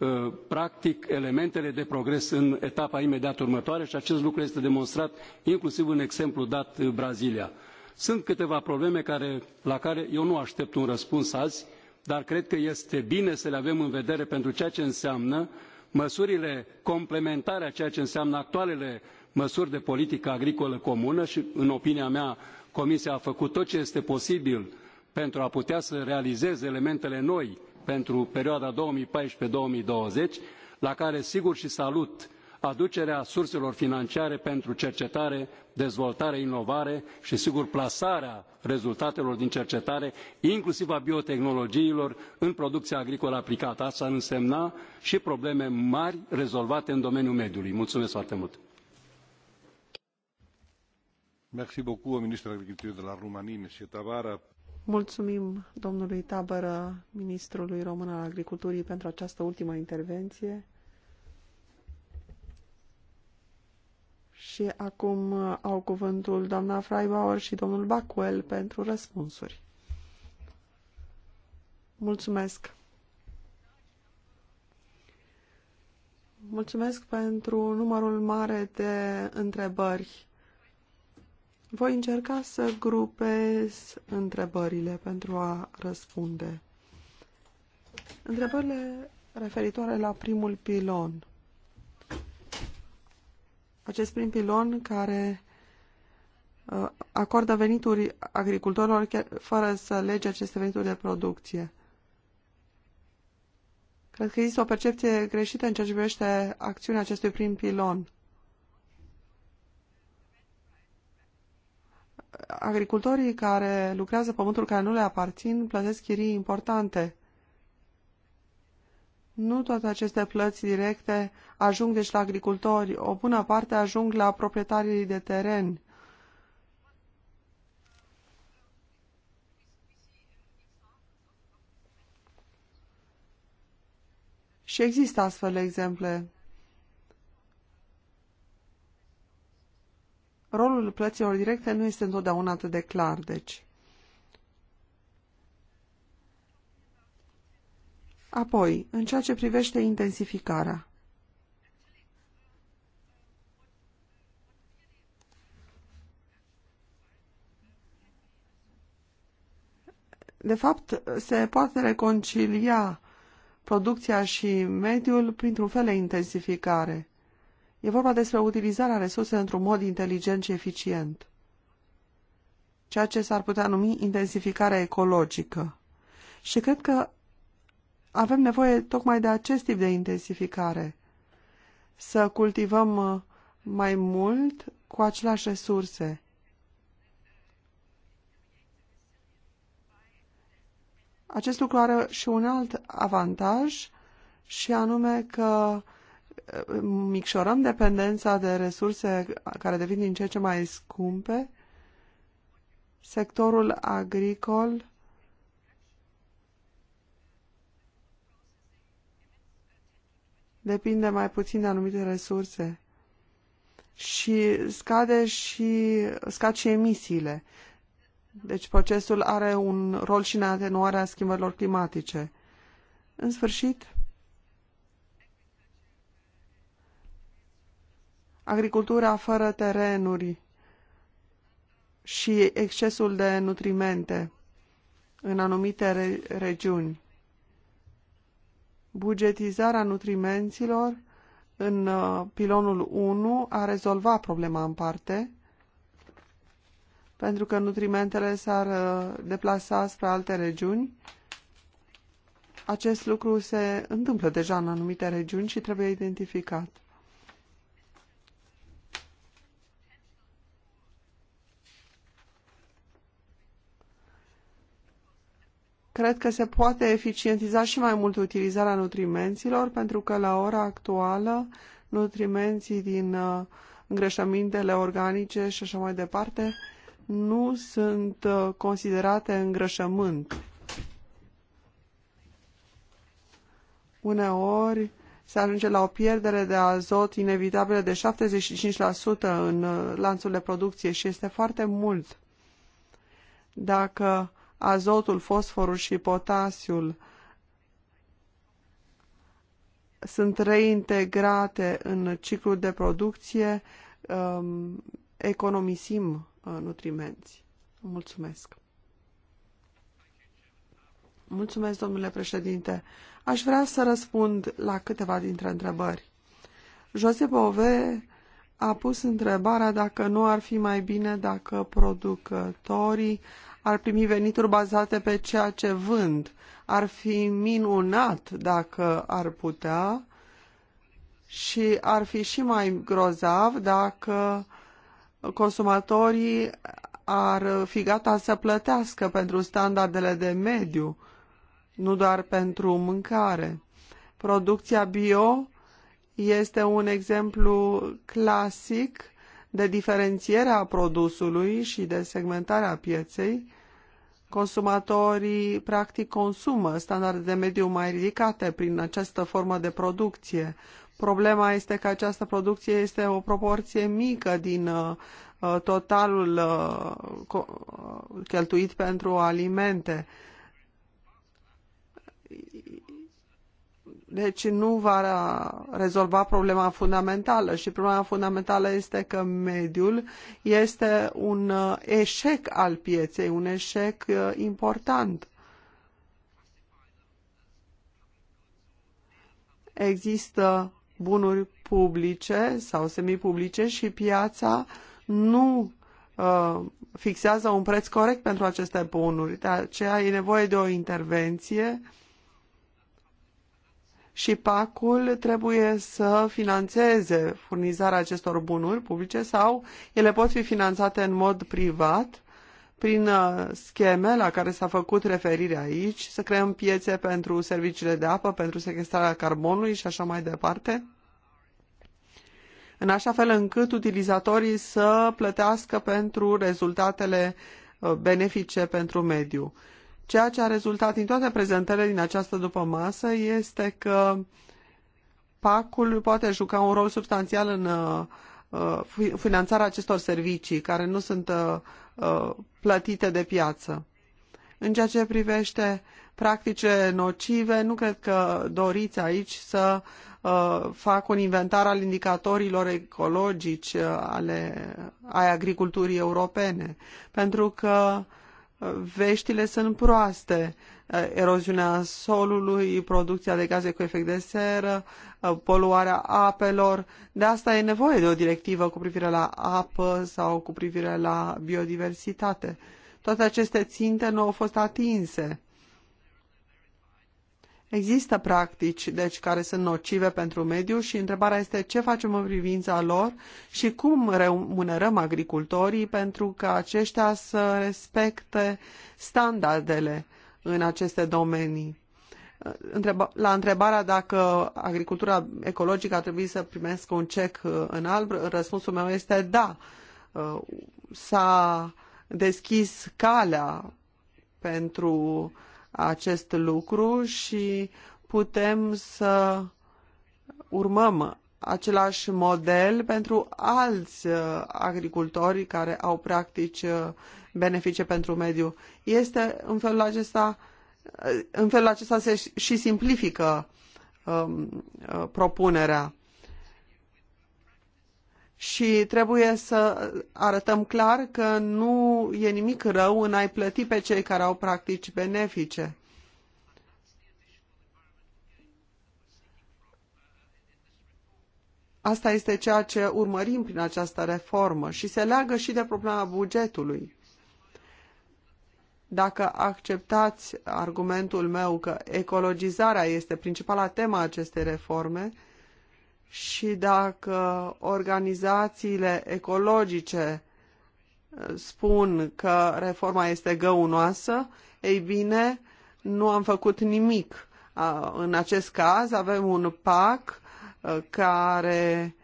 ă, practic elementele de progres în etapa imediat următoare și acest lucru este demonstrat inclusiv în exemplul dat Brazilia. Sunt câteva probleme care, la care eu nu aștept un răspuns azi, dar cred că este bine să le avem în vedere pentru ceea ce înseamnă măsurile complementare a ceea ce înseamnă actualele măsuri de politică agricolă comună și în opinia mea comisia a făcut tot ce este posibil pentru a putea să realizeze elementele noi pentru perioada două mii paisprezece două mii douăzeci la care sigur și salut aducerea surselor financiare pentru cercetare dezvoltare inovare și sigur plasarea rezultatelor din cercetare inclusiv a biotehnologiilor în producția agricolă aplicată. asta ar însemna și probleme mari rezolvate în domeniul mediului. mulțumesc foarte mult! Mulțumim domnului Tabără, ministrului român al agriculturii, pentru această ultimă intervenție. Și acum uh, au cuvântul doamna Freibauer și domnul Bacuel pentru răspunsuri. Mulțumesc! Mulțumesc pentru numărul mare de întrebări. Voi încerca să grupez întrebările pentru a răspunde. Întrebările referitoare la primul pilon acest prim pilon care uh, acordă venituri agricultorilor chiar fără să lege aceste venituri de producție. Cred că există o percepție greșită în ceea ce privește acțiunea acestui prim pilon. Agricultorii care lucrează pământul care nu le aparțin plătesc chirii importante nu toate aceste plăți directe ajung deci la agricultori, o bună parte ajung la proprietarii de teren. Și există astfel de exemple. Rolul plăților directe nu este întotdeauna atât de clar, deci. Apoi, în ceea ce privește intensificarea. De fapt, se poate reconcilia producția și mediul printr-un fel de intensificare. E vorba despre utilizarea resurselor într-un mod inteligent și eficient, ceea ce s-ar putea numi intensificarea ecologică. Și cred că avem nevoie tocmai de acest tip de intensificare. Să cultivăm uh, mai mult cu aceleași resurse. Acest lucru are și un alt avantaj și anume că uh, micșorăm dependența de resurse care devin din ce ce mai scumpe. Sectorul agricol depinde mai puțin de anumite resurse și scade și, scad și emisiile. Deci procesul are un rol și în atenuarea schimbărilor climatice. În sfârșit, agricultura fără terenuri și excesul de nutrimente în anumite re regiuni. Bugetizarea nutrimenților în uh, pilonul 1 a rezolvat problema în parte, pentru că nutrimentele s-ar uh, deplasa spre alte regiuni. Acest lucru se întâmplă deja în anumite regiuni și trebuie identificat. cred că se poate eficientiza și mai mult utilizarea nutrimenților, pentru că la ora actuală nutrimenții din uh, îngrășămintele organice și așa mai departe nu sunt uh, considerate îngrășământ. Uneori se ajunge la o pierdere de azot inevitabilă de 75% în uh, lanțul de producție și este foarte mult. Dacă azotul, fosforul și potasiul sunt reintegrate în ciclul de producție, um, economisim uh, nutrimenți. Mulțumesc! Mulțumesc, domnule președinte. Aș vrea să răspund la câteva dintre întrebări. Jose Bove a pus întrebarea dacă nu ar fi mai bine dacă producătorii ar primi venituri bazate pe ceea ce vând. Ar fi minunat dacă ar putea și ar fi și mai grozav dacă consumatorii ar fi gata să plătească pentru standardele de mediu, nu doar pentru mâncare. Producția bio este un exemplu clasic de diferențierea produsului și de segmentarea pieței, consumatorii practic consumă standarde de mediu mai ridicate prin această formă de producție. Problema este că această producție este o proporție mică din uh, uh totalul uh, uh, cheltuit pentru alimente. Deci nu va rezolva problema fundamentală și problema fundamentală este că mediul este un uh, eșec al pieței, un eșec uh, important. Există bunuri publice sau semipublice și piața nu uh, fixează un preț corect pentru aceste bunuri. De aceea e nevoie de o intervenție uh, și PAC-ul trebuie să financeze furnizarea acestor bunuri publice sau ele pot fi finanțate în mod privat prin uh, scheme la care s-a făcut referire aici, să creăm piețe pentru serviciile de apă, pentru sequestrarea carbonului și așa mai departe, în așa fel încât utilizatorii să plătească pentru rezultatele uh, benefice pentru mediu. Ceea ce a rezultat din toate prezentările din această dupămasă este că PAC-ul poate juca un rol substanțial în uh, finanțarea acestor servicii care nu sunt uh, uh, plătite de piață. În ceea ce privește practice nocive, nu cred că doriți aici să fac un inventar al indicatorilor ecologici ale, ai agriculturii europene, pentru că veștile sunt proaste. Eh, eroziunea solului, producția de gaze cu efect de seră, eh, poluarea apelor. De asta e nevoie de o directivă cu privire la apă sau cu privire la biodiversitate. Toate aceste ținte nu au fost atinse. Există practici, deci, care sunt nocive pentru mediu și întrebarea este ce facem în privința lor și cum remunerăm agricultorii pentru că aceștia să respecte standardele în aceste domenii. La întrebarea dacă agricultura ecologică ar trebui să primească un cec în alb, răspunsul meu este da. S-a deschis calea pentru uh, acest lucru și putem să urmăm același model pentru alți uh, agricultori care au practici uh, benefice pentru mediu. Este în felul acesta, uh, în felul acesta se și simplifică um, propunerea și trebuie să arătăm clar că nu e nimic rău în a-i plăti pe cei care au practici benefice. Asta este ceea ce urmărim prin această reformă și se leagă și de problema bugetului. Dacă acceptați argumentul meu că ecologizarea este principala tema acestei reforme, și dacă organizațiile ecologice uh, spun că reforma este găunoasă, ei bine, nu am făcut nimic. În acest caz avem un PAC uh, care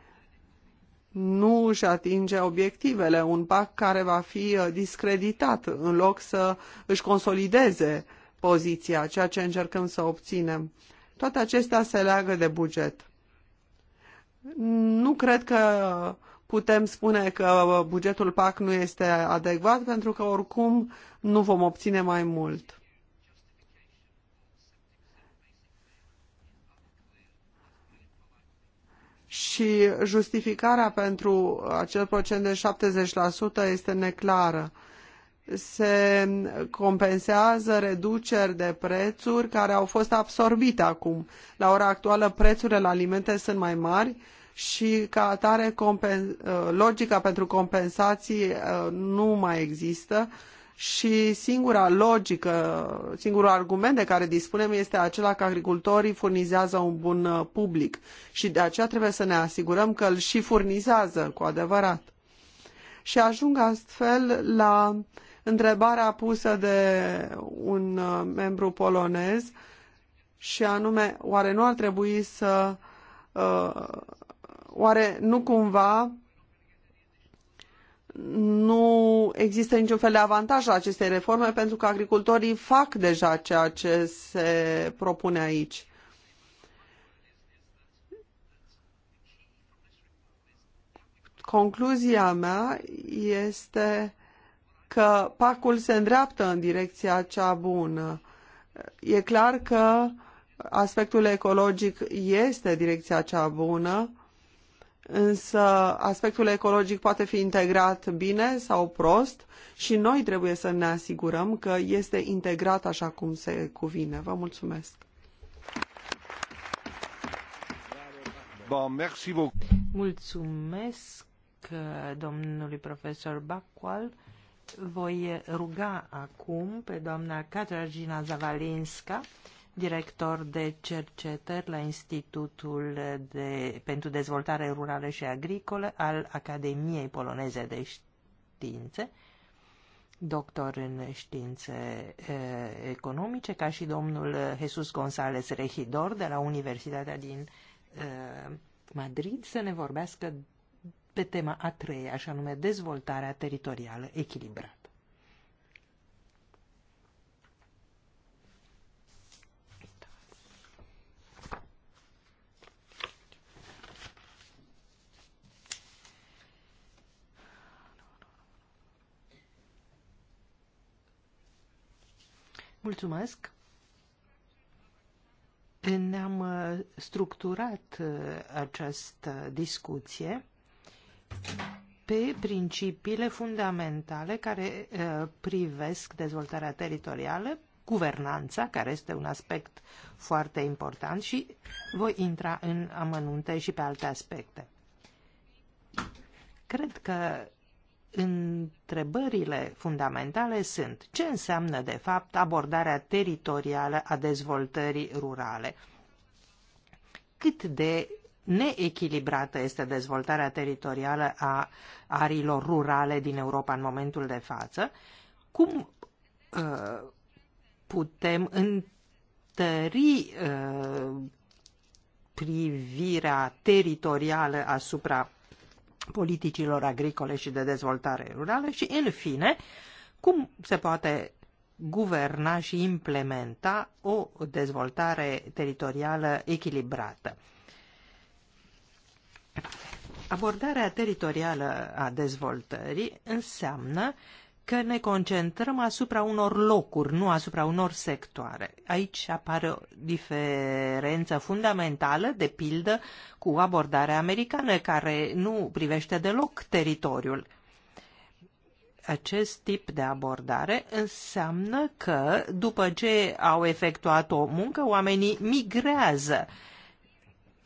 nu își atinge obiectivele, un pact care va fi uh, discreditat în loc să își consolideze poziția, ceea ce încercăm să obținem. Toate acestea se leagă de buget. Nu cred că putem spune că bugetul PAC nu este adecvat pentru că oricum nu vom obține mai mult. Și justificarea pentru acel procent de 70% este neclară se compensează reduceri de prețuri care au fost absorbite acum. La ora actuală prețurile la alimente sunt mai mari și ca atare uh, logica pentru compensații uh, nu mai există și singura logică, singurul argument de care dispunem este acela că agricultorii furnizează un bun uh, public și de aceea trebuie să ne asigurăm că îl și furnizează cu adevărat. Și ajung astfel la întrebarea pusă de un membru polonez și anume, oare nu ar trebui să uh, Oare nu cumva nu există niciun fel de avantaj la acestei reforme pentru că agricultorii fac deja ceea ce se propune aici? Concluzia mea este că pacul se îndreaptă în direcția cea bună. E clar că aspectul ecologic este direcția cea bună însă aspectul ecologic poate fi integrat bine sau prost și noi trebuie să ne asigurăm că este integrat așa cum se cuvine. Vă mulțumesc! Mulțumesc domnului profesor Bacual. Voi ruga acum pe doamna Caterina Zavalinska director de cercetări la Institutul de, pentru Dezvoltare Rurală și Agricolă al Academiei Poloneze de Științe, doctor în științe uh, economice, ca și domnul Jesus González Regidor de la Universitatea din uh, Madrid, să ne vorbească pe tema a treia, așa nume dezvoltarea teritorială echilibrată. Mulțumesc! Ne-am uh, structurat uh, această discuție pe principiile fundamentale care uh, privesc dezvoltarea teritorială, guvernanța, care este un aspect foarte important și voi intra în amănunte și pe alte aspecte. Cred că întrebările fundamentale sunt ce înseamnă de fapt abordarea teritorială a dezvoltării rurale? Cât de neechilibrată este dezvoltarea teritorială a arilor rurale din Europa în momentul de față? Cum uh, putem întări uh, privirea teritorială asupra politicilor agricole și de dezvoltare rurală și, în fine, cum se poate guverna și implementa o dezvoltare teritorială echilibrată. Abordarea teritorială a dezvoltării înseamnă că ne concentrăm asupra unor locuri, nu asupra unor sectoare. Aici apare o diferență fundamentală, de pildă, cu abordarea americană, care nu privește deloc teritoriul. Acest tip de abordare înseamnă că, după ce au efectuat o muncă, oamenii migrează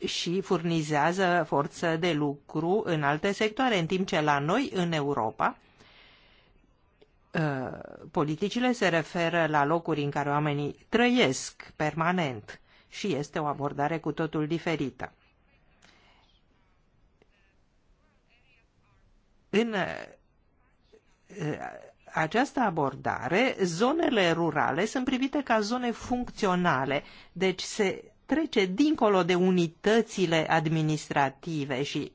și furnizează forță de lucru în alte sectoare, în timp ce la noi, în Europa, Uh, politicile se referă la locuri în care oamenii trăiesc permanent și este o abordare cu totul diferită. În uh, această abordare, zonele rurale sunt privite ca zone funcționale, deci se trece dincolo de unitățile administrative și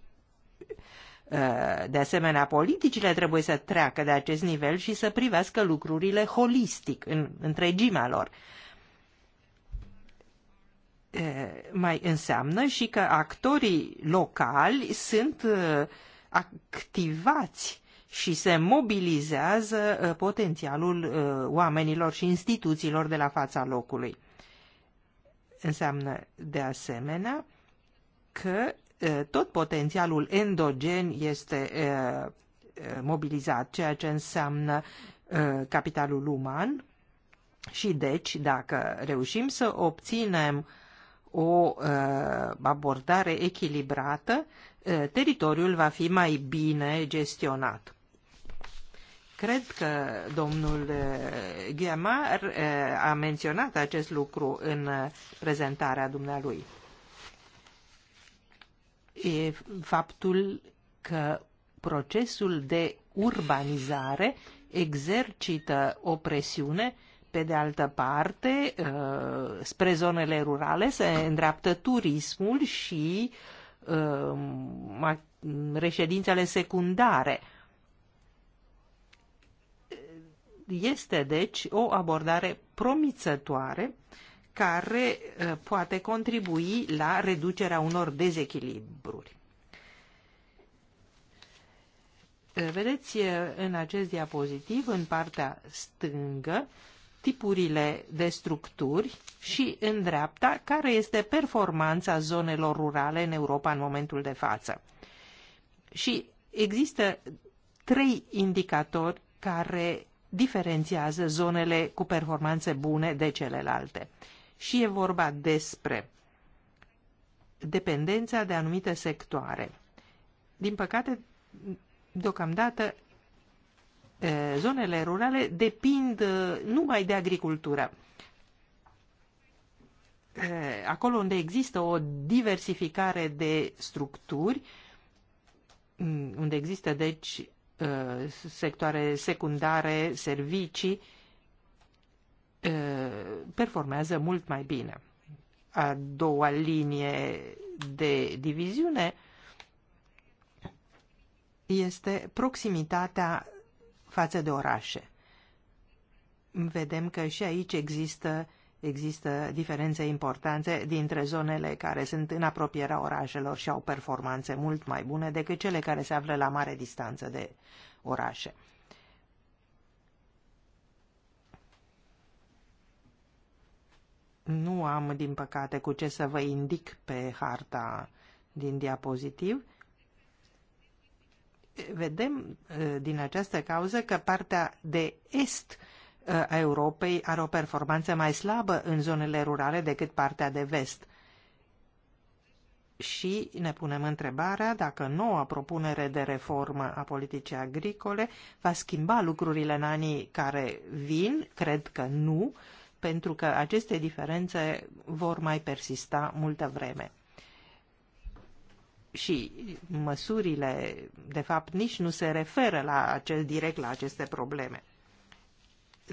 Eh, de asemenea, politicile trebuie să treacă de acest nivel și să privească lucrurile holistic în întregimea lor. Eh, mai înseamnă și că actorii locali sunt eh, activați și se mobilizează potențialul oamenilor și instituțiilor de la fața locului. Înseamnă, de asemenea, că tot potențialul endogen este mobilizat, ceea ce înseamnă capitalul uman și deci dacă reușim să obținem o abordare echilibrată, teritoriul va fi mai bine gestionat. Cred că domnul Ghemar a menționat acest lucru în prezentarea dumnealui e faptul că procesul de urbanizare exercită o presiune, pe de altă parte, uh, spre zonele rurale se îndreaptă turismul și uh, reședințele secundare. Este, deci, o abordare promițătoare uh, care uh, poate contribui la reducerea unor dezechilibruri. Uh, vedeți uh, în acest diapozitiv, în partea stângă, tipurile de structuri și în dreapta care este performanța zonelor rurale în Europa în momentul de față. Și există trei indicatori care diferențiază zonele cu performanțe bune de celelalte și e vorba despre dependența de anumite sectoare. Din păcate, deocamdată, zonele rurale depind numai de agricultură. Acolo unde există o diversificare de structuri, unde există, deci, sectoare secundare, servicii, performează mult mai bine. A doua linie de diviziune este proximitatea față de orașe. Vedem că și aici există, există diferențe importante dintre zonele care sunt în apropierea orașelor și au performanțe mult mai bune decât cele care se află la mare distanță de orașe. Nu am, din păcate, cu ce să vă indic pe harta din diapozitiv. Vedem uh, din această cauză că partea de est uh, a Europei are o performanță mai slabă în zonele rurale decât partea de vest. Și ne punem întrebarea dacă noua propunere de reformă a politicii agricole va schimba lucrurile în anii care vin, cred că nu, uh, pentru că aceste diferențe vor mai persista multă vreme. Și măsurile, de fapt, nici nu se referă la acest, direct la aceste probleme.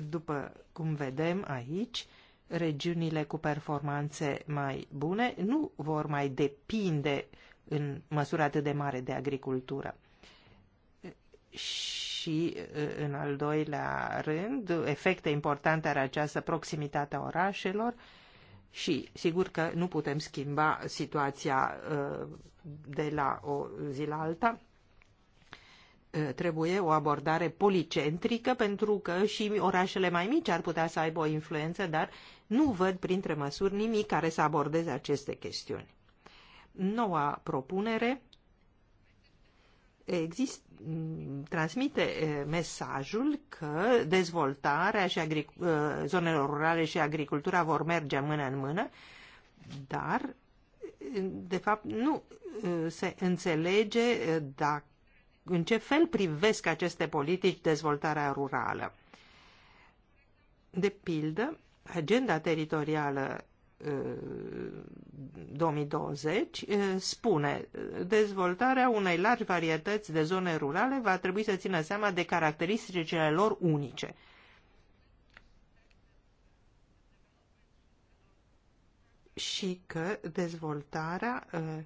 După cum vedem aici, regiunile cu performanțe mai bune nu vor mai depinde în măsură atât de mare de agricultură și, în al doilea rând, efecte importante are această proximitate a orașelor și, sigur că nu putem schimba situația de la o zi la alta. Trebuie o abordare policentrică pentru că și orașele mai mici ar putea să aibă o influență, dar nu văd printre măsuri nimic care să abordeze aceste chestiuni. Noua propunere exist, mm, transmite mesajul că dezvoltarea și agric, zonelor rurale și agricultura vor merge mână în mână, dar de fapt nu se înțelege dacă, în ce fel privesc aceste politici dezvoltarea rurală. De pildă, agenda teritorială 2020 eh, spune dezvoltarea unei largi varietăți de zone rurale va trebui să țină seama de caracteristicile lor unice. și că dezvoltarea eh,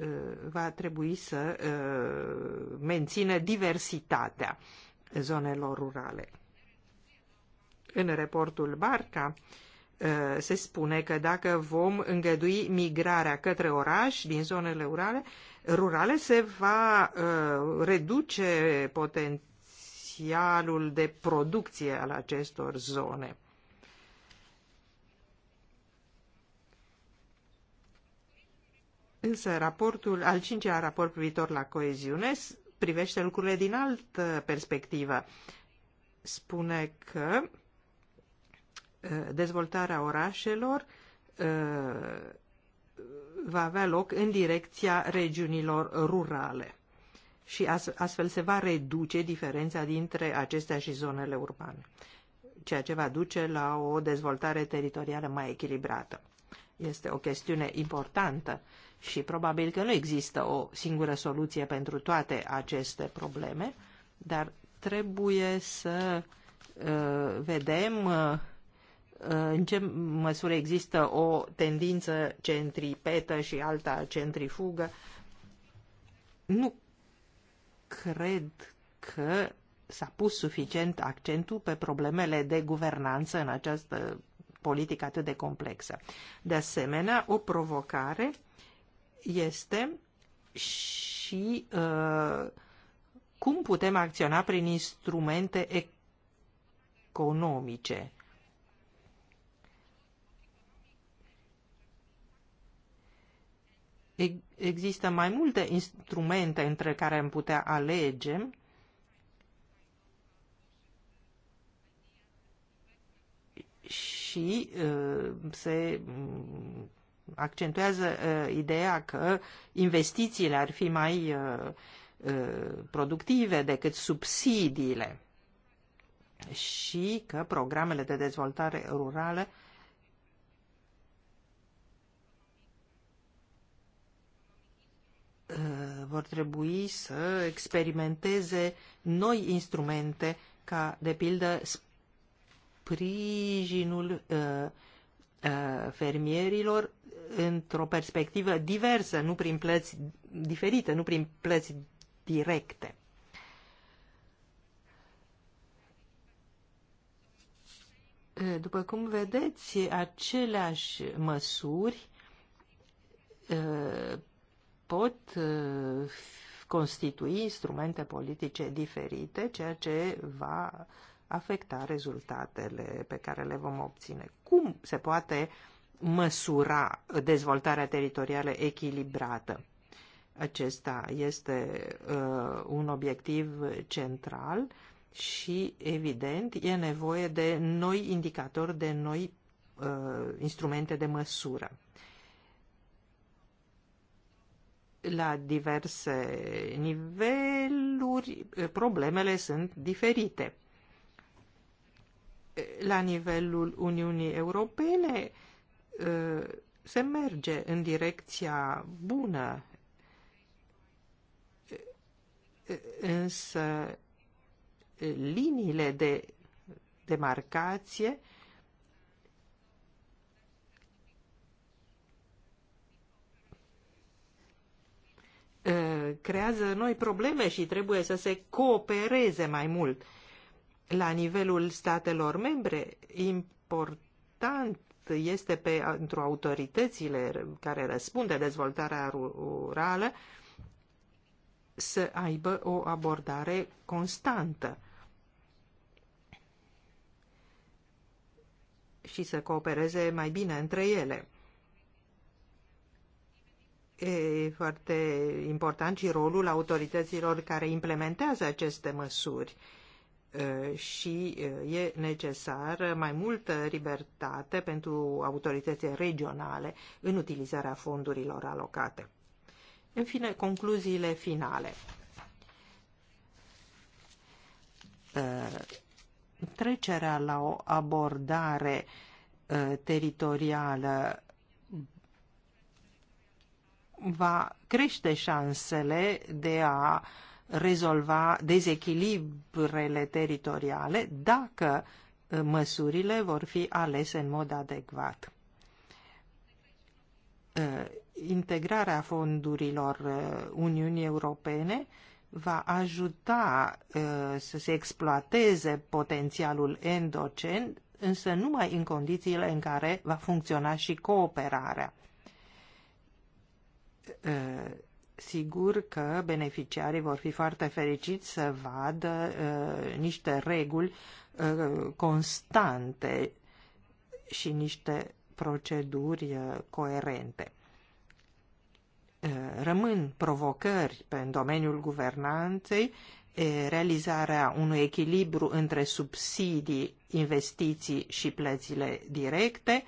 eh, va trebui să mențină diversitatea zonelor rurale. În reportul Barca, Eh, se spune că dacă vom îngădui migrarea către oraș din zonele rurale, rurale se va eh, reduce potențialul de producție al acestor zone. Însă raportul, al cincilea raport privitor la coeziune privește lucrurile din altă perspectivă. Spune că Eh, dezvoltarea orașelor eh, va avea loc în direcția regiunilor rurale și astfel se va reduce diferența dintre acestea și zonele urbane, ceea ce va duce la o dezvoltare teritorială mai echilibrată. Este o chestiune importantă și probabil că nu există o singură soluție pentru toate aceste probleme, dar trebuie să uh, vedem uh, în ce măsură există o tendință centripetă și alta centrifugă. Nu cred că s-a pus suficient accentul pe problemele de guvernanță în această politică atât de complexă. De asemenea, o provocare este și uh, cum putem acționa prin instrumente economice Există mai multe instrumente între care am putea alege. Și uh, se mm, accentuează uh, ideea că investițiile ar fi mai uh, productive decât subsidiile și că programele de dezvoltare rurală Uh, vor trebui să experimenteze noi instrumente ca, de pildă, sprijinul uh, uh, fermierilor într-o perspectivă diversă, nu prin plăți diferite, nu prin plăți directe. După cum vedeți, aceleași măsuri pot uh, constitui instrumente politice diferite, ceea ce va afecta rezultatele pe care le vom obține. Cum se poate măsura dezvoltarea teritorială echilibrată? Acesta este uh, un obiectiv central și, evident, e nevoie de noi indicatori, de noi uh, instrumente de măsură. la diverse niveluri eh, problemele sunt diferite. Eh, la nivelul Uniunii Europene eh, se merge în direcția bună, însă liniile de demarcație creează noi probleme și trebuie să se coopereze mai mult. La nivelul statelor membre, important este pentru autoritățile care răspunde dezvoltarea rurală să aibă o abordare constantă și să coopereze mai bine între ele e foarte important și rolul autorităților care implementează aceste măsuri și e necesar mai multă libertate pentru autoritățile regionale în utilizarea fondurilor alocate. În fine, concluziile finale. Trecerea la o abordare teritorială va crește șansele de a rezolva dezechilibrele teritoriale dacă uh, măsurile vor fi alese în mod adecvat. Uh, integrarea fondurilor uh, Uniunii Europene va ajuta să se exploateze potențialul endocen, însă numai în condițiile în care va funcționa și cooperarea Uh, sigur că beneficiarii vor fi foarte fericiți să vadă uh, niște reguli uh, constante și niște proceduri coerente. Rămân provocări pe în domeniul guvernanței, realizarea unui echilibru între subsidii, investiții și plățile directe,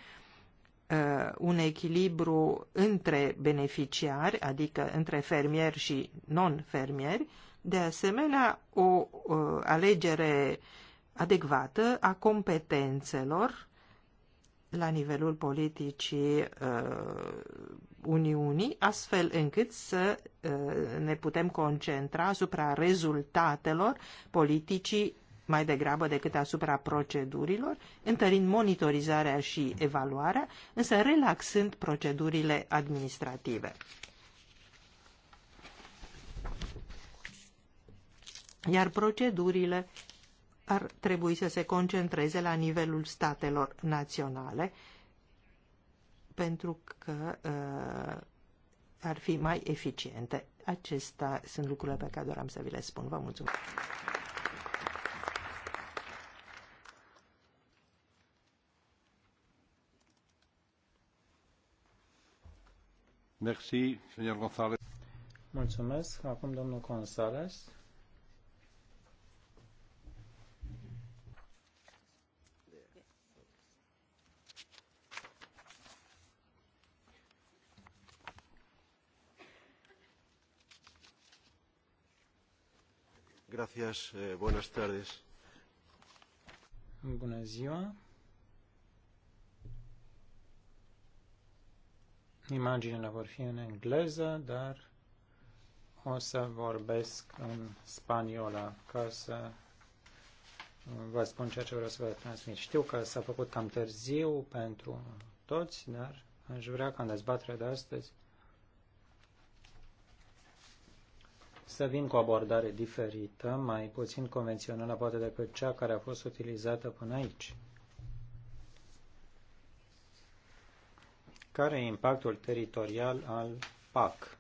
Uh, un echilibru între beneficiari, adică între fermieri și non-fermieri, de asemenea o uh, alegere adecvată a competențelor la nivelul politicii uh, Uniunii, astfel încât să ne putem concentra asupra rezultatelor politicii mai degrabă decât asupra procedurilor, întărind monitorizarea și evaluarea, însă relaxând procedurile administrative. Iar procedurile ar trebui să se concentreze la nivelul statelor naționale, pentru că uh, ar fi mai eficiente. Acestea sunt lucrurile pe care doream să vi le spun. Vă mulțumesc! Merci, señor González. Mulțumesc. Acum domnul González. Gracias, eh, buenas tardes. Bună ziua. imaginele vor fi în engleză, dar o să vorbesc în spaniola ca să vă spun ceea ce vreau să vă transmit. Știu că s-a făcut cam târziu pentru toți, dar aș vrea ca în dezbaterea de astăzi să vin cu o abordare diferită, mai puțin convențională poate decât cea care a fost utilizată până aici. Care e impactul teritorial al PAC?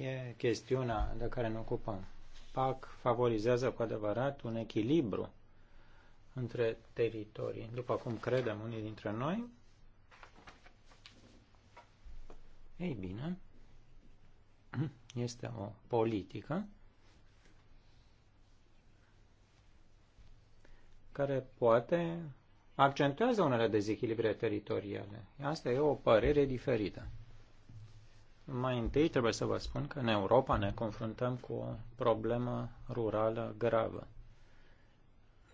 E chestiunea de care ne ocupăm. PAC favorizează cu adevărat un echilibru între teritorii, după cum credem unii dintre noi. Ei bine, este o politică care poate accentuează unele dezechilibre teritoriale. Asta e o părere diferită. Mai întâi trebuie să vă spun că în Europa ne confruntăm cu o problemă rurală gravă.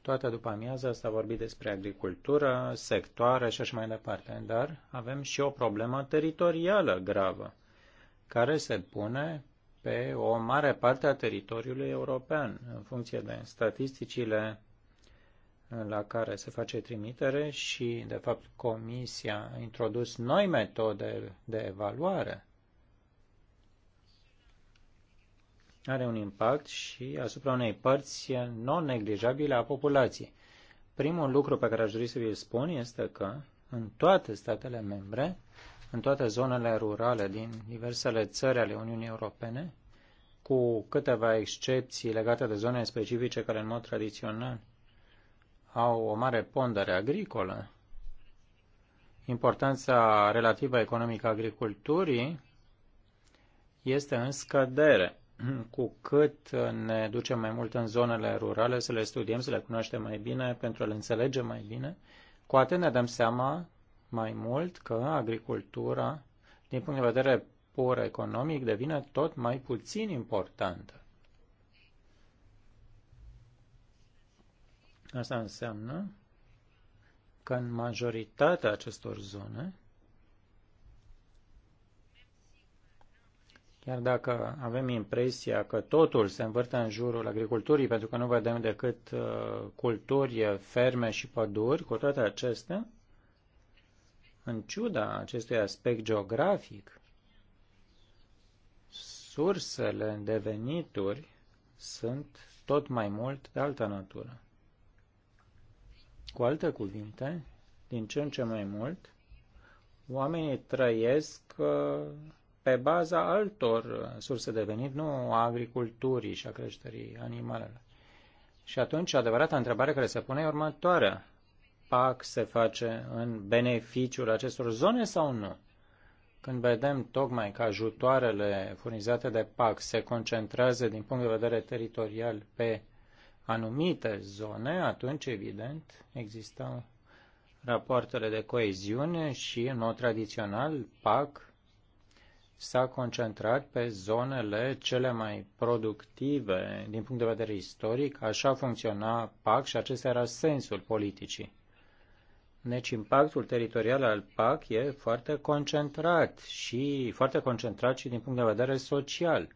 Toată după amiază s-a vorbit despre agricultură, sectoare și așa mai departe, dar avem și o problemă teritorială gravă, care se pune pe o mare parte a teritoriului european, în funcție de statisticile la care se face trimitere și, de fapt, Comisia a introdus noi metode de evaluare, are un impact și asupra unei părți non-neglijabile a populației. Primul lucru pe care aș dori să vi-l spun este că în toate statele membre, în toate zonele rurale din diversele țări ale Uniunii Europene, cu câteva excepții legate de zone specifice care în mod tradițional au o mare pondere agricolă. Importanța relativă economică a agriculturii este în scădere. Cu cât ne ducem mai mult în zonele rurale, să le studiem, să le cunoaștem mai bine, pentru a le înțelege mai bine, cu atât ne dăm seama mai mult că agricultura, din punct de vedere pur economic, devine tot mai puțin importantă. Asta înseamnă că în majoritatea acestor zone, chiar dacă avem impresia că totul se învârte în jurul agriculturii, pentru că nu vedem decât uh, culturi, ferme și păduri, cu toate acestea, în ciuda acestui aspect geografic, sursele de venituri sunt tot mai mult de altă natură. Cu alte cuvinte, din ce în ce mai mult, oamenii trăiesc uh, pe baza altor uh, surse de venit, nu a agriculturii și a creșterii animalelor. Și atunci, adevărata întrebare care se pune e următoarea. PAC se face în beneficiul acestor zone sau nu? Când vedem tocmai că ajutoarele furnizate de PAC se concentrează din punct de vedere teritorial pe anumite zone, atunci, evident, existau rapoartele de coeziune și, în mod tradițional, PAC s-a concentrat pe zonele cele mai productive din punct de vedere istoric, așa funcționa PAC și acesta era sensul politicii. Deci impactul teritorial al PAC e foarte concentrat și foarte concentrat și din punct de vedere social.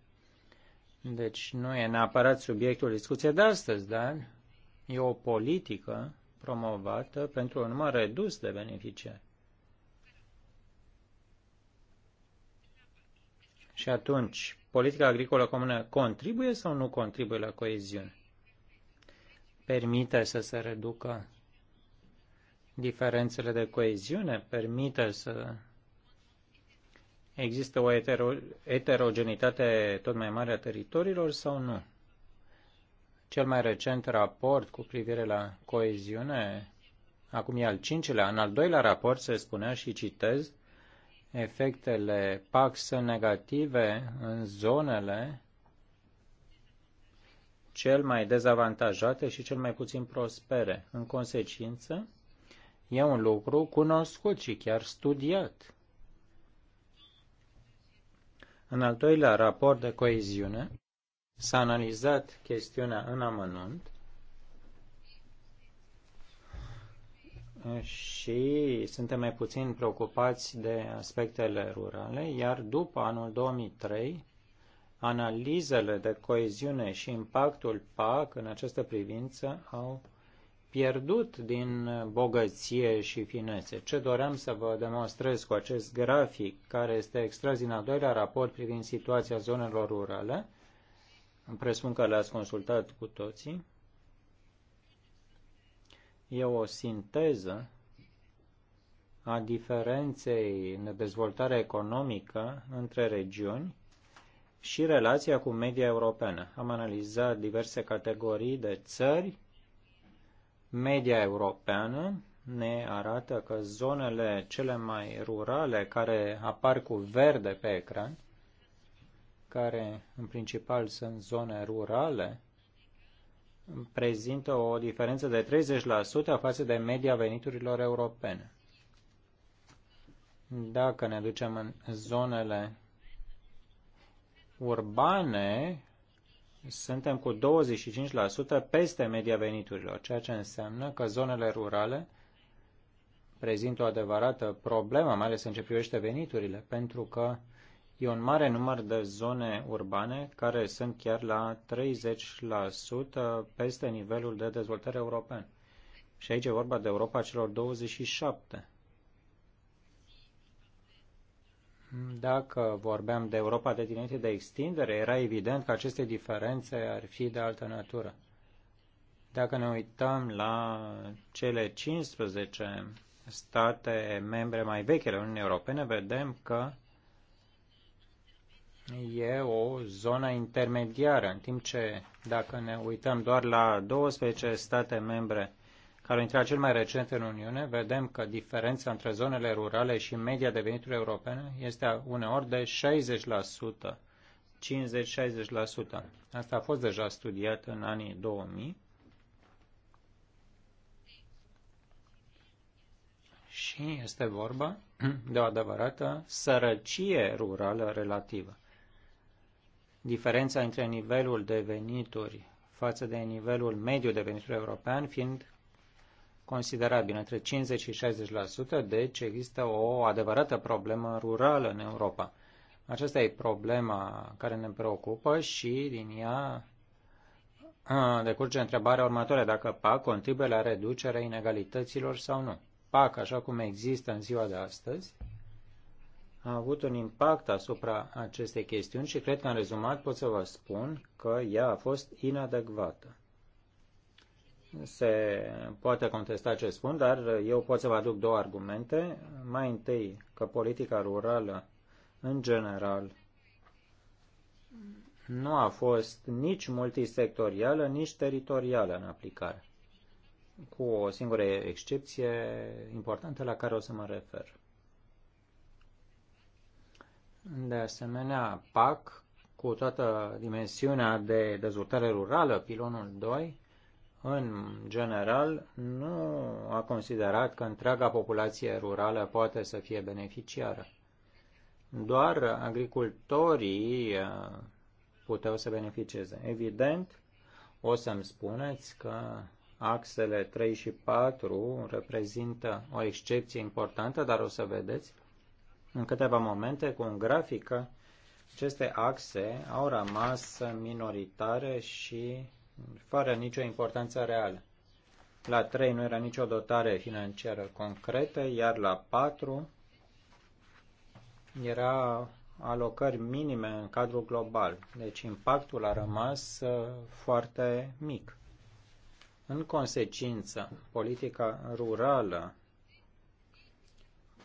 Deci nu e neapărat subiectul discuției de astăzi, dar e o politică promovată pentru un număr redus de beneficiari. Și atunci, politica agricolă comună contribuie sau nu contribuie la coeziune? Permite să se reducă diferențele de coeziune? Permite să Există o eterogenitate tot mai mare a teritoriilor sau nu? Cel mai recent raport cu privire la coeziune, acum e al cincilea, în al doilea raport se spunea și citez, efectele PAC sunt negative în zonele cel mai dezavantajate și cel mai puțin prospere. În consecință, e un lucru cunoscut și chiar studiat. În al doilea raport de coeziune s-a analizat chestiunea în amănunt și suntem mai puțin preocupați de aspectele rurale, iar după anul 2003, analizele de coeziune și impactul PAC în această privință au pierdut din bogăție și finețe. Ce doream să vă demonstrez cu acest grafic, care este extras din al doilea raport privind situația zonelor rurale, îmi presupun că le-ați consultat cu toții, e o sinteză a diferenței în dezvoltare economică între regiuni și relația cu media europeană. Am analizat diverse categorii de țări Media europeană ne arată că zonele cele mai rurale care apar cu verde pe ecran, care în principal sunt zone rurale, prezintă o diferență de 30% față de media veniturilor europene. Dacă ne ducem în zonele urbane, suntem cu 25% peste media veniturilor, ceea ce înseamnă că zonele rurale prezintă o adevărată problemă, mai ales în ce privește veniturile, pentru că e un mare număr de zone urbane care sunt chiar la 30% peste nivelul de dezvoltare european. Și aici e vorba de Europa celor 27. Dacă vorbeam de Europa de dinainte de extindere, era evident că aceste diferențe ar fi de altă natură. Dacă ne uităm la cele 15 state membre mai vechi ale Uniunii Europene, vedem că e o zonă intermediară, în timp ce dacă ne uităm doar la 12 state membre care intra cel mai recent în Uniune, vedem că diferența între zonele rurale și media de venituri europene este uneori de 60%, 50-60%. Asta a fost deja studiat în anii 2000. Și este vorba de o adevărată sărăcie rurală relativă. Diferența între nivelul de venituri față de nivelul mediu de venituri european fiind considerabil, între 50 și 60%, deci există o adevărată problemă rurală în Europa. Aceasta e problema care ne preocupă și din ea decurge întrebarea următoare, dacă PAC contribuie la reducerea inegalităților sau nu. PAC, așa cum există în ziua de astăzi, a avut un impact asupra acestei chestiuni și cred că în rezumat pot să vă spun că ea a fost inadecvată se poate contesta ce spun, dar eu pot să vă aduc două argumente. Mai întâi, că politica rurală, în general, nu a fost nici multisectorială, nici teritorială în aplicare, cu o singură excepție importantă la care o să mă refer. De asemenea, PAC, cu toată dimensiunea de dezvoltare rurală, pilonul 2, în general, nu a considerat că întreaga populație rurală poate să fie beneficiară. Doar agricultorii uh, puteau să beneficieze. Evident, o să-mi spuneți că axele 3 și 4 reprezintă o excepție importantă, dar o să vedeți în câteva momente cu un grafic că aceste axe au rămas minoritare și fără nicio importanță reală. La 3 nu era nicio dotare financiară concretă, iar la 4 era alocări minime în cadrul global. Deci impactul a rămas uh, foarte mic. În consecință, politica rurală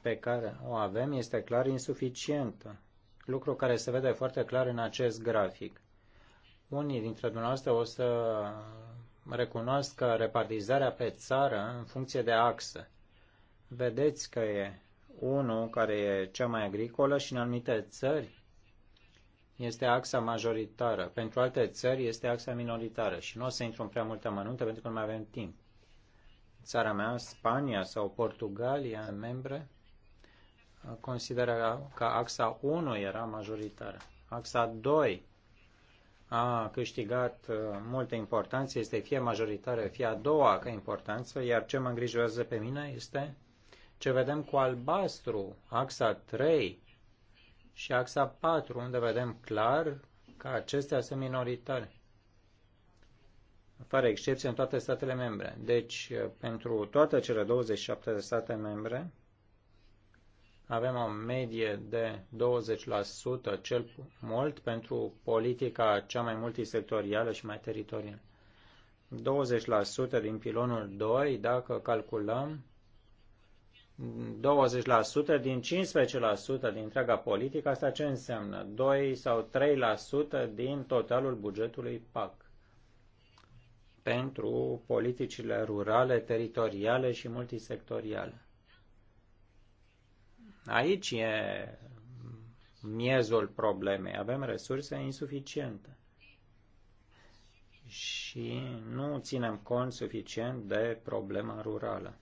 pe care o avem este clar insuficientă, lucru care se vede foarte clar în acest grafic. Unii dintre dumneavoastră o să recunoască repartizarea pe țară în funcție de axă. Vedeți că e unul care e cea mai agricolă și în anumite țări este axa majoritară. Pentru alte țări este axa minoritară și nu o să intru în prea multe amănunte pentru că nu mai avem timp. Țara mea, Spania sau Portugalia, membre, consideră că axa 1 era majoritară. Axa 2 a câștigat uh, multă importanță, este fie majoritară, fie a doua ca importanță, iar ce mă îngrijorează pe mine este ce vedem cu albastru, axa 3 și axa 4, unde vedem clar că acestea sunt minoritare, fără excepție în toate statele membre. Deci, uh, pentru toate cele 27 de state membre, avem o medie de 20% cel mult pentru politica cea mai multisectorială și mai teritorială. 20% din pilonul 2, dacă calculăm, 20% din 15% din întreaga politică, asta ce înseamnă? 2 sau 3% din totalul bugetului PAC pentru politicile rurale, teritoriale și multisectoriale. Aici e miezul problemei. Avem resurse insuficiente și nu ținem cont suficient de problema rurală.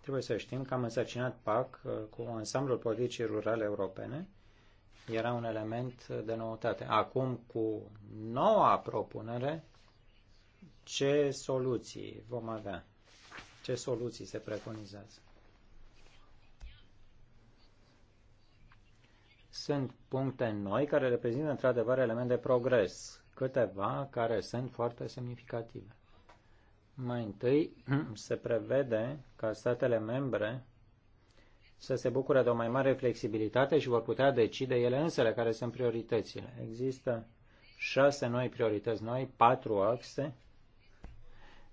Trebuie să știm că am însărcinat PAC uh, cu ansamblul politicii rurale europene. Era un element de noutate. Acum, cu noua propunere, ce soluții vom avea, ce soluții se preconizează. Sunt puncte noi care reprezintă într-adevăr elemente de progres, câteva care sunt foarte semnificative. Mai întâi, se prevede ca statele membre să se bucure de o mai mare flexibilitate și vor putea decide ele însele care sunt prioritățile. Există șase noi priorități noi, patru axe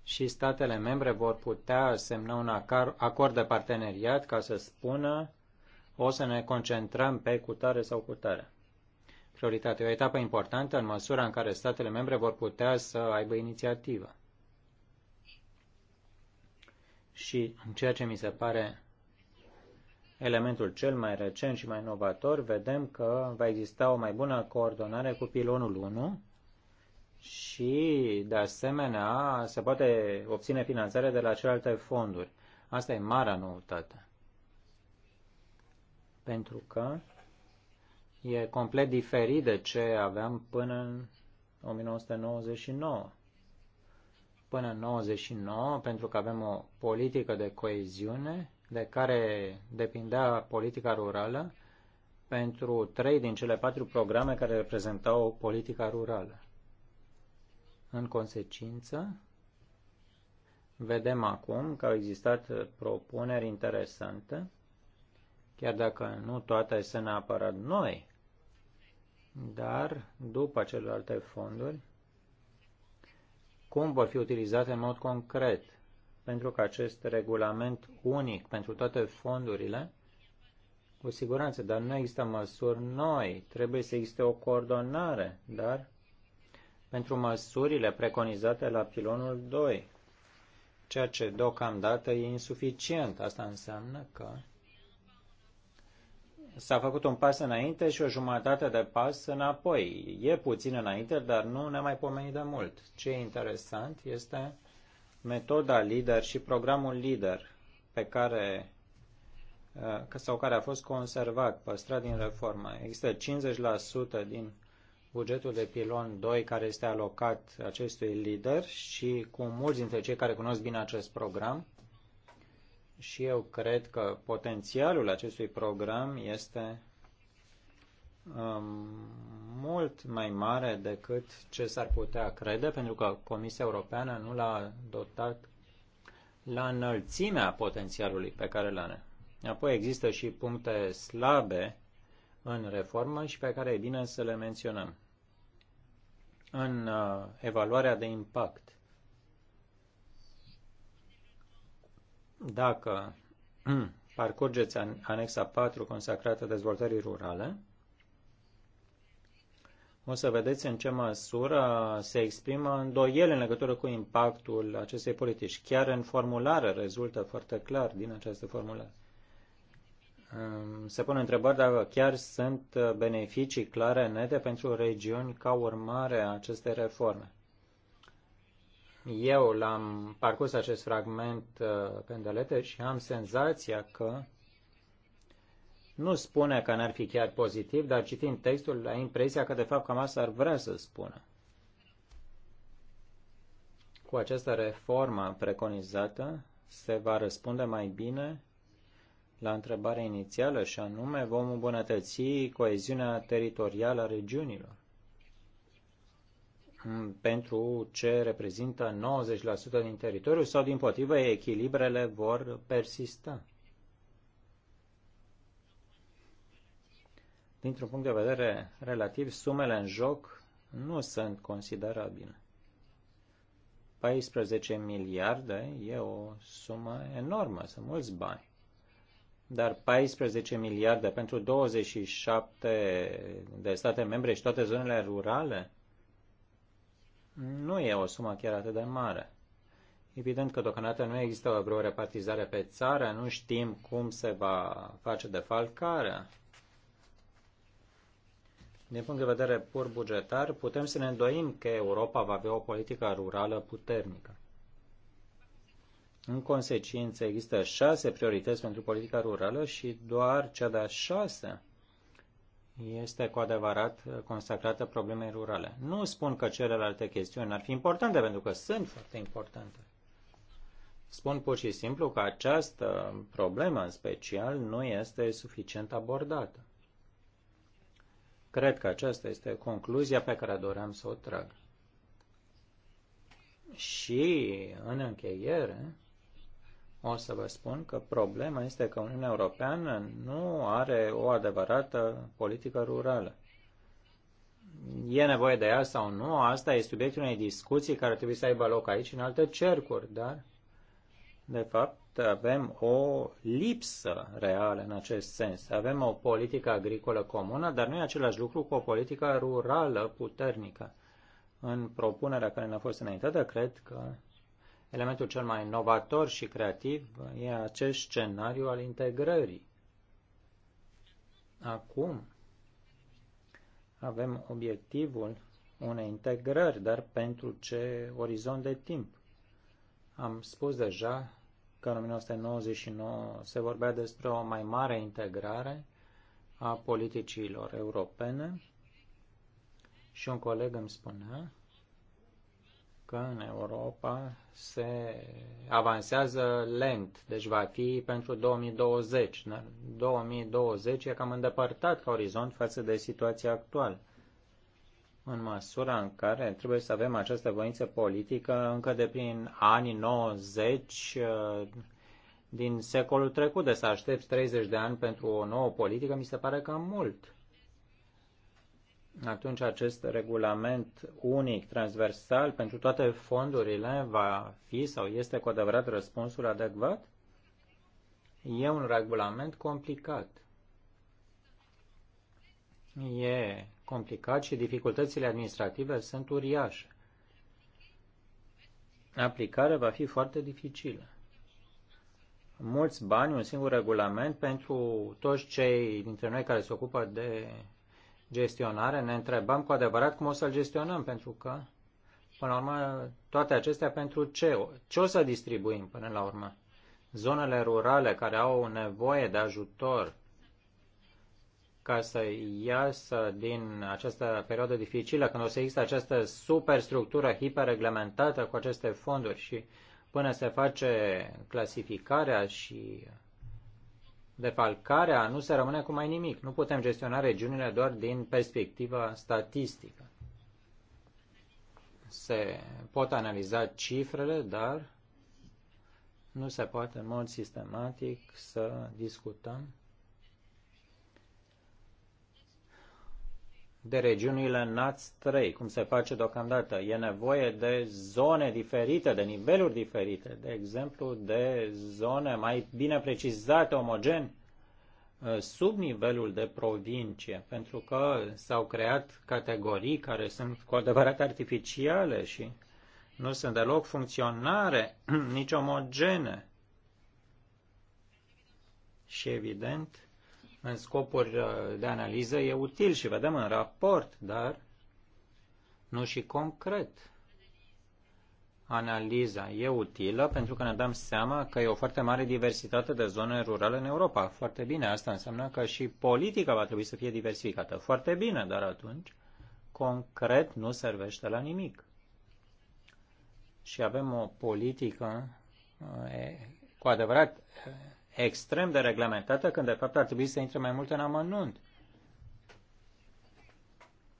și statele membre vor putea semna un acord de parteneriat ca să spună o să ne concentrăm pe cutare sau cutare. Prioritate o etapă importantă în măsura în care statele membre vor putea să aibă inițiativă. Și ceea ce mi se pare elementul cel mai recent și mai inovator, vedem că va exista o mai bună coordonare cu pilonul 1 și, de asemenea, se poate obține finanțare de la celelalte fonduri. Asta e marea noutate. Pentru că e complet diferit de ce aveam până în 1999. Până în 1999, pentru că avem o politică de coeziune de care depindea politica rurală pentru trei din cele patru programe care reprezentau politica rurală. În consecință, vedem acum că au existat propuneri interesante, chiar dacă nu toate sunt neapărat noi, dar după celelalte fonduri, cum vor fi utilizate în mod concret, pentru că acest regulament unic pentru toate fondurile, cu siguranță, dar nu există măsuri noi, trebuie să existe o coordonare, dar pentru măsurile preconizate la pilonul 2, ceea ce deocamdată e insuficient. Asta înseamnă că s-a făcut un pas înainte și o jumătate de pas înapoi. E puțin înainte, dar nu ne mai pomeni de mult. Ce e interesant este metoda lider și programul lider pe care uh, sau care a fost conservat, păstrat din reformă. Există 50% din bugetul de pilon 2 care este alocat acestui lider și cu mulți dintre cei care cunosc bine acest program. Și eu cred că potențialul acestui program este um, mult mai mare decât ce s-ar putea crede, pentru că Comisia Europeană nu l-a dotat la înălțimea potențialului pe care l are. Apoi există și puncte slabe în reformă și pe care e bine să le menționăm în uh, evaluarea de impact. Dacă parcurgeți anexa 4 consacrată dezvoltării rurale, o să vedeți în ce măsură se exprimă îndoiele în legătură cu impactul acestei politici. Chiar în formulare rezultă foarte clar din această formulare. Ehm, se pune întrebări dacă chiar sunt uh, beneficii clare, nete pentru regiuni ca urmare a acestei reforme. Eu l-am parcurs acest fragment uh, îndelete și am senzația că nu spune că n-ar fi chiar pozitiv, dar citind textul, ai impresia că de fapt cam asta ar vrea să spună. Cu această reformă preconizată se va răspunde mai bine la întrebarea inițială și anume vom îmbunătăți coeziunea teritorială a regiunilor mm, pentru ce reprezintă 90% din teritoriu sau din potrivă echilibrele vor persista. Dintr-un punct de vedere relativ, sumele în joc nu sunt considerabile. 14 miliarde e o sumă enormă, sunt mulți bani dar 14 miliarde pentru 27 de state membre și toate zonele rurale nu e o sumă chiar atât de mare. Evident că deocamdată nu există vreo repartizare pe țară, nu știm cum se va face falcare. Din punct de vedere pur bugetar, putem să ne îndoim că Europa va avea o politică rurală puternică. În consecință, există șase priorități pentru politica rurală și doar cea de-a șasea este cu adevărat consacrată problemei rurale. Nu spun că celelalte chestiuni ar fi importante, pentru că sunt foarte importante. Spun pur și simplu că această problemă în special nu este suficient abordată. Cred că aceasta este concluzia pe care doream să o trag. Și, în încheiere, o să vă spun că problema este că Uniunea Europeană nu are o adevărată politică rurală. E nevoie de ea sau nu, asta e subiectul unei discuții care trebuie să aibă loc aici în alte cercuri, dar de fapt avem o lipsă reală în acest sens. Avem o politică agricolă comună, dar nu e același lucru cu o politică rurală puternică. În propunerea care ne-a fost înaintată, cred că Elementul cel mai inovator și creativ e acest scenariu al integrării. Acum avem obiectivul unei integrări, dar pentru ce orizont de timp? Am spus deja că în 1999 se vorbea despre o mai mare integrare a politicilor europene și un coleg îmi spunea că în Europa se avansează lent, deci va fi pentru 2020. 2020 e cam îndepărtat ca orizont față de situația actuală, în măsura în care trebuie să avem această voință politică încă de prin anii 90 din secolul trecut, de să aștepți 30 de ani pentru o nouă politică, mi se pare cam mult atunci acest regulament unic, transversal, pentru toate fondurile va fi sau este cu adevărat răspunsul adecvat? E un regulament complicat. E complicat și dificultățile administrative sunt uriașe. Aplicarea va fi foarte dificilă. Mulți bani, un singur regulament pentru toți cei dintre noi care se ocupă de gestionare, ne întrebăm cu adevărat cum o să-l gestionăm, pentru că, până la urmă, toate acestea pentru ce? Ce o să distribuim până la urmă? Zonele rurale care au nevoie de ajutor ca să iasă din această perioadă dificilă, când o să există această superstructură hiperreglementată cu aceste fonduri și până se face clasificarea și defalcarea nu se rămâne cu mai nimic. Nu putem gestiona regiunile doar din perspectiva statistică. Se pot analiza cifrele, dar nu se poate în mod sistematic să discutăm de regiunile NAT 3, cum se face deocamdată. E nevoie de zone diferite, de niveluri diferite, de exemplu, de zone mai bine precizate, omogene, uh, sub nivelul de provincie, pentru că s-au creat categorii care sunt cu adevărat artificiale și nu sunt deloc funcționare, nici omogene. Și evident, în scopuri uh, de analiză e util și vedem în raport, dar nu și concret. Analiza e utilă pentru că ne dăm seama că e o foarte mare diversitate de zone rurale în Europa. Foarte bine, asta înseamnă că și politica va trebui să fie diversificată. Foarte bine, dar atunci concret nu servește la nimic. Și avem o politică uh, cu adevărat extrem de reglementată, când de fapt ar trebui să intre mai mult în amănunt.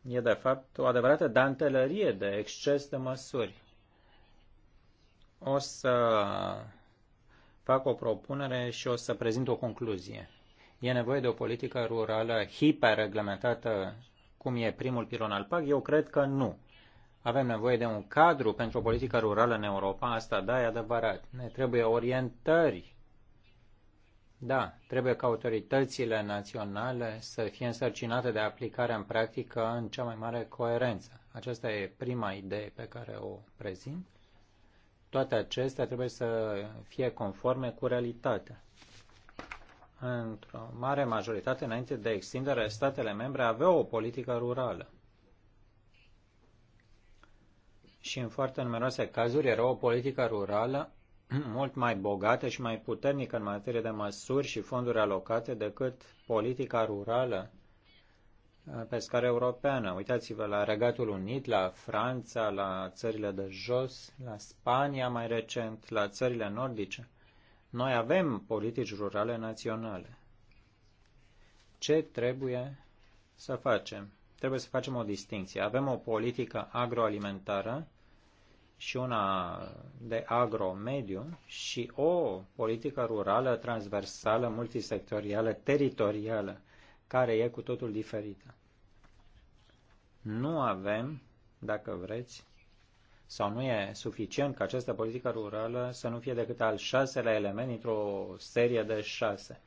E de fapt o adevărată dantelărie de exces de măsuri. O să fac o propunere și o să prezint o concluzie. E nevoie de o politică rurală hiperreglementată, cum e primul pilon al PAC? Eu cred că nu. Avem nevoie de un cadru pentru o politică rurală în Europa, asta da, e adevărat. Ne trebuie orientări da, trebuie ca autoritățile naționale să fie însărcinate de aplicarea în practică în cea mai mare coerență. Aceasta e prima idee pe care o prezint. Toate acestea trebuie să fie conforme cu realitatea. Într-o mare majoritate, înainte de extindere, statele membre aveau o politică rurală. Și în foarte numeroase cazuri era o politică rurală mult mai bogată și mai puternică în materie de măsuri și fonduri alocate decât politica rurală uh, pe scară europeană. Uitați-vă la Regatul Unit, la Franța, la țările de jos, la Spania mai recent, la țările nordice. Noi avem politici rurale naționale. Ce trebuie să facem? Trebuie să facem o distinție. Avem o politică agroalimentară și una de agro-mediu și o politică rurală, transversală, multisectorială, teritorială, care e cu totul diferită. Nu avem, dacă vreți, sau nu e suficient ca această politică rurală să nu fie decât al șaselea element într-o serie de șase.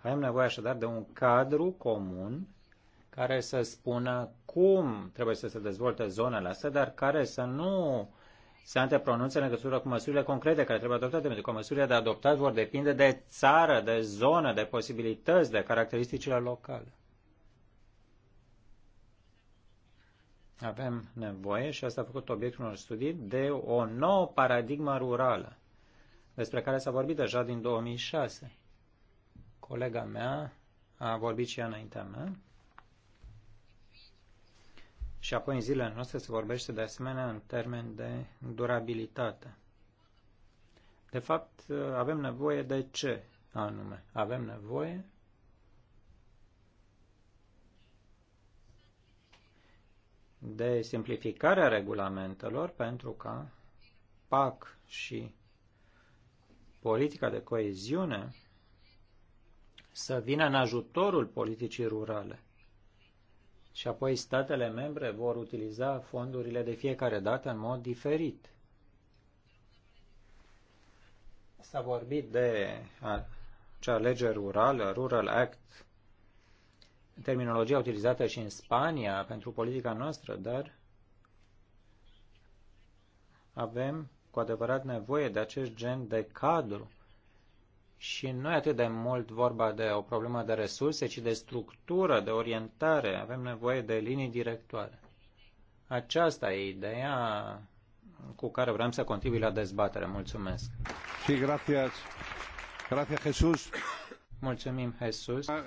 Avem nevoie așadar de un cadru comun care să spună cum trebuie să se dezvolte zonele astea, dar care să nu să se pronunțe în legătură cu măsurile concrete care trebuie adoptate, pentru că măsurile de adoptat vor depinde de țară, de zonă, de posibilități, de caracteristicile locale. Avem nevoie, și asta a făcut obiectul unor studii, de o nouă paradigmă rurală, despre care s-a vorbit deja din 2006. Colega mea a vorbit și ea înaintea mea și apoi în zilele noastre se vorbește de asemenea în termen de durabilitate. De fapt, avem nevoie de ce anume? Avem nevoie de simplificarea regulamentelor pentru ca PAC și politica de coeziune să vină în ajutorul politicii rurale și apoi statele membre vor utiliza fondurile de fiecare dată în mod diferit. S-a vorbit de acea lege rurală, Rural Act, terminologia utilizată și în Spania pentru politica noastră, dar avem cu adevărat nevoie de acest gen de cadru și nu e atât de mult vorba de o problemă de resurse, ci de structură, de orientare. Avem nevoie de linii directoare. Aceasta e ideea cu care vrem să contribui la dezbatere. Mulțumesc. Și gracias. Gracias, Jesus. Mulțumim, Jesus. Ah,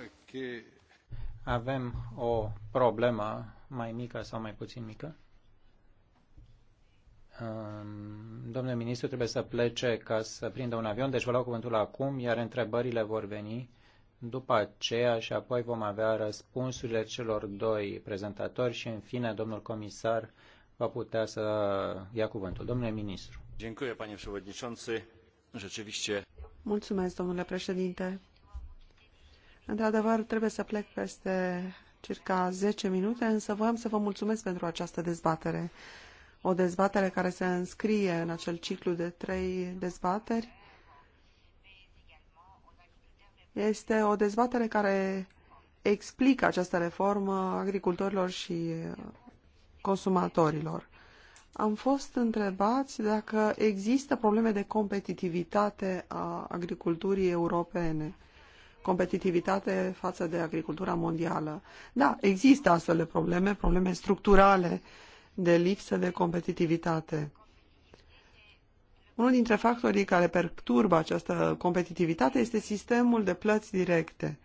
Avem o problemă mai mică sau mai puțin mică? Domnule ministru, trebuie să plece ca să prindă un avion, deci vă luau cuvântul acum, iar întrebările vor veni după aceea și apoi vom avea răspunsurile celor doi prezentatori și, în fine, domnul comisar va putea să ia cuvântul. Domnule ministru. Dziękuję, panie przewodniczący. Rzeczywiście. Mulțumesc, domnule președinte. Într-adevăr, trebuie să plec peste circa 10 minute, însă voiam să vă mulțumesc pentru această dezbatere o dezbatere care se înscrie în acel ciclu de trei dezbateri. Este o dezbatere care explică această reformă agricultorilor și consumatorilor. Am fost întrebați dacă există probleme de competitivitate a agriculturii europene, competitivitate față de agricultura mondială. Da, există astfel de probleme, probleme structurale de lipsă de competitivitate. Unul dintre factorii care perturbă această competitivitate este sistemul de plăți directe.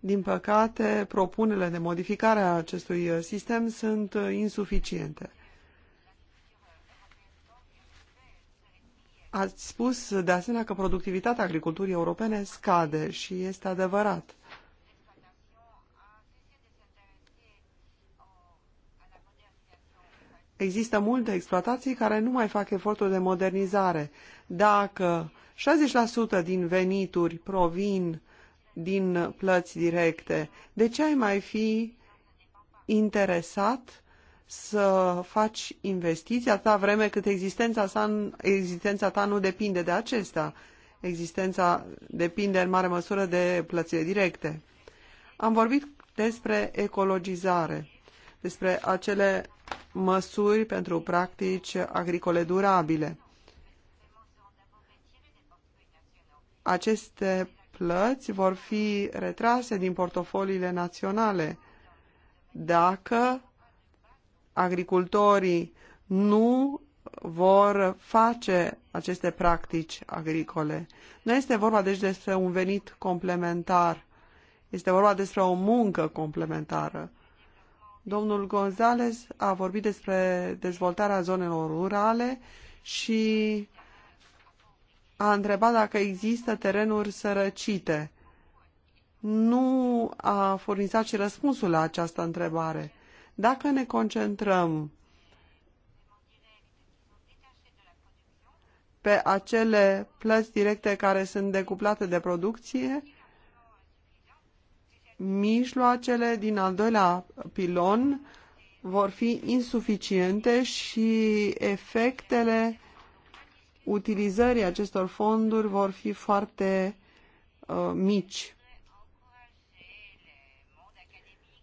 Din păcate, propunerile de modificare a acestui sistem sunt insuficiente. Ați spus de asemenea că productivitatea agriculturii europene scade și este adevărat. există multe exploatații care nu mai fac efortul de modernizare. Dacă 60% din venituri provin din plăți directe, de ce ai mai fi interesat să faci investiții atâta vreme cât existența, sa, existența ta nu depinde de acesta? Existența depinde în mare măsură de plățile directe. Am vorbit despre ecologizare, despre acele măsuri pentru practici agricole durabile. Aceste plăți vor fi retrase din portofoliile naționale dacă agricultorii nu vor face aceste practici agricole. Nu este vorba deci despre un venit complementar, este vorba despre o muncă complementară. Domnul González a vorbit despre dezvoltarea zonelor rurale și a întrebat dacă există terenuri sărăcite. Nu a furnizat și răspunsul la această întrebare. Dacă ne concentrăm pe acele plăți directe care sunt decuplate de producție, mijloacele din al doilea pilon vor fi insuficiente și efectele utilizării acestor fonduri vor fi foarte uh, mici.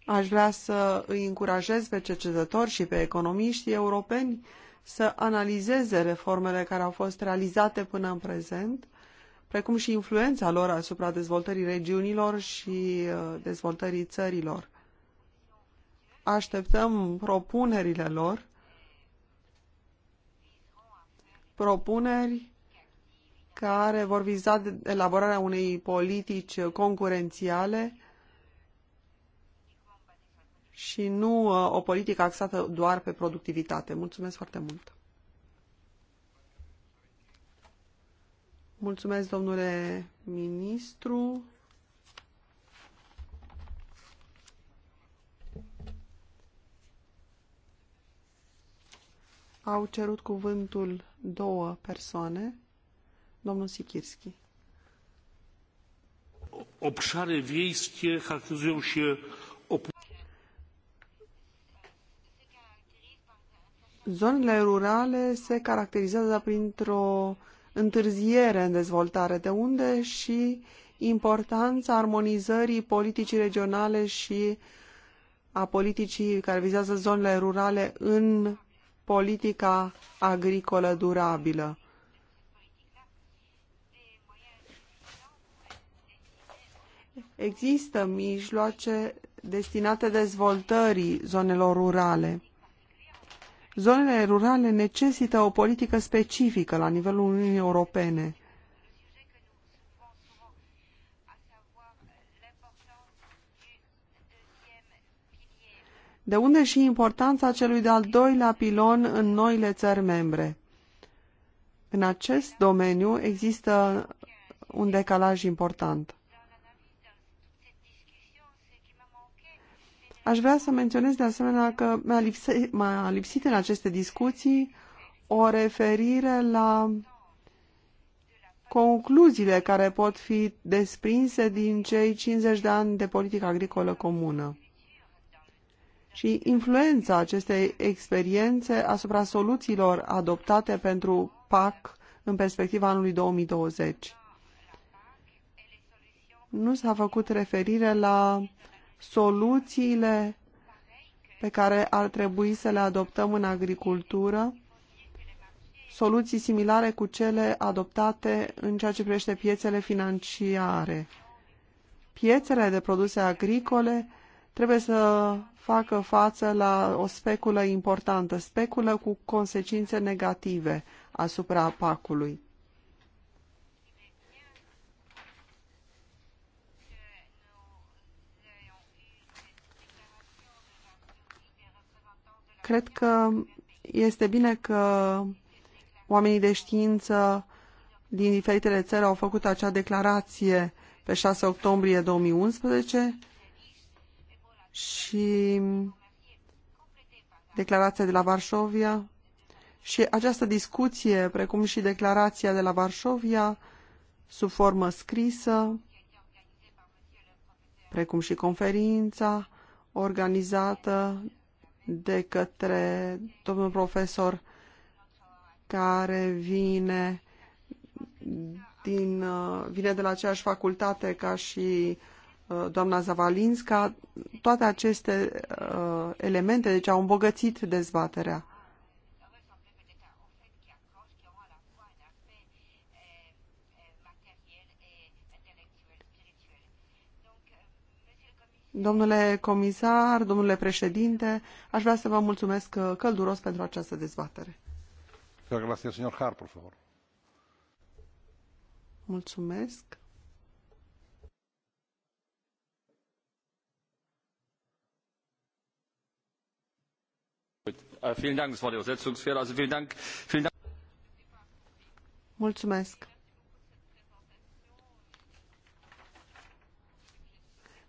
Aș vrea să îi încurajez pe cercetători și pe economiștii europeni să analizeze reformele care au fost realizate până în prezent precum și influența lor asupra dezvoltării regiunilor și uh, dezvoltării țărilor. Așteptăm propunerile lor, propuneri care vor viza elaborarea unei politici concurențiale și nu uh, o politică axată doar pe productivitate. Mulțumesc foarte mult! Mulțumesc, domnule ministru. Au cerut cuvântul două persoane. Domnul Sikirski. Obșare wiejskie charakteryzują și Zonele rurale se caracterizează printr-o întârziere în dezvoltare, de unde și importanța armonizării politicii regionale și a politicii care vizează zonele rurale în politica agricolă durabilă. Există mijloace destinate dezvoltării zonelor rurale. Zonele rurale necesită o politică specifică la nivelul Uniunii Europene. De unde și importanța celui de-al doilea pilon în noile țări membre? În acest domeniu există un decalaj important. Aș vrea să menționez de asemenea că m-a lipsit, lipsit în aceste discuții o referire la concluziile care pot fi desprinse din cei 50 de ani de politică agricolă comună și influența acestei experiențe asupra soluțiilor adoptate pentru PAC în perspectiva anului 2020. Nu s-a făcut referire la soluțiile pe care ar trebui să le adoptăm în agricultură, soluții similare cu cele adoptate în ceea ce privește piețele financiare. Piețele de produse agricole trebuie să facă față la o speculă importantă, speculă cu consecințe negative asupra pacului. Cred că este bine că oamenii de știință din diferitele țări au făcut acea declarație pe 6 octombrie 2011 și declarația de la Varșovia și această discuție, precum și declarația de la Varșovia, sub formă scrisă, precum și conferința organizată de către domnul profesor care vine din, uh, vine de la aceeași facultate ca și uh, doamna Zavalinska, toate aceste uh, elemente deci au îmbogățit dezbaterea. Domnule comisar, domnule președinte, aș vrea să vă mulțumesc uh, călduros pentru această dezbatere. Mulțumesc. Mulțumesc.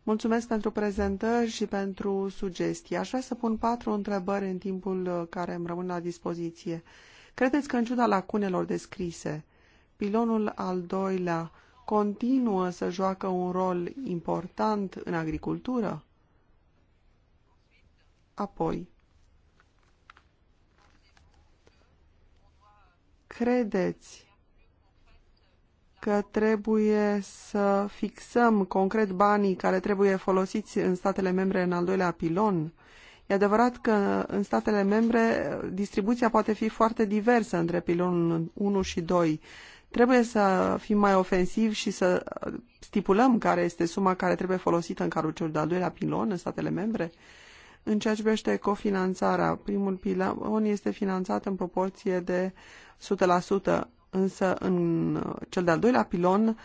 Mulțumesc pentru prezentări și pentru sugestii. Aș vrea să pun patru întrebări în timpul uh, care îmi rămân la dispoziție. Credeți că, în ciuda lacunelor descrise, pilonul al doilea continuă să joacă un rol important în agricultură? Apoi, credeți că trebuie să fixăm concret banii care trebuie folosiți în statele membre în al doilea pilon. E adevărat că în statele membre distribuția poate fi foarte diversă între pilonul 1 și 2. Trebuie să fim mai ofensivi și să stipulăm care este suma care trebuie folosită în cadrul celui de-al doilea pilon în statele membre. În ceea ce privește cofinanțarea, primul pilon este finanțat în proporție de 100% însă în uh, cel de-al doilea pilon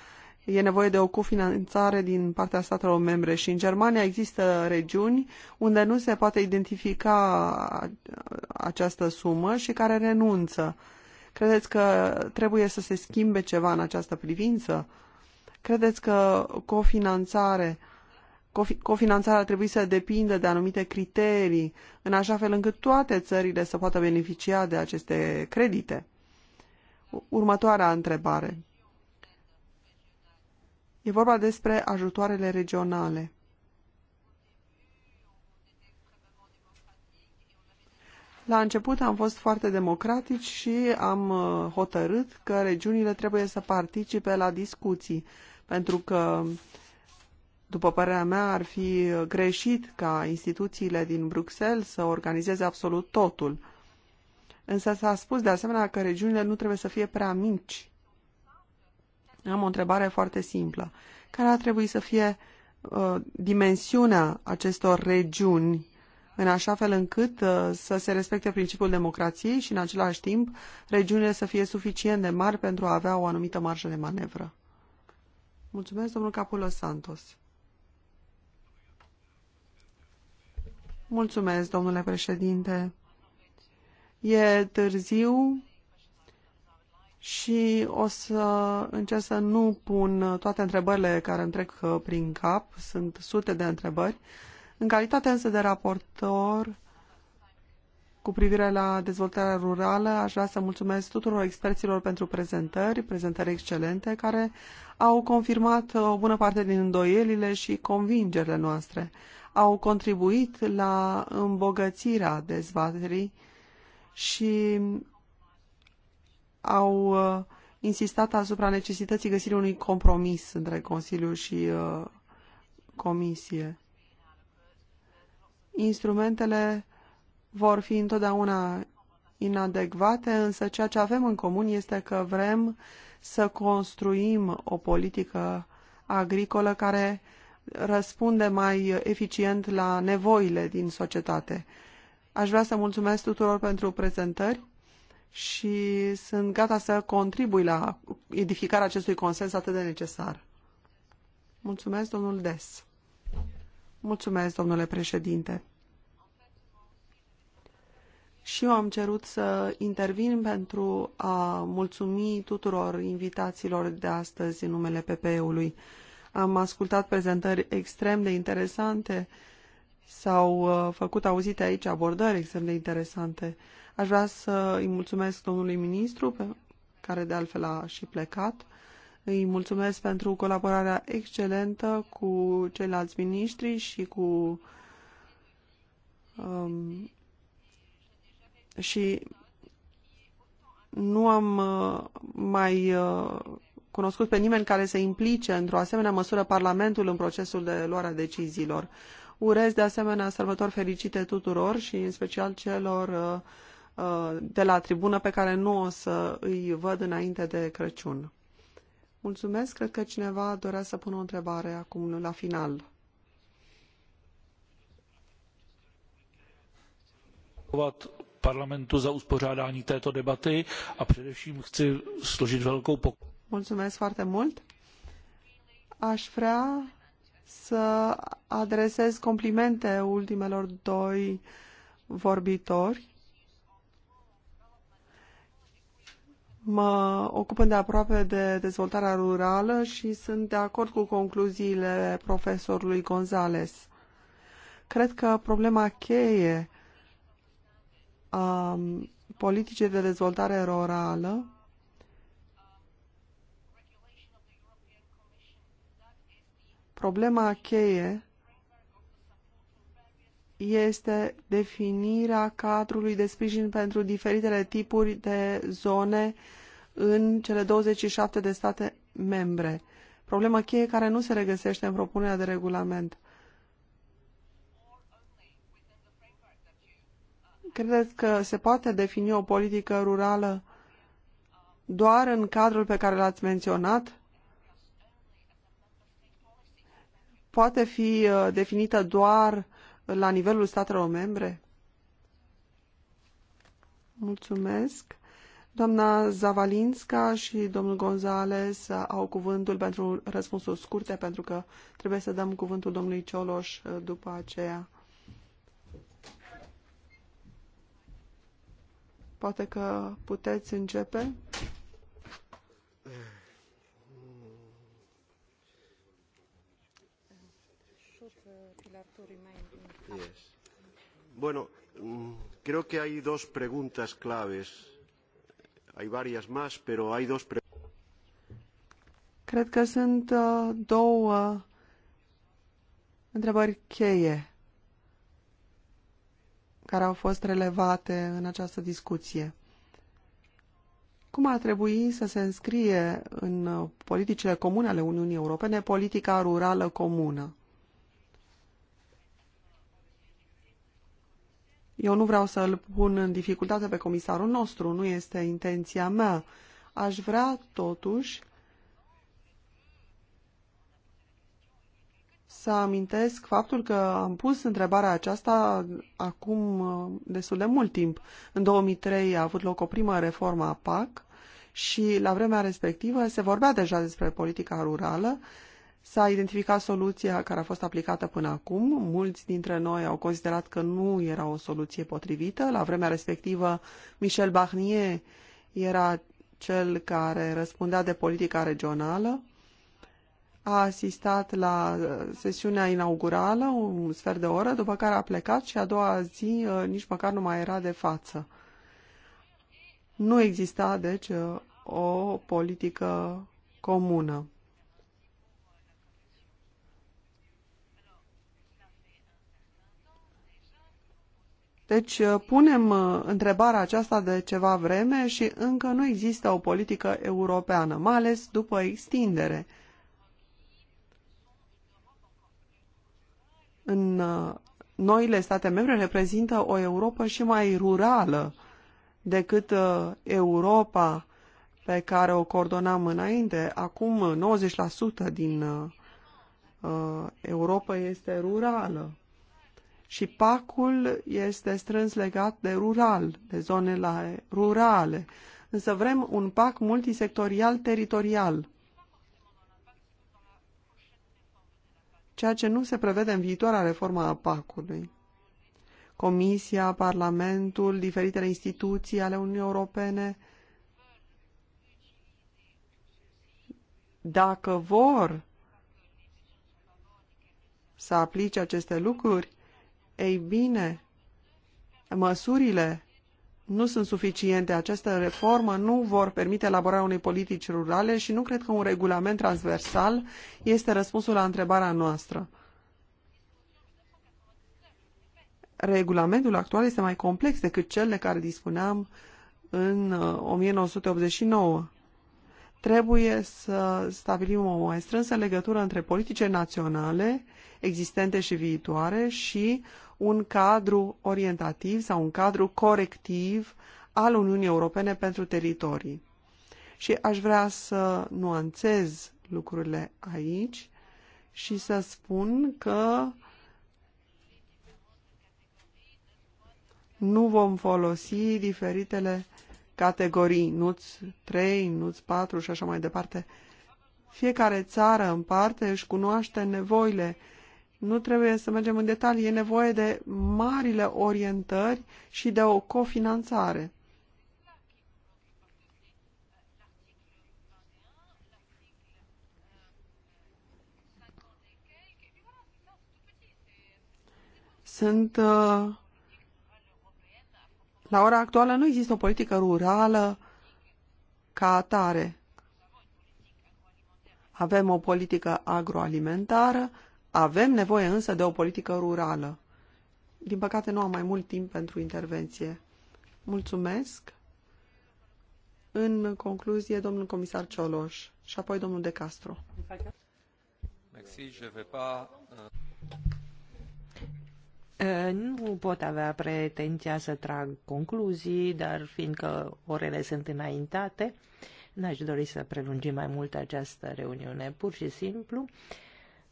e nevoie de o cofinanțare din partea statelor membre și în Germania există regiuni unde nu se poate identifica uh, această sumă și care renunță. Credeți că trebuie să se schimbe ceva în această privință? Credeți că cofinanțare, cofinanțarea trebuie să depindă de anumite criterii, în așa fel încât toate țările să poată beneficia de aceste credite? următoarea întrebare. E vorba despre ajutoarele regionale. La început am fost foarte democratici și am uh, hotărât că regiunile trebuie să participe la discuții, pentru că, după părerea mea, ar fi greșit ca instituțiile din Bruxelles să organizeze absolut totul. Însă s-a spus de asemenea că regiunile nu trebuie să fie prea mici. Am o întrebare foarte simplă. Care ar trebui să fie uh, dimensiunea acestor regiuni în așa fel încât uh, să se respecte principiul democrației și în același timp regiunile să fie suficient de mari pentru a avea o anumită marjă de manevră? Mulțumesc, domnul Capulo Santos. Mulțumesc, domnule președinte. E târziu și o să încerc să nu pun toate întrebările care îmi trec uh, prin cap. Sunt sute de întrebări. În calitate însă de raportor cu privire la dezvoltarea rurală, aș vrea să mulțumesc tuturor experților pentru prezentări, prezentări excelente, care au confirmat uh, o bună parte din îndoielile și convingerile noastre. Au contribuit la îmbogățirea dezbaterii și au uh, insistat asupra necesității găsirii unui compromis între Consiliu și uh, Comisie. Instrumentele vor fi întotdeauna inadecvate, însă ceea ce avem în comun este că vrem să construim o politică agricolă care răspunde mai eficient la nevoile din societate. Aș vrea să mulțumesc tuturor pentru prezentări și sunt gata să contribui la edificarea acestui consens atât de necesar. Mulțumesc, domnul Des. Mulțumesc, domnule președinte. Și eu am cerut să intervin pentru a mulțumi tuturor invitațiilor de astăzi în numele PPE-ului. Am ascultat prezentări extrem de interesante S-au uh, făcut auzite aici abordări extrem de interesante. Aș vrea să îi mulțumesc domnului ministru, pe care de altfel a și plecat. Îi mulțumesc pentru colaborarea excelentă cu ceilalți miniștri și cu um, și nu am uh, mai uh, cunoscut pe nimeni care să implice într-o asemenea măsură Parlamentul în procesul de luare a deciziilor. Urez de asemenea sărbători fericite tuturor și în special celor uh, uh, de la tribună pe care nu o să îi văd înainte de Crăciun. Mulțumesc, cred că cineva dorea să pună o întrebare acum la final. Parlamentul za uspořádání této debaty a především chci složit velkou pokoru. Mulțumesc foarte mult. Aș vrea să adresez complimente ultimelor doi vorbitori. Mă ocup de aproape de dezvoltarea rurală și sunt de acord cu concluziile profesorului Gonzales. Cred că problema cheie a politicii de dezvoltare rurală Problema cheie este definirea cadrului de sprijin pentru diferitele tipuri de zone în cele 27 de state membre. Problema cheie care nu se regăsește în propunerea de regulament. Credeți că se poate defini o politică rurală doar în cadrul pe care l-ați menționat? poate fi uh, definită doar la nivelul statelor membre? Mulțumesc. Doamna Zavalinska și domnul Gonzales au cuvântul pentru răspunsuri scurte, pentru că trebuie să dăm cuvântul domnului Cioloș uh, după aceea. Poate că puteți începe. Bueno, mm, creo que hay dos preguntas claves. Hay varias más, pero hay dos preguntas. Cred că sunt uh, două întrebări cheie care au fost relevate în această discuție. Cum ar trebui să se înscrie în uh, politicile comune ale Uniunii Europene politica rurală comună? Eu nu vreau să-l pun în dificultate pe comisarul nostru, nu este intenția mea. Aș vrea, totuși, să amintesc faptul că am pus întrebarea aceasta acum uh, destul de mult timp. În 2003 a avut loc o primă reformă a PAC și la vremea respectivă se vorbea deja despre politica rurală, S-a identificat soluția care a fost aplicată până acum. Mulți dintre noi au considerat că nu era o soluție potrivită. La vremea respectivă, Michel Barnier era cel care răspundea de politica regională. A asistat la sesiunea inaugurală un sfert de oră, după care a plecat și a doua zi uh, nici măcar nu mai era de față. Nu exista, deci, uh, o politică comună. Deci uh, punem uh, întrebarea aceasta de ceva vreme și încă nu există o politică europeană, mai ales după extindere. În uh, noile state membre reprezintă o Europa și mai rurală decât Europa pe care o coordonam înainte. Acum 90% din Europa este rurală și pacul este strâns legat de rural, de zonele rurale. Însă vrem un pac multisectorial teritorial. Ceea ce nu se prevede în viitoarea reformă a pacului. Comisia, Parlamentul, diferitele instituții ale Uniunii Europene, dacă vor să aplice aceste lucruri, ei bine, măsurile nu sunt suficiente. Această reformă nu vor permite elaborarea unei politici rurale și nu cred că un regulament transversal este răspunsul la întrebarea noastră. Regulamentul actual este mai complex decât cel de care dispuneam în 1989. Uh, Trebuie să stabilim o mai strânsă legătură între politice naționale existente și viitoare și un cadru orientativ sau un cadru corectiv al Uniunii Europene pentru teritorii. Și aș vrea să nuanțez lucrurile aici și să spun că nu vom folosi diferitele categorii, NUTS 3, NUTS 4 și așa mai departe. Fiecare țară în parte își cunoaște nevoile nu trebuie să mergem în detalii, e nevoie de marile orientări și de o cofinanțare. Sunt uh, la ora actuală nu există o politică rurală ca atare. Avem o politică agroalimentară, avem nevoie însă de o politică rurală. Din păcate nu am mai mult timp pentru intervenție. Mulțumesc. În concluzie, domnul comisar Cioloș și apoi domnul De Castro. Uh, uh, nu pot avea pretenția să trag concluzii, dar fiindcă orele sunt înaintate, n-aș dori să prelungim mai mult această reuniune. Pur și simplu, uh,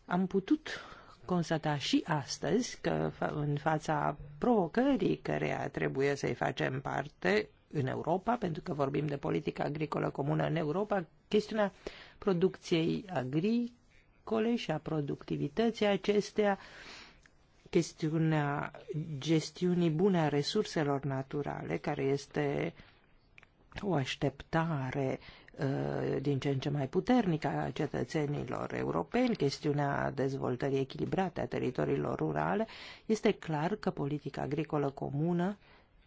am putut constata și astăzi că în fața provocării care trebuie să-i facem parte în Europa, pentru că vorbim de politică agricolă comună în Europa, chestiunea producției agricole și a productivității acesteia, chestiunea gestiunii bune a resurselor naturale, care este o așteptare Uh, din ce în ce mai puternic a cetățenilor europeni, chestiunea dezvoltării echilibrate a teritoriilor rurale, este clar că politica agricolă comună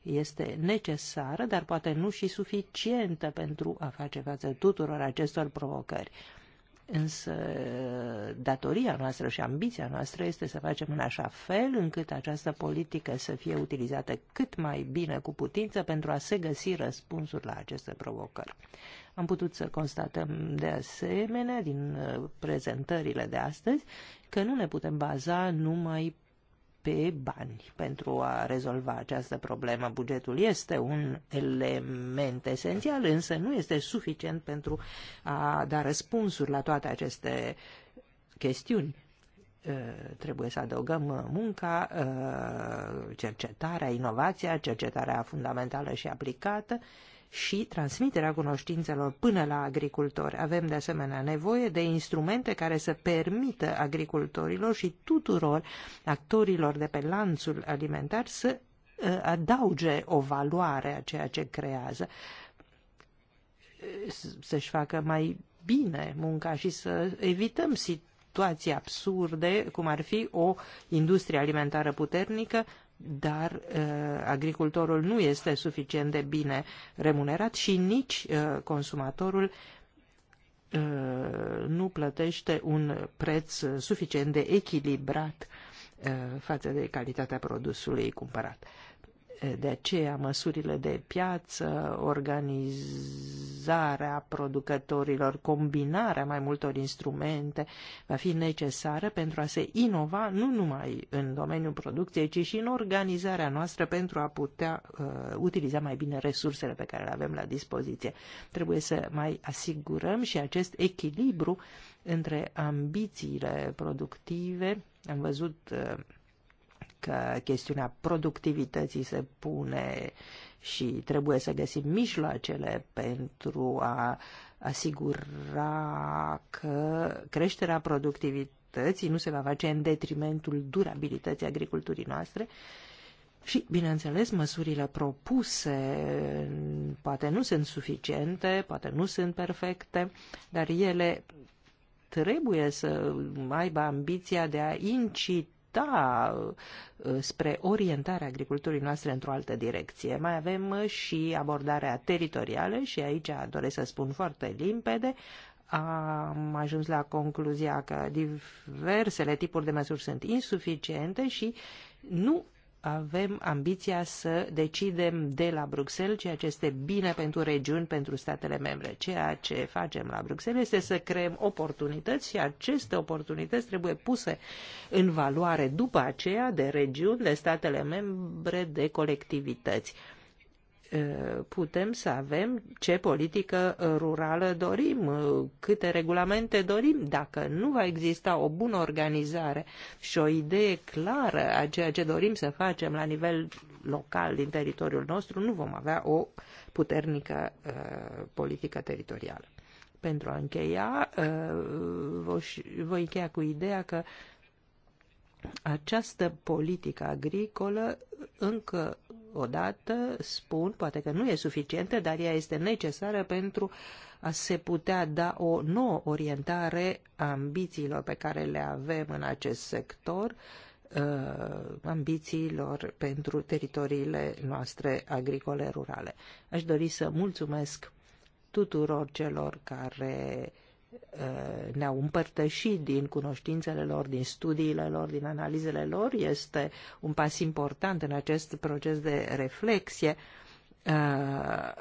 este necesară, dar poate nu și suficientă pentru a face față tuturor acestor provocări. Însă datoria noastră și ambiția noastră este să facem în așa fel încât această politică să fie utilizată cât mai bine cu putință pentru a se găsi răspunsuri la aceste provocări. Am putut să constatăm de asemenea din uh, prezentările de astăzi că nu ne putem baza numai pe bani pentru a rezolva această problemă. Bugetul este un element esențial, însă nu este suficient pentru a da răspunsuri la toate aceste chestiuni. Uh, trebuie să adăugăm uh, munca, cercetarea, inovația, cercetarea fundamentală și aplicată și transmiterea cunoștințelor până la agricultori. Avem de asemenea nevoie de instrumente care să permită agricultorilor și tuturor actorilor de pe lanțul alimentar să uh, adauge o valoare a ceea ce creează, uh, să-și facă mai bine munca și să evităm situații absurde, cum ar fi o industrie alimentară puternică dar uh, agricultorul nu este suficient de bine remunerat și nici uh, consumatorul uh, nu plătește un preț suficient de echilibrat uh, față de calitatea produsului cumpărat. De aceea, măsurile de piață, organizarea producătorilor, combinarea mai multor instrumente va fi necesară pentru a se inova nu numai în domeniul producției, ci și în organizarea noastră pentru a putea uh, utiliza mai bine resursele pe care le avem la dispoziție. Trebuie să mai asigurăm și acest echilibru între ambițiile productive. Am văzut uh, că chestiunea productivității se pune și trebuie să găsim mijloacele pentru a asigura că creșterea productivității nu se va face în detrimentul durabilității agriculturii noastre, și, bineînțeles, măsurile propuse poate nu sunt suficiente, poate nu sunt perfecte, dar ele trebuie să aibă ambiția de a incita îndrepta uh, spre orientarea agriculturii noastre într-o altă direcție. Mai avem și abordarea teritorială și aici doresc să spun foarte limpede, am ajuns la concluzia că diversele tipuri de măsuri sunt insuficiente și nu avem ambiția să decidem de la Bruxelles, ceea ce este bine pentru regiuni, pentru statele membre. Ceea ce facem la Bruxelles este să creăm oportunități și aceste oportunități trebuie puse în valoare după aceea de regiuni, de statele membre, de colectivități putem să avem ce politică rurală dorim, câte regulamente dorim. Dacă nu va exista o bună organizare și o idee clară a ceea ce dorim să facem la nivel local din teritoriul nostru, nu vom avea o puternică uh, politică teritorială. Pentru a încheia, uh, voi încheia cu ideea că această politică agricolă încă odată spun, poate că nu e suficientă, dar ea este necesară pentru a se putea da o nouă orientare a ambițiilor pe care le avem în acest sector, uh, ambițiilor pentru teritoriile noastre agricole rurale. Aș dori să mulțumesc tuturor celor care Uh, ne-au împărtășit din cunoștințele lor, din studiile lor, din analizele lor, este un pas important în acest proces de reflexie. Uh,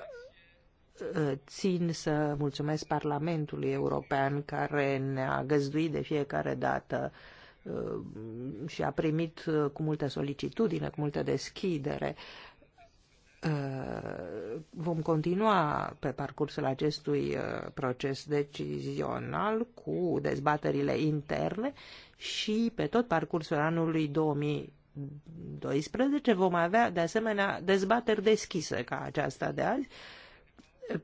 uh, țin să mulțumesc Parlamentului European care ne-a găzduit de fiecare dată și a primit cu multă solicitudine, cu multă deschidere uh, Uh, vom continua pe parcursul acestui uh, proces decizional cu dezbaterile interne și pe tot parcursul anului 2012 vom avea de asemenea dezbateri deschise ca aceasta de azi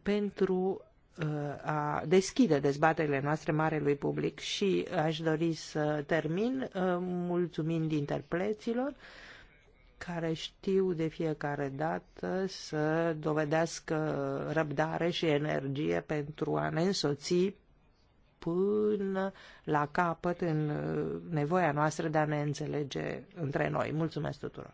pentru uh, a deschide dezbaterile noastre marelui public și aș dori să termin mulțumind interpreților care știu de fiecare dată să dovedească răbdare și energie pentru a ne însoți până la capăt în nevoia noastră de a ne înțelege între noi. Mulțumesc tuturor!